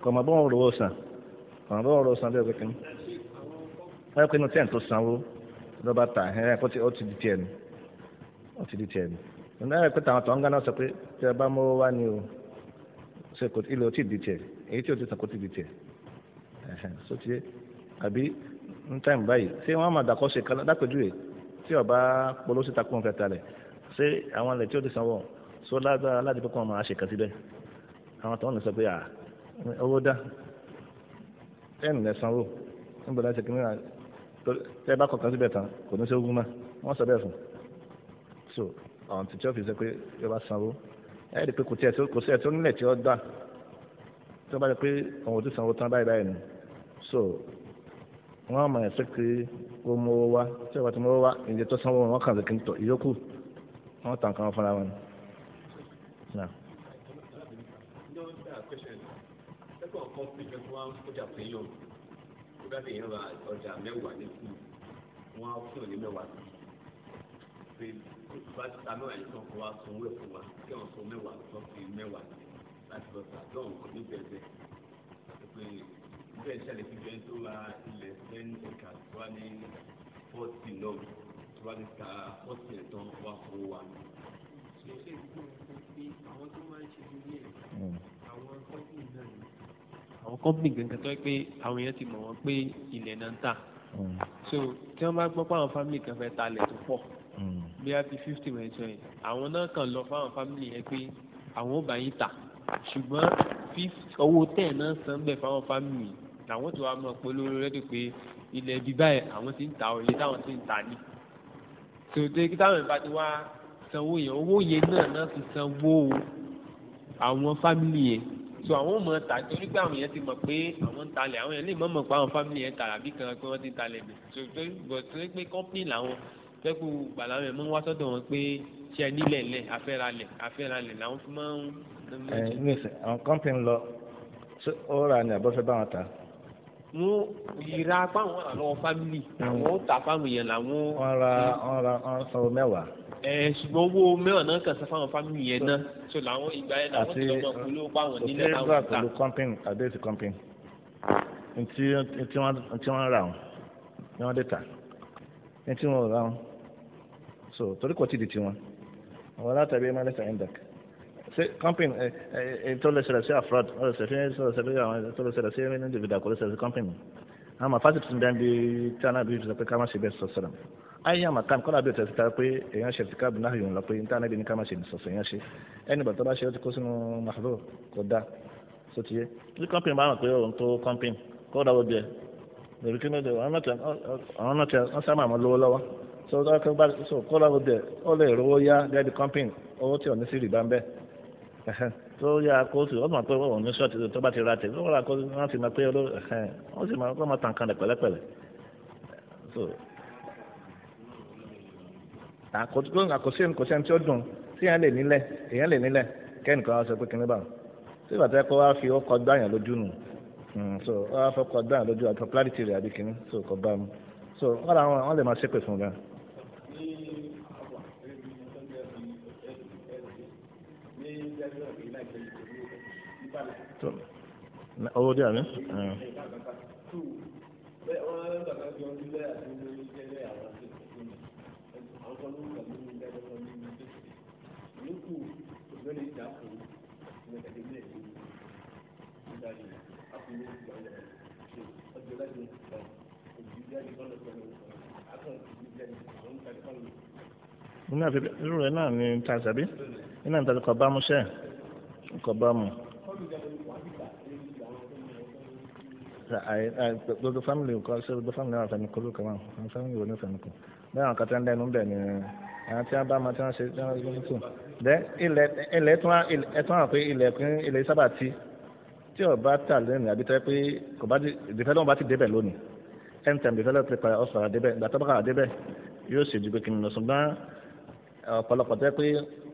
kọ mà bá wọn rọwọ san kò bá wọn rọwọ san bẹ́ẹ̀ bẹ́ẹ̀ kìíní kọ kò ní tíyẹn tó sanwó lọba ta ẹ kó ti ó ti di tiẹ̀ ni ó ti di tiẹ̀ ni ní ẹ pé tàwọn tó ń gánà sọ pé tí ẹ bá mọ wá ni o ṣe kò ilé ó ti di tiẹ̀ èyí tí ó ti sàn ti di tiẹ̀ ẹhẹn sọ ti yé àbí ń tàn báyìí ṣé wọn á máa dàkọ́ ṣe kálá tí ọba polówó síta kún fẹ́ talẹ̀ ṣé àwọn ilẹ̀ tí ó ti sanwó so lágbára aládìpé kan máa ṣe kàn síbẹ̀ àwọn tó ń lè sọ pé owó dá ẹnì lẹ sanwó níbo láti kí nígbà tẹ bá kọkàn síbẹ̀ tán kò ní sí ogun mọ́ wọ́n sọ bẹ́ẹ̀ fún so àwọn tí tíọ́ fi sọ pé yóò bá sanwó ẹ̀ rí i pé kò tiẹ̀ kò sí ẹ̀ tó nílẹ̀ tí ó dá tó bá yẹ pé àwọn ò ti sanwó tán báyìí báyìí nù so wọ́n mọ̀ ẹ́ sẹ́kiri kó mú owó wá tí ọba ti mú owó wá ìdí tó sanwó wọn kàn lókè tó ìyókù wọn tàn kàn fúnra wọn. Wọ́n bẹ́ẹ̀ ṣẹlẹ̀ fífẹ́ tó ra ilẹ̀ ten acres tó wá ní forty náà tó wá ní ta forty ẹ̀ wá fún wa. ṣé ṣe fún àwọn tó máa ń ṣe ilé hmm. àwọn kọ́pìnì náà ni. àwọn kọ́pìnì gangan tó pé àwọn èèyàn ti mọ̀ wọ́n pé ilẹ̀ náà ń tà. Hmm. so tí wọ́n bá gbọ́ pé àwọn fámìlì kan fẹ́ ta ilẹ̀ tó pọ̀ hmm. bí a fi fifty mẹ́tọ́ yẹn àwọn náà kàn lọ fáwọn fámìlì yẹn pé àwọn ò bá yín tà ṣùgbọ́n owó tẹ̀ náà san bẹ́ẹ̀ fáwọn fámìlì yìí làwọn tó wá mọ̀ pé olóró rẹ́díò pé ilẹ̀ ibi báyìí àwọn ti ń ta òye táwọn ti ń ta ni tòde kí táwọn ìbá ti wá sanwó yẹn owó yẹn náà náà ti sanwó àwọn fámìlì yẹn so àwọn mọ̀ ta torí pé àwọn yẹn ti mọ̀ pé àwọn ń talẹ̀ àwọn yẹn lè mọ̀ mọ̀ pé àwọn fámìlì yẹn tààrà bí kan pé wọ́n ti ń talẹ̀ bẹ̀ so torí bọ̀ pé kọ́pìnì làwọn fẹ́kù gbàlà rẹ̀ mọ́ wá sọ́dọ̀ wọn pé ṣe nílẹ̀ lẹ̀ afẹ́ralẹ̀ afẹ́ralẹ̀ làwọn fi máa ń. ẹ ẹ àwọn kọ́pìnì lọ ṣé ó rà àbọ̀fẹ́ báwọn ta wọn yìrá báwọn wà lọ́wọ́ fámìlì àwọn hmm. ó ta fáwọn èèyàn làwọn. wọn ra wọn ra wọn sanwó mẹ́wàá. ẹ ṣùgbọ́n owó mẹ́wàá náà kàn sí fáwọn fámìlì yẹn náà so làwọn ìgbà yẹn làwọn ti lọ́mọ polówó báwọn nílẹ̀ táwọn ta. àti òkèèrè pẹ̀lú kọ́mpìn àdéhùn kọ́mpìn ntí ntí wọ́n ra wọn ni wọ́n dé ta ntí wọ́n ra wọn so torí kò tí di tiwọn àwọn látàbí ẹ má lẹ́sà ẹ̀ ń dàkẹ́ ṣe company ẹ ẹ tó lè ṣẹlẹ̀ sí afrod ó lè ṣẹlẹ̀ sí ọ̀rọ̀ ṣẹlẹ̀ àwọn tó lè ṣẹlẹ̀ sí ẹni dìbìdà kò lè ṣẹlẹ̀ sí company àmọ́ fásitì tún dán bí tí a náà bí sọ pé ká má ṣe bẹ́ẹ̀ sọ̀sọ̀rọ̀ ayé àmà kan kọ́lá bí o tẹ̀síta pé èèyàn ṣe tìkábù náà yòó lọ pé níta náà bí ní ká má ṣe ní sọ̀sọ̀ èèyàn ṣe ẹni bàtà bá ṣe ó ti kó sínú mahalo kò dáa so ti yé bí company bá mọ̀ pé òun tó company kó dáwọ́ bí ẹ lórí kí ló dé àwọn náà tẹ wọ́n sábà mọ́ lówó lọ́wọ́ so kó dáwọ́ bí ẹ ó lè rówó yá gẹ́gẹ́ bí company owó tí ò ní sí rìbá ń bẹ́ẹ̀ tó yà kóòtù ọmọ pé wọn ò ní sọ́ọ̀tì tó bá ti ra tèmi wọn ra kóòtù wọn ti máa pé olórí wọn sì máa kọ́ máa tàn kalẹ̀ pẹ̀lẹ́pẹ̀lẹ́ so àkótó àkóso ìkóso ẹni tí ó dùn tí èèyàn lè nílẹ̀ èèyàn lè nílẹ̀ kẹ́nìkan wá sọ pé kíní báwọn tí bàtà ẹ̀kọ́ wá fi ọkọ̀ gbàyàn lójú nù hmm, so wọ́n á fọkọ̀ gbàyàn lójú àti popularity rẹ̀ àbí kíní so kò bá mu so wọ́n lè máa ṣépè fún gan. owó dí àmì. nínú àfi irú rẹ̀ náà ni tàbí nínú àti tàbí kọ̀ bámu ṣẹ́ kọ̀ bámu gbogbo family nǹkan ṣe gbogbo family náà fẹmi kúrú kan wọn family wo ni fẹmi kù bẹ́ẹ̀ àwọn kàtà ń dẹnu bẹ́ẹ̀ ni àwọn tí wọn bá máa tí wọn ṣe tí wọn gbé kù dẹ ilẹ̀ ilẹ̀ tí wọn ẹtún àwọn pé ilẹ̀ pín ilẹ̀ sábà tí tí ọba tà lẹ́nu àbí tẹ pé kò bá develop bá ti débẹ̀ lónìí ẹn tẹm develop ti padà ọsàn àdébẹ̀ ìgbà tó bá kà débẹ̀ yóò ṣèjú pé kìnìún ṣùgbọ́n ọ̀pọ̀lọpọ̀ tẹ pé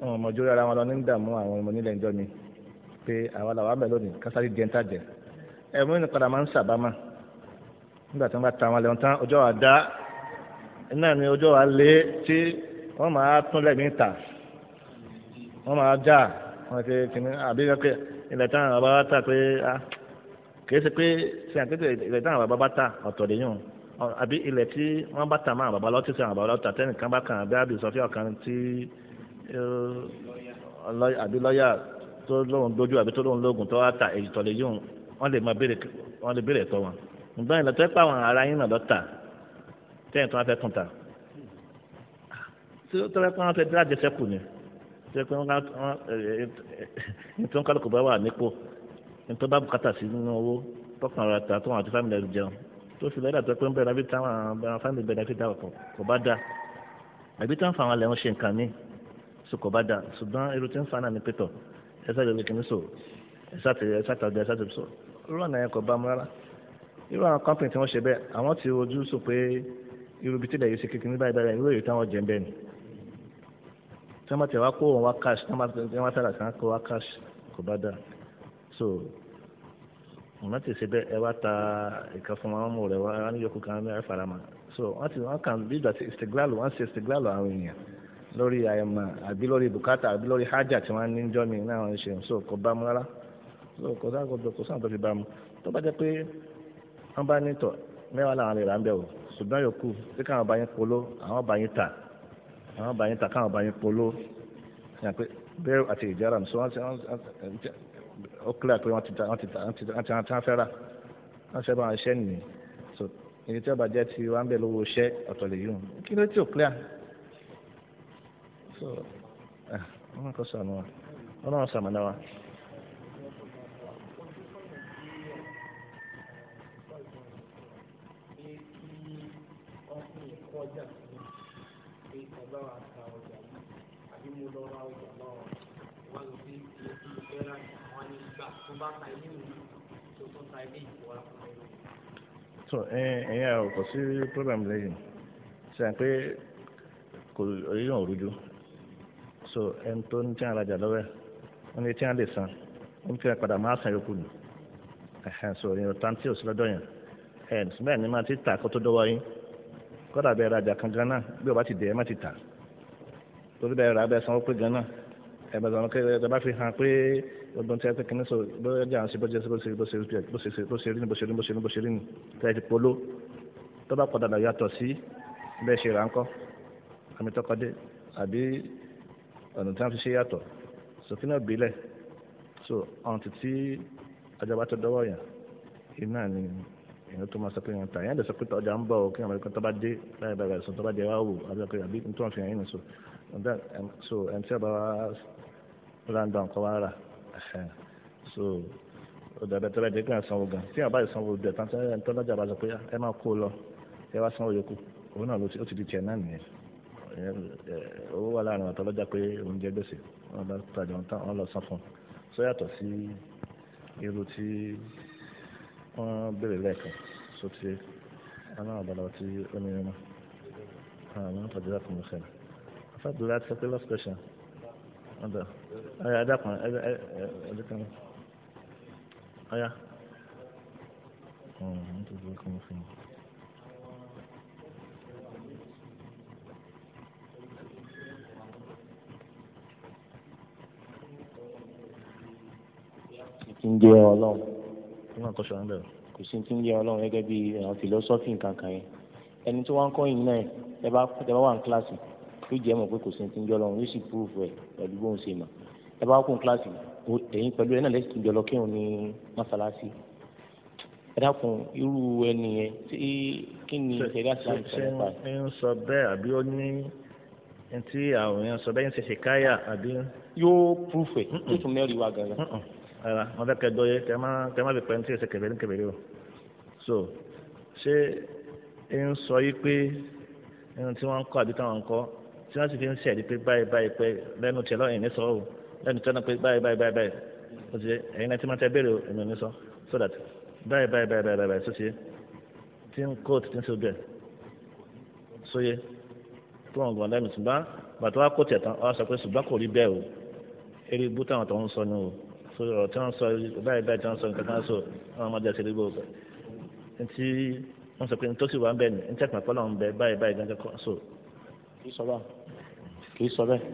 ọmọ ìjọba ara wọn lọ ní dààmú àwọn ọmọ nílẹ̀ ìjọ mi pé àwa làwa bẹ̀ lónìí kásáré jẹ́ jẹ jẹ́ ẹ̀mú padà máa ń sàbámà nígbà tí wọ́n bá ta wọn tán wa dá náà ni wa lé tí wọ́n máa tún lẹ́gbẹ̀ẹ́ ta wọ́n máa já wọ́n ti kìnnì àbí pé ilẹ̀ bàbá ta pé a ah, kìí ṣe pé ṣe àpẹẹrẹ ilẹ̀ táwọn bàbá bá ta ọ̀tọ̀ àbí ilẹ̀ tí bá ta máa bàbá bàbá bá kàn àbí sọfíà kan tí eh, àbí lọ́yà tó lóun dojú àbí tó lóun lóògùn tó wá ta èyí tọ̀lé yóò wọ́n lè máa béèrè wọ́n lè béèrè ẹ̀tọ́ wọn nígbà yẹn lọ́tọ́ ẹ̀pà àwọn ará yín náà lọ́tà tẹ́yìn tó wọ́n fẹ́ tún ta tí ó tọ́lá pé wọ́n fẹ́ dá àjẹsẹ́kù ni tí ó pé wọ́n tó ń kálukú bá wà nípò tó bá bùkátà sí nínú owó tọkàn rẹ̀ tà tó wọn àti fámìlì rẹ̀ jẹun tó fi lọ́dà tó ẹ̀sà lórí kìíní sọ̀rọ̀ ẹ̀sà tẹ̀ ẹ̀sà tàbí ẹ̀sà tẹ̀ sọ̀rọ̀ irú ọ̀nà yẹn kò bá mu rárá irú àwọn kọ́mpìnì tí wọ́n ṣe bẹ́ẹ̀ àwọn ti ojú sọ pé irú bíi tílẹ̀ yìí ṣe kékeré báyìí báyìí irú èyí táwọn jẹ́ bẹ́ẹ̀ ni tí wọ́n bá tẹ̀ wá kó wọn wá cash tí wọ́n bá tàdà kan kó wá cash kò bá dáa so wọ́n ti ṣe bẹ́ẹ̀ ẹ wá ta ìkan fún wọn mú rẹ̀ wá níyókù kan ní ẹ fara mọ́ so wọ́n ti wọ́n kàn bí ìgbà tí ìsìtìgbàlù wọ́n ṣe ìsìtìgbàlù àwọn èèyàn lórí àyẹ̀mọ̀ eh, àbí lórí bùkátà àbí lórí hájà tí wọ́n ní ń jọ́ mi náà wọ́n ń ṣe so kò bá mu rárá so kò sáà kò sáà tó fi bá mu tó bá jẹ́ pé wọ́n bá ní tọ̀ mẹ́wàá làwọn lè rà ń bẹ̀ o ṣùgbọ́n yòókù tí káwọn bá yín polo àwọn bá yín tà àwọn bá yín tà káwọn bá yín polo yàn pé bẹ́ẹ̀ àti ìjára mi so wọ́n ti ó kílẹ̀ pé wọ́n ti ta wọ́n ti ta wọ́n ti ta wọ́n ti fẹ́ rà wọ́n ṣe bá wọn ṣẹ́ nìyí so èyí tí ọba jẹ́ ti wá ń bẹ̀ lówó ṣẹ́ ọ̀tọ̀ lè yún kí ló ti ò kílẹ̀ so eh, ọlọ́run kò sànù wa ọlọ́run sàmànà wa. ọjà mi pé ọba wa ta ọjà mi àbí mo lọ ra ọjà lọ́wọ́ sí program lẹ́yìn ṣe à ń pé kò èyí ò rújú so ẹni tó ní tí wọn rajà lọ́wọ́ ẹ̀ wọ́n ní tí wọn lè san padà máa san yòókù nù ẹ̀hẹ́n so ìyẹn tán tí òsì lọ́dọ̀ yẹn ẹ̀hẹ́n so bẹ́ẹ̀ ni máa ti tà kó tó dọ́wọ́ yín kọ́dà bẹ́ẹ̀ rajà kan gan náà bí o bá ti dẹ̀ ẹ́ má ti tà torí bẹ́ẹ̀ rà bẹ́ẹ̀ sanwó pé gan náà ẹ̀ bẹ̀rẹ̀ sanwó pé ẹ bá fi hàn pé ọdún tí a pé kínní so bóyá jà ń ṣe bó ṣe bó ṣe bó ṣe bó ṣe bó ṣe rí ni bó ṣe rí ni bó ṣe rí ni bó ṣe rí ni tẹ́ ẹ ti polo tó bá ọ̀nà tí wọ́n fi ṣe yàtọ̀ sókè náà bílẹ̀ so ọ̀n ti tí ọjọba tó dọ́wọ́ yàn iná ni èèyàn tó máa sọ pé yàn tà yàn lè sọ pé ọjà ń bọ̀ kí àwọn ẹ̀kọ́ tó bá dé láyé bá rẹ̀ tó bá dé wá wò àbí tó ń fi hàn yín so so ẹni tí ọba wa randa nǹkan wa rà so ọ̀dàbẹ̀ tó bá dé kí wọ́n sanwó gan tí àbá ìsanwó dẹ̀ tán tí wọ́n tọ́lọ́jà bá sọ pé ah, ẹ máa kó lọ ẹ wá sanwó yòókù òun náà ó ti di tiẹ̀ náà nìyẹn owó wà láàrin ọ̀tọ́ lọ́jà pé oúnjẹ gbèsè wọn bá tajà ń tán wọn lọ san fún un sọ yàtọ̀ sí irú tí wọ́n béèrè lẹ́ẹ̀kan so ti aláwọ̀ balọ̀ tí ó ní iná àwọn ọmọ tàbí láti mú sẹ́yìn afẹ́bùrẹ́ àti sẹ́pẹ́ last question ọ̀dọ̀ ọ̀yà adákan ẹ̀ẹ́dẹ́ kan ọ̀yà ọ̀hún tó dúró kí wọ́n fi mú. ti ń jẹ́ ọlọ́run náà kọ́ sọ̀rọ̀ bẹ̀rẹ̀ kò sí ti ń jẹ́ ọlọ́run gẹ́gẹ́ bí ẹ̀rọ fìlọ́sọ́fì kankan yẹn ẹni tí wọ́n ń yìí náà ẹ bá ẹ bá wà ní kíláàsì yóò jẹ́ mọ̀ pé kò sí ti ń jẹ́ ọlọ́run yóò sì púrúfù ẹ̀ pẹ̀lú bóun ṣe mọ̀ ẹ bá kún kíláàsì ẹ̀yin pẹ̀lú ẹ náà lẹ́sìn ti ń jẹ́ ọlọ́ kírun ní mọ́sálásí ẹ dákun irú ẹni yẹn tí kí ni ìṣẹ̀dá sàn sọ bẹ́ẹ̀ àbí ó ní tí àwọn ara wọn fẹ́ kẹ́ dọ́yẹ kẹ́ má kẹ́ má lè pẹ́ ní tí ẹsẹ̀ kẹ̀bẹ́ o so ṣé ń sọ yìí pé ẹni tí wọ́n ń kọ́ àbí táwọn ń kọ́ tí wọ́n sì fi ń ṣẹ̀rí pé báyìí báyìí pé lẹ́nu tiẹ̀ lọ́yìn ní sọ o lẹ́nu tiẹ̀ náà pé báyìí báyìí báyìí báyìí o ti ẹ̀yin náà ti máa tẹ béèrè o èmi ò ní sọ so that báyìí báyìí báyìí báyìí báyìí sọ́sì tí ń kó tí ń ṣe bẹ́ẹ̀ sóye tó wọn gbọ́n lẹ́nu ṣùgbọ́n bàtà wa kó tiẹ̀ tán ọ so ọ̀rọ̀ tí wọ́n sọ báyìí báyìí tí wọ́n sọ nǹkan kan sọ wọ́n máa dẹ̀sẹ̀ lébò ọ̀gbẹ́ ntí wọ́n sọ pé ntọ́ sì wà ń bẹ̀ ní ntí àpapọ̀ náà ń bẹ báyìí báyìí gángan kan sọ. kì í sọ báà kì í sọ bẹ́ẹ̀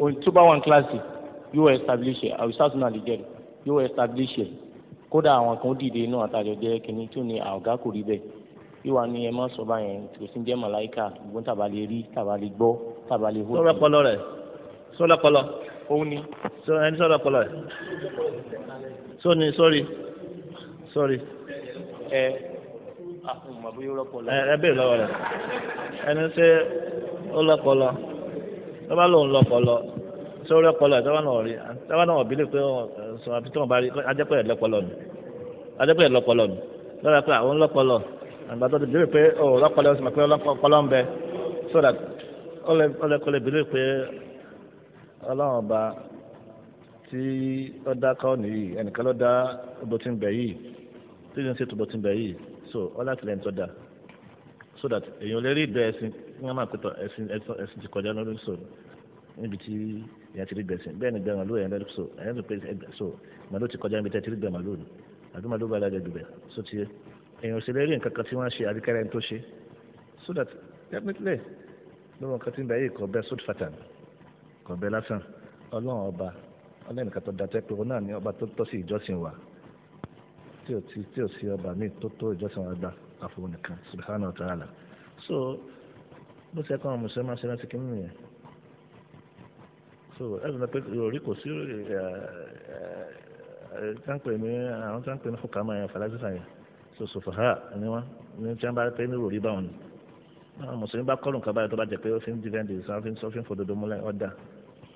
o tó bá wọn kíláàsì yóò establish ẹ̀ àwọn ìṣàtúnà lè jẹ́rìí yóò establish ẹ̀ kódà àwọn kan dìde inú àtàjọ jẹ́ kínní tó ní àwògá kò rí bẹ́ẹ̀ yíwa ni ẹ má sọ báyẹn kò sí jẹ́ màláìka ìgbón tàbá rí tàbá lè gbọ́ hó. sọlá kọlọ rẹ sọlá kọlọ òun ni ẹni sọ̀rọ̀ ọpọlọ rẹ̀ sóni sọ́rí sọ́rí ẹ ẹ bẹ́ẹ̀ lọ́wọ́ rẹ̀ ẹni ṣe ó lọ́pọlọ tó lòun lọ́pọlọ sórí ọpọlọ ẹ̀ tọ́wọ́ náà rí tọ́wọ́ náà bí lè pé sọ àti tí wọ́n bá rí adẹ́pẹ̀rẹ̀ lọ́pọlọ nù adẹ́pẹ̀rẹ̀ lọ́pọlọ nù lọ́la pé àwọn lọ́pọlọ àgbà tó ti bèrè pé ọ̀ lọ́pọlọ ó sì mọ̀ pé ọlọ́pọlọ ń bẹ sódà ó lè lè pé ọlọ́run ọba tí ó dá káwọn yìí ẹnìkan ló dá bọ́tí ń bẹ̀ yìí tí ó ń ṣètò bọ́tí ń bẹ̀ yìí so ọlá tilẹ̀ ń tọ́ da so that èèyàn lè rí ìgbẹ́ ẹ̀sìn kí wọ́n máa pẹ́tọ̀ ẹ̀sìn ẹ̀sìn ti kọjá lórí so níbi tí èèyàn ti rí gbẹ̀sìn bẹ́ẹ̀ ni gbẹ̀rún lóyè ẹ̀rọ so ẹ̀yàn tó pé so màlúù ti kọjá níbi tẹ́ ti rí gbẹ̀ màlúù ni àdúmọ̀ ló bá lájẹ gbẹ̀ so ti èèyàn ò sì lè rí nǹkan kan tí wọ́n ṣe àbíkẹ́rẹ́ tó ṣe so that definitely ló mọ nǹkan tí ń bẹ yìí kọ bẹ́ẹ̀ sódì fàtàn kò bẹ lásán ọlọ́run ọba ọlẹ́nìkan tó dàtẹ́ pé òun náà ni ọba tó tọ́ sí ìjọsìn wa tí ò tí ò sí ọba míì tó tó ìjọsìn wa gbà àfọwọ́ nìkan subhanahu wa so bó ṣe kọ́ àwọn mùsùlùmí máa ṣe láti kí nínú so ẹ̀rù náà pé orí kò sí táǹpẹ̀ ní àwọn táǹpẹ̀ ní fúkàmá yẹn fàlásífà yẹn so sòfòhà ni wọn ní tí wọn bá pẹ́ ní orí báwọn ni àwọn mùsùlùmí bá kọ́lù nǹkan báyìí tó bá jẹ pé ó fi ń dífẹ́ǹdì sọ fi ń fòdodo múlẹ̀ ọ̀dà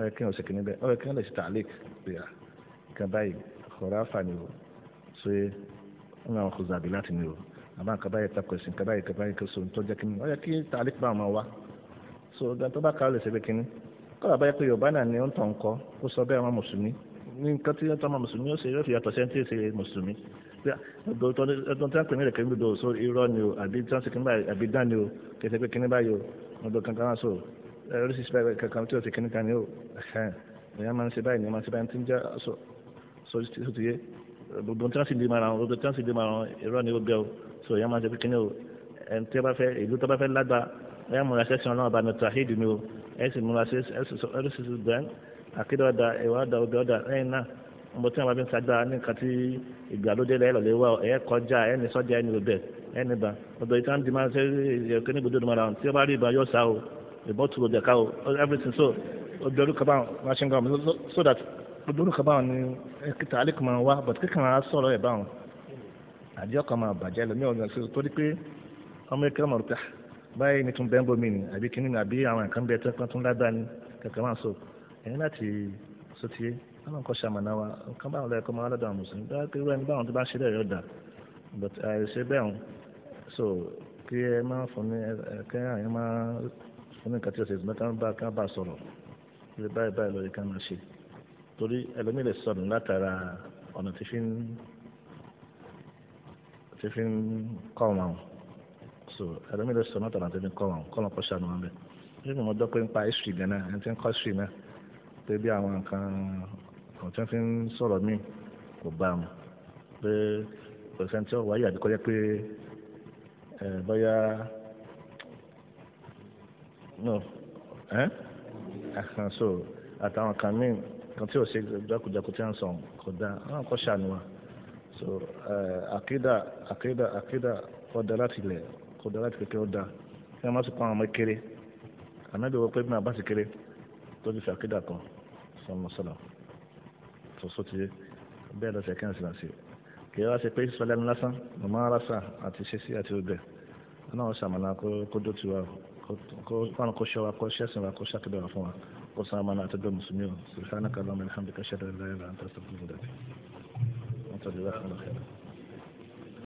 ọ̀rẹ́ kí wọ́n ṣe kìíní bẹ́ẹ̀ ọ̀rẹ́ kí wọ́n lè ṣe tààlẹ́ ìpìlẹ̀ kan báyìí ọ̀rọ̀ àfààní o ṣe ń ra ọkọ̀ zàbí láti ní o àmọ́ nǹkan báyìí takò ẹ̀sìn nǹkan báyìí kẹfà yìí sọ tó jẹ́ kìíní ọ̀rẹ́ kí tààlẹ́ pàmò máa wá so gan bá ká lè ṣe bẹ́ẹ̀ kọ́lá báyìí pé Yorùbá náà ni ó ń tàn kọ́ ó sọ bẹ́ẹ̀ wọn mùsùlùmí ní nǹkan tí wọ́n tọ́ ọmọ mùsùlùmí ó ṣe yóò fi yàtọ̀ sẹ́ńtì ṣe mùsùlùmí ọdún tí wọ́n pè ní ìrẹ̀kẹ́ gbọdọ̀ sórí ni o àbí tí wọ́n ṣe kí ní báyìí àbí dán o kẹsẹ̀ pé kí ní báyìí o ọdún kankan wá sóò Eh, oríṣiríṣi báyìí kankan tí o ti kíní kan ní o èèyàn máa ń ṣe báyìí ní máa ń ṣe báyìí tí ń jẹ́ sọ sọ ti yé eh, gbogbo tí wọ́n sì lè máa ra gbogbo tí wọ́n sì lè máa ra wọn ni ó bẹ́ o sọ èèyàn máa ń ṣe kíní o ẹni tí wọ́n bá fẹ́ ìlú tó bá fẹ́ lágbá ẹ̀yà múra sẹ́sìn ọlọ́run ọba nìta hídì ni o ẹ̀yìn sì múra sẹ́sìn bẹ́ẹ̀ àkéde ọ̀dà ìwà ọ̀dà obì ọ̀dà lẹ́yìn náà mo tí wọn bá fi ní nǹkan tí ní sọ́jà ẹ̀yẹ ní ọbẹ̀ ẹ̀yẹ ní ba ọbẹ̀ yìí a bottle of their cow, everything. So, obìnrin kan báwọn wá ṣe so that obìnrin kan báwọn ni kíta alẹ́ kan máa wá but kíkan á sọ̀rọ̀ ẹ̀ báwọn àjẹ́ ọkàn máa bàjẹ́ lómi ọ̀nà sí torí pé ọmọ ẹ̀kẹ́ ọmọ rúkà ah, báyìí ni tún bẹ́ẹ̀ ń bomi ni àbí kíní ni àbí àwọn nǹkan bẹ́ẹ̀ tó tún lágbára ni kankan máa sọ ẹ̀yìn láti sotie ọlọ́run kọ́ ṣàmànà wa nǹkan báwọn lẹ́ẹ̀kọ́ máa lọ́dọ̀ àwọn so kí ẹ máa fún mi kẹ́ àyẹ̀ kíní kàtí ọ̀sẹ̀ ìsìnkú kan bá kan bá sọ̀rọ̀ ilé báyìí báyìí lórí ká máa ṣe torí ẹlòmíì lè sọnù látara ọ̀nà tí fi ń tí fi ń kọ́ wọn so ẹlòmíì lè sọnù látara tí fi ń kọ́ wọn kọ́ wọn kọ́ sànù wọn bẹ́ẹ̀ nínú ọjọ́ pé ń pa history gan náà ẹni tí ń kọ́ history náà pé bí àwọn nǹkan àwọn tí wọ́n fi ń sọ̀rọ̀ míì kò bá wọn pé kò sẹ́ni tí wọ́n wáyé àbíkọ́jẹ́ pé no ẹ ẹhàn so àtàwọn kan mí kan tí ò ṣe jákujàku tí à ń sọ kò dáa àwọn kan ṣàánú wa so àkídà àkídà àkídà ọ̀dà láti ilẹ̀ ọ̀dà láti kékeré ọ̀dà kí wọ́n má sì kọ́ àwọn ọmọ kéré ànábì wọ pé bí wọ́n bá sì kéré tó ti fi àkídà kan sọmọsọlọ tòṣó ti bẹ́ẹ̀ lọ́sẹ̀ kí wọ́n sì láti kì í wá sí pé sọlẹ́nu lásán mọ̀mọ́ lásán àti ṣẹ́sí àti ọbẹ̀ náà ṣàmọ̀nà kó dó tiwa o kọ́nà kó ṣọ́ra kó ṣẹ́sìn ra kó ṣàkébẹ̀ wá fún wa kó sọ àmàna àtẹ́gbẹ́ mùsùlùmí o sùlùfẹ́ ànàkàlà ọmọ ìlhàmdìkà ṣẹ́dá ìlà ìlà àǹtà sọ̀tún ìdàtì